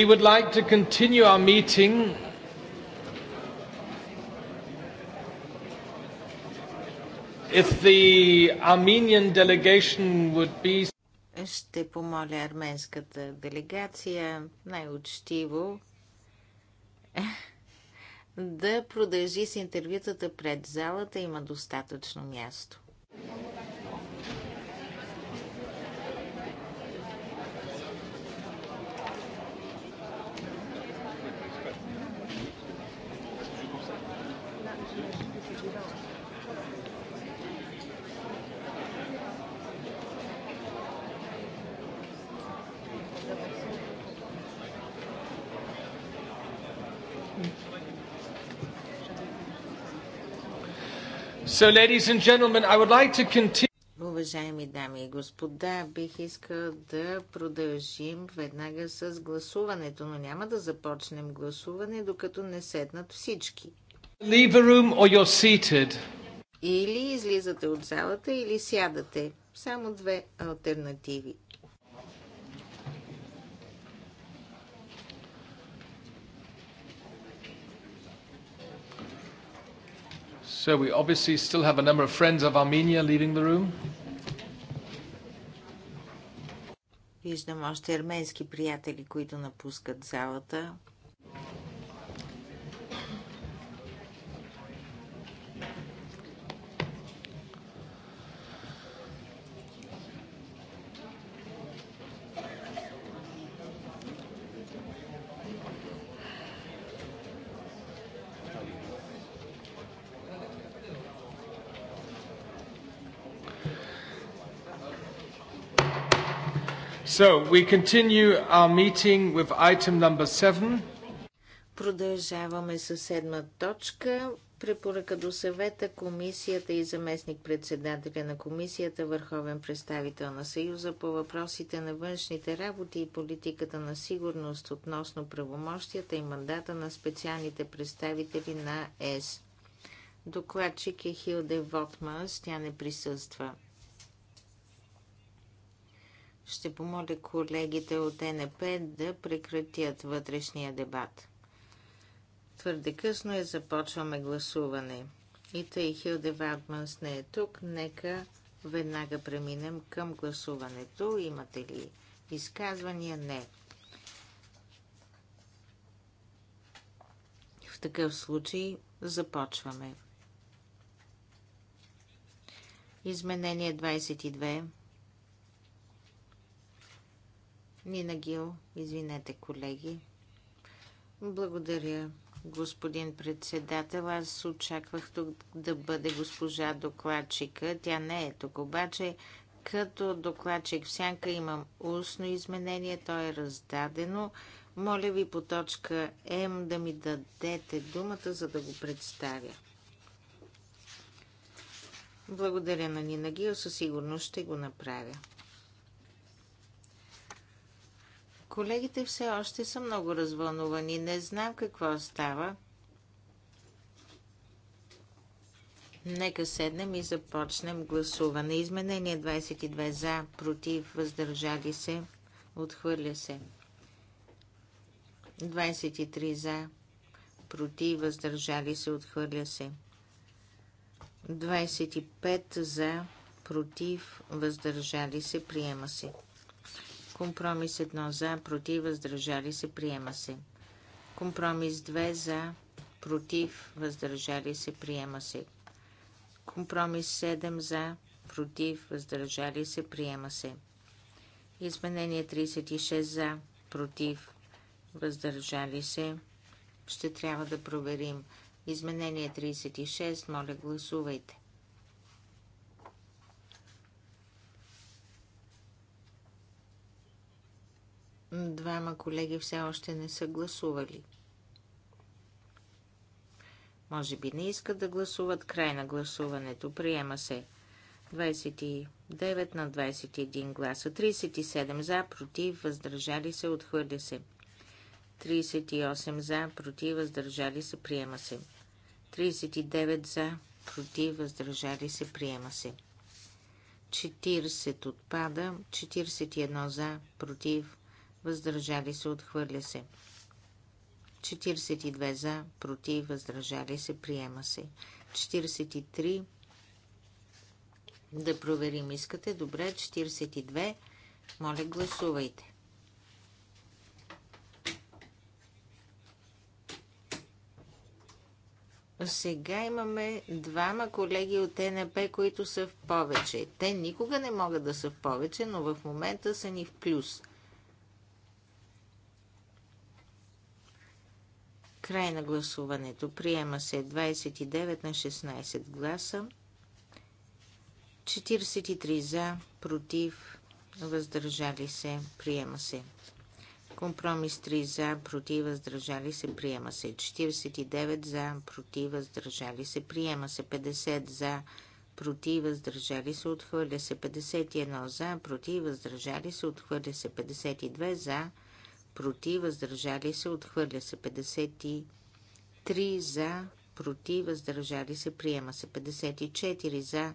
We would like to continue our meeting. If the Armenian delegation would be... Ще помоля арменската делегация най-учтиво да продължи с интервютата пред залата. Има достатъчно място. So, ladies and gentlemen, I would like to continue... Уважаеми дами и господа, бих искал да продължим веднага с гласуването, но няма да започнем гласуване, докато не седнат всички. Leave a room or you're seated. Или излизате от залата, или сядате. Само две альтернативи. So we obviously still have a number of friends of Armenia leaving the room. Виждам още армейски приятели, които напускат залата. So, we continue our meeting with item number seven. Продължаваме със седма точка. Препоръка до съвета, комисията и заместник председателя на комисията, върховен представител на Съюза по въпросите на външните работи и политиката на сигурност относно правомощията и мандата на специалните представители на ЕС. Докладчик е Хилде Вотманс, тя не присъства. Ще помоля колегите от НП да прекратят вътрешния дебат. Твърде късно е, започваме гласуване. И тъй Хилде Вардманс не е тук, нека веднага преминем към гласуването. Имате ли изказвания? Не. В такъв случай започваме. Изменение 22. Нина Гил, извинете, колеги. Благодаря, господин председател. Аз очаквах тук да бъде госпожа докладчика. Тя не е тук, обаче като докладчик в сянка имам устно изменение, то е раздадено. Моля ви по точка М да ми дадете думата, за да го представя. Благодаря на Нина Гил, със сигурност ще го направя. Колегите все още са много развълнувани. Не знам какво става. Нека седнем и започнем гласуване. Изменение 22 за, против, въздържали се, отхвърля се. 23 за, против, въздържали се, отхвърля се. 25 за, против, въздържали се, приема се. Компромис 1 за, против, въздържали се, приема се. Компромис 2 за, против, въздържали се, приема се. Компромис 7 за, против, въздържали се, приема се. Изменение 36 за, против, въздържали се. Ще трябва да проверим. Изменение 36, моля гласувайте. Двама колеги все още не са гласували. Може би не искат да гласуват. Край на гласуването. Приема се 29 на 21 гласа. 37 за, против, въздържали се, отхвърля се. 38 за, против, въздържали се, приема се. 39 за, против, въздържали се, приема се. 40 отпада, 41 за, против, въздържали се, отхвърля се. 42 за, против, въздържали се, приема се. 43 да проверим искате. Добре, 42. Моля, гласувайте. Сега имаме двама колеги от ЕНП, които са в повече. Те никога не могат да са в повече, но в момента са ни в плюс. Край на гласуването. Приема се 29 на 16 гласа. 43 за, против, въздържали се, приема се. Компромис 3 за, против, въздържали се, приема се. 49 за, против, въздържали се, приема се. 50 за, против, въздържали се, отхвърля се. 51 за, против, въздържали се, отхвърля се. 52 за, против, против, въздържали се, отхвърля се 53 за, против, въздържали се, приема се 54 за,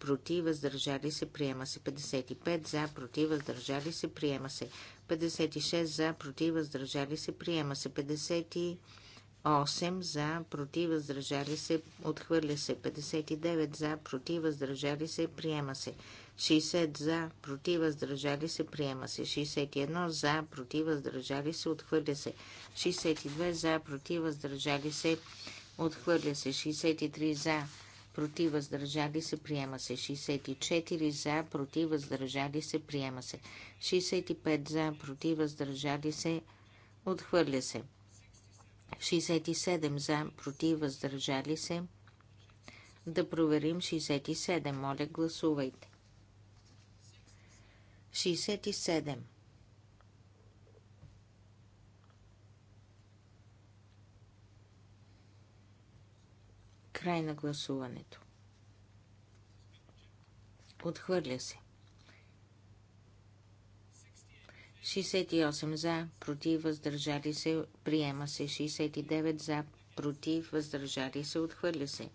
против, въздържали се, приема се 55 за, против, въздържали се, приема се 56 за, против, въздържали се, приема се 58 за, против, въздържали се, отхвърля се 59 за, против, въздържали се, приема се 60 за, против, въздържали се, приема се. 61 за, против, въздържали се, отхвърля се. 62 за, против, въздържали се, отхвърля се. 63 за, против, въздържали се, приема се. 64 за, против, въздържали се, приема се. 65 за, против, въздържали се, отхвърля се. 67 за, против, въздържали се. Да проверим 67. Моля, гласувайте. 67. Край на гласуването. Отхвърля се. 68 за, против, въздържали се, приема се. 69 за, против, въздържали се, отхвърля се.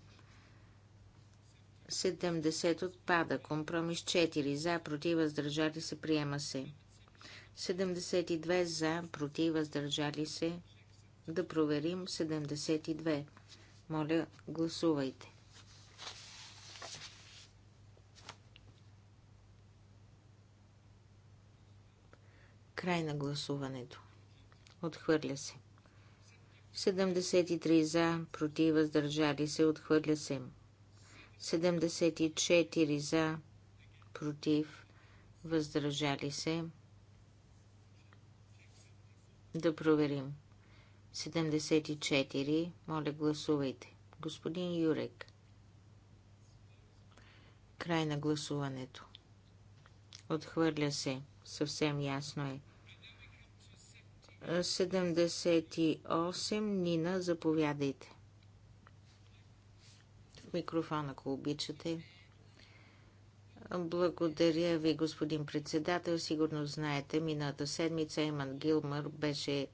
70 отпада. Компромис 4. За, против, въздържали се, приема се. 72 за, против, въздържали се. Да проверим 72. Моля, гласувайте. Край на гласуването. Отхвърля се. 73 за, против, въздържали се, отхвърля се. 74 за, против, въздържали се. Да проверим. 74. Моля, гласувайте. Господин Юрек. Край на гласуването. Отхвърля се. Съвсем ясно е. 78. Нина, заповядайте. Микрофон, ако обичате. Благодаря ви, господин председател. Сигурно знаете, миналата седмица Еман Гилмър беше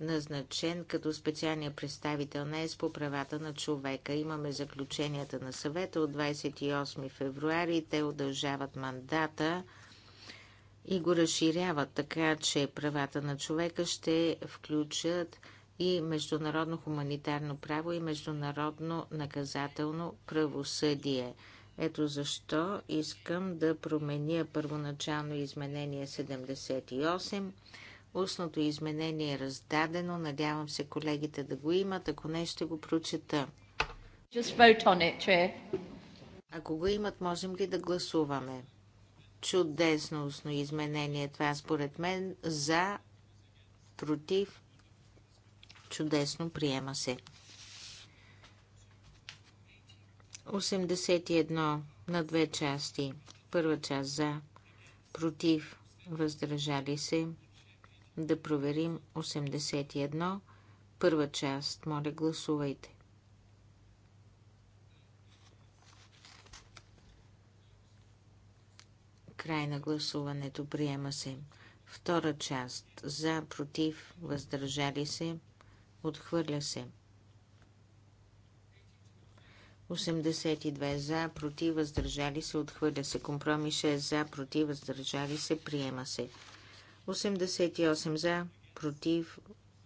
назначен като специалния представител на ЕС по правата на човека. Имаме заключенията на съвета от 28 февруари. Те удължават мандата и го разширяват, така че правата на човека ще включат и международно хуманитарно право и международно наказателно правосъдие. Ето защо искам да променя първоначално изменение 78. Устното изменение е раздадено. Надявам се колегите да го имат. Ако не, ще го прочета. It, Ако го имат, можем ли да гласуваме? Чудесно устно изменение това според мен за, против, Чудесно, приема се. 81 на две части. Първа част за, против, въздържали се. Да проверим 81. Първа част. Моля, гласувайте. Край на гласуването приема се. Втора част. За, против, въздържали се. Отхвърля се. 82 за, против, въздържали се, отхвърля се. Компромис 6 за, против, въздържали се, приема се. 88 за, против,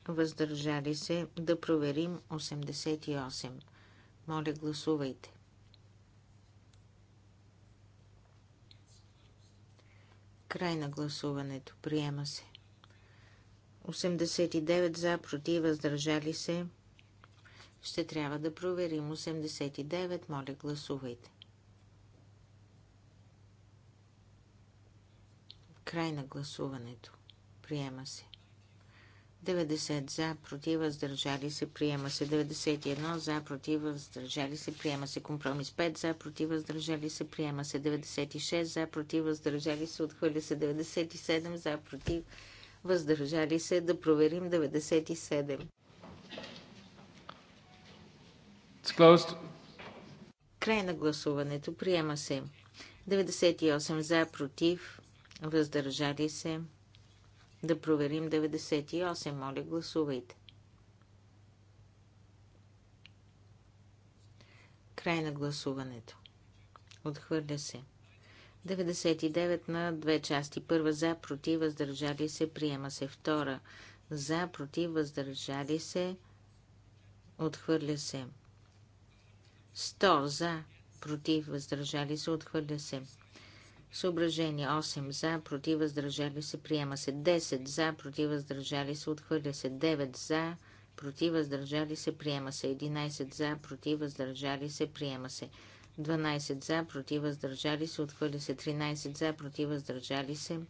въздържали се. Да проверим 88. Моля, гласувайте. Край на гласуването. Приема се. 89 за, против, въздържали се. Ще трябва да проверим 89. Моля, гласувайте. Край на гласуването. Приема се. 90 за, против, въздържали се, приема се. 91 за, против, въздържали се, приема се. Компромис 5 за, против, въздържали се, приема се. 96 за, против, въздържали се, отхвърля се. 97 за, против, въздържали се да проверим 97. Край на гласуването. Приема се. 98 за, против, въздържали се. Да проверим 98. Моля, гласувайте. Край на гласуването. Отхвърля се. 99 на две части. Първа за, против, въздържали се, приема се. Втора за, против, въздържали се, отхвърля се. 100 за, против, въздържали се, отхвърля се. Съображение 8 за, против, въздържали се, приема се. 10 за, против, въздържали се, отхвърля се. 9 за, против, въздържали се, приема се. 11 за, против, въздържали се, приема се. 12 за, против, въздържали се, отхвърля се 13 за, против, въздържали се.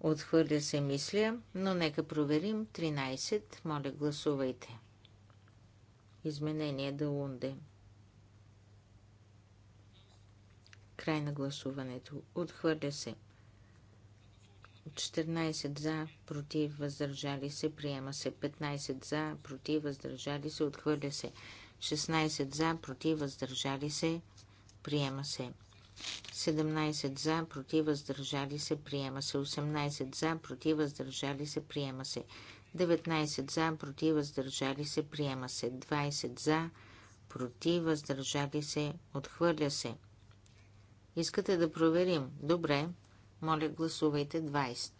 Отхвърля се мисля, но нека проверим 13. Моля, гласувайте. Изменение да лунде. Край на гласуването. Отхвърля се. 14 за, против, въздържали се, приема се. 15 за, против, въздържали се, отхвърля се. 16 за, против, въздържали се, приема се. 17 за, против, въздържали се, приема се. 18 за, против, въздържали се, приема се. 19 за, против, въздържали се, приема се. 20 за, против, въздържали се, отхвърля се. Искате да проверим? Добре. Моля, гласувайте 20.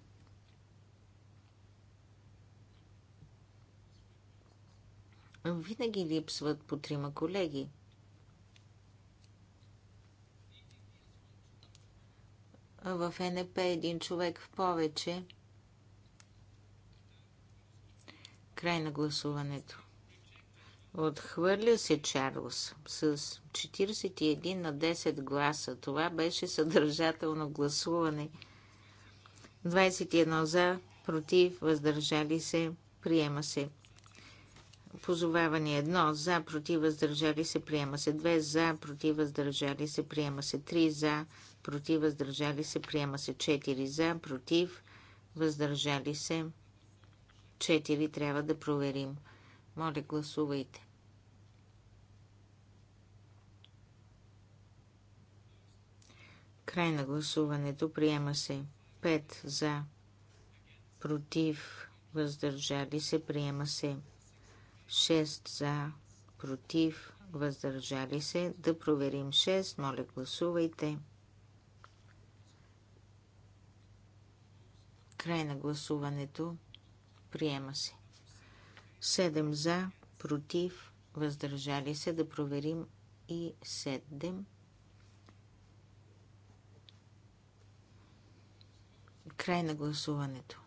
Винаги липсват по трима колеги. В НП един човек в повече. Край на гласуването. Отхвърля се Чарлз с 41 на 10 гласа. Това беше съдържателно гласуване. 21 за, против, въздържали се, приема се позовавани едно за, против, въздържали се, приема се 2 за, против, въздържали се, приема се Три за, против, въздържали се, приема се 4 за, против, въздържали се Четири трябва да проверим. Моля, гласувайте. Край на гласуването приема се 5 за, против, въздържали се, приема се 4 6 за, против, въздържали се. Да проверим 6. Моля, гласувайте. Край на гласуването. Приема се. 7 за, против, въздържали се. Да проверим и 7. Край на гласуването.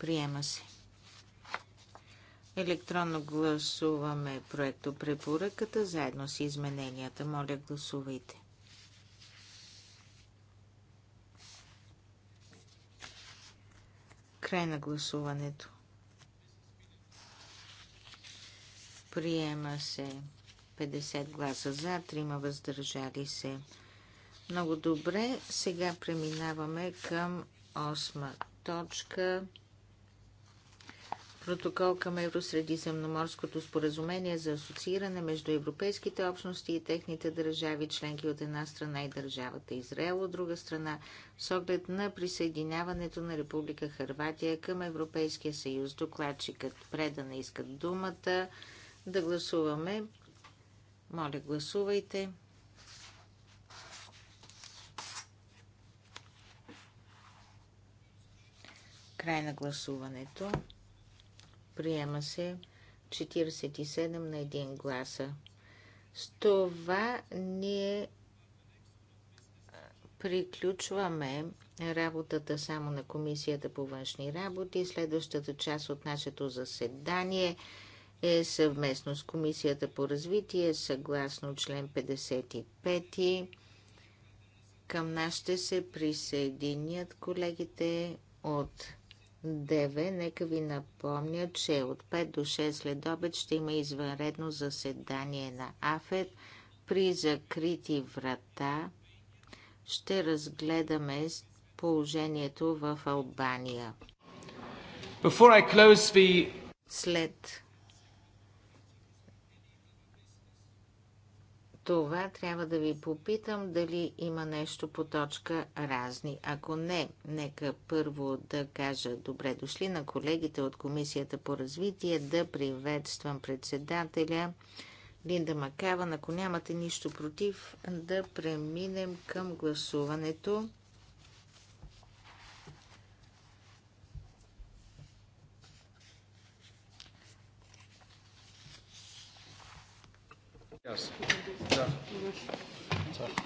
Приема се. Електронно гласуваме проекто препоръката заедно с измененията. Моля, гласувайте. Край на гласуването. Приема се 50 гласа за, 3 въздържали се. Много добре. Сега преминаваме към 8 точка протокол към Евросредиземноморското споразумение за асоцииране между европейските общности и техните държави, членки от една страна и държавата Израел от друга страна, с оглед на присъединяването на Република Харватия към Европейския съюз. Докладчикът преда не искат думата. Да гласуваме. Моля, гласувайте. Край на гласуването. Приема се 47 на 1 гласа. С това ние приключваме работата само на Комисията по външни работи. Следващата част от нашето заседание е съвместно с Комисията по развитие, съгласно член 55. Към нас ще се присъединят колегите от Деве, нека ви напомня, че от 5 до 6 след обед ще има извънредно заседание на АФЕД при закрити врата. Ще разгледаме положението в Албания. След това трябва да ви попитам дали има нещо по точка разни. Ако не, нека първо да кажа добре дошли на колегите от Комисията по развитие, да приветствам председателя Линда Макава. Ако нямате нищо против, да преминем към гласуването. Yes. Ciao.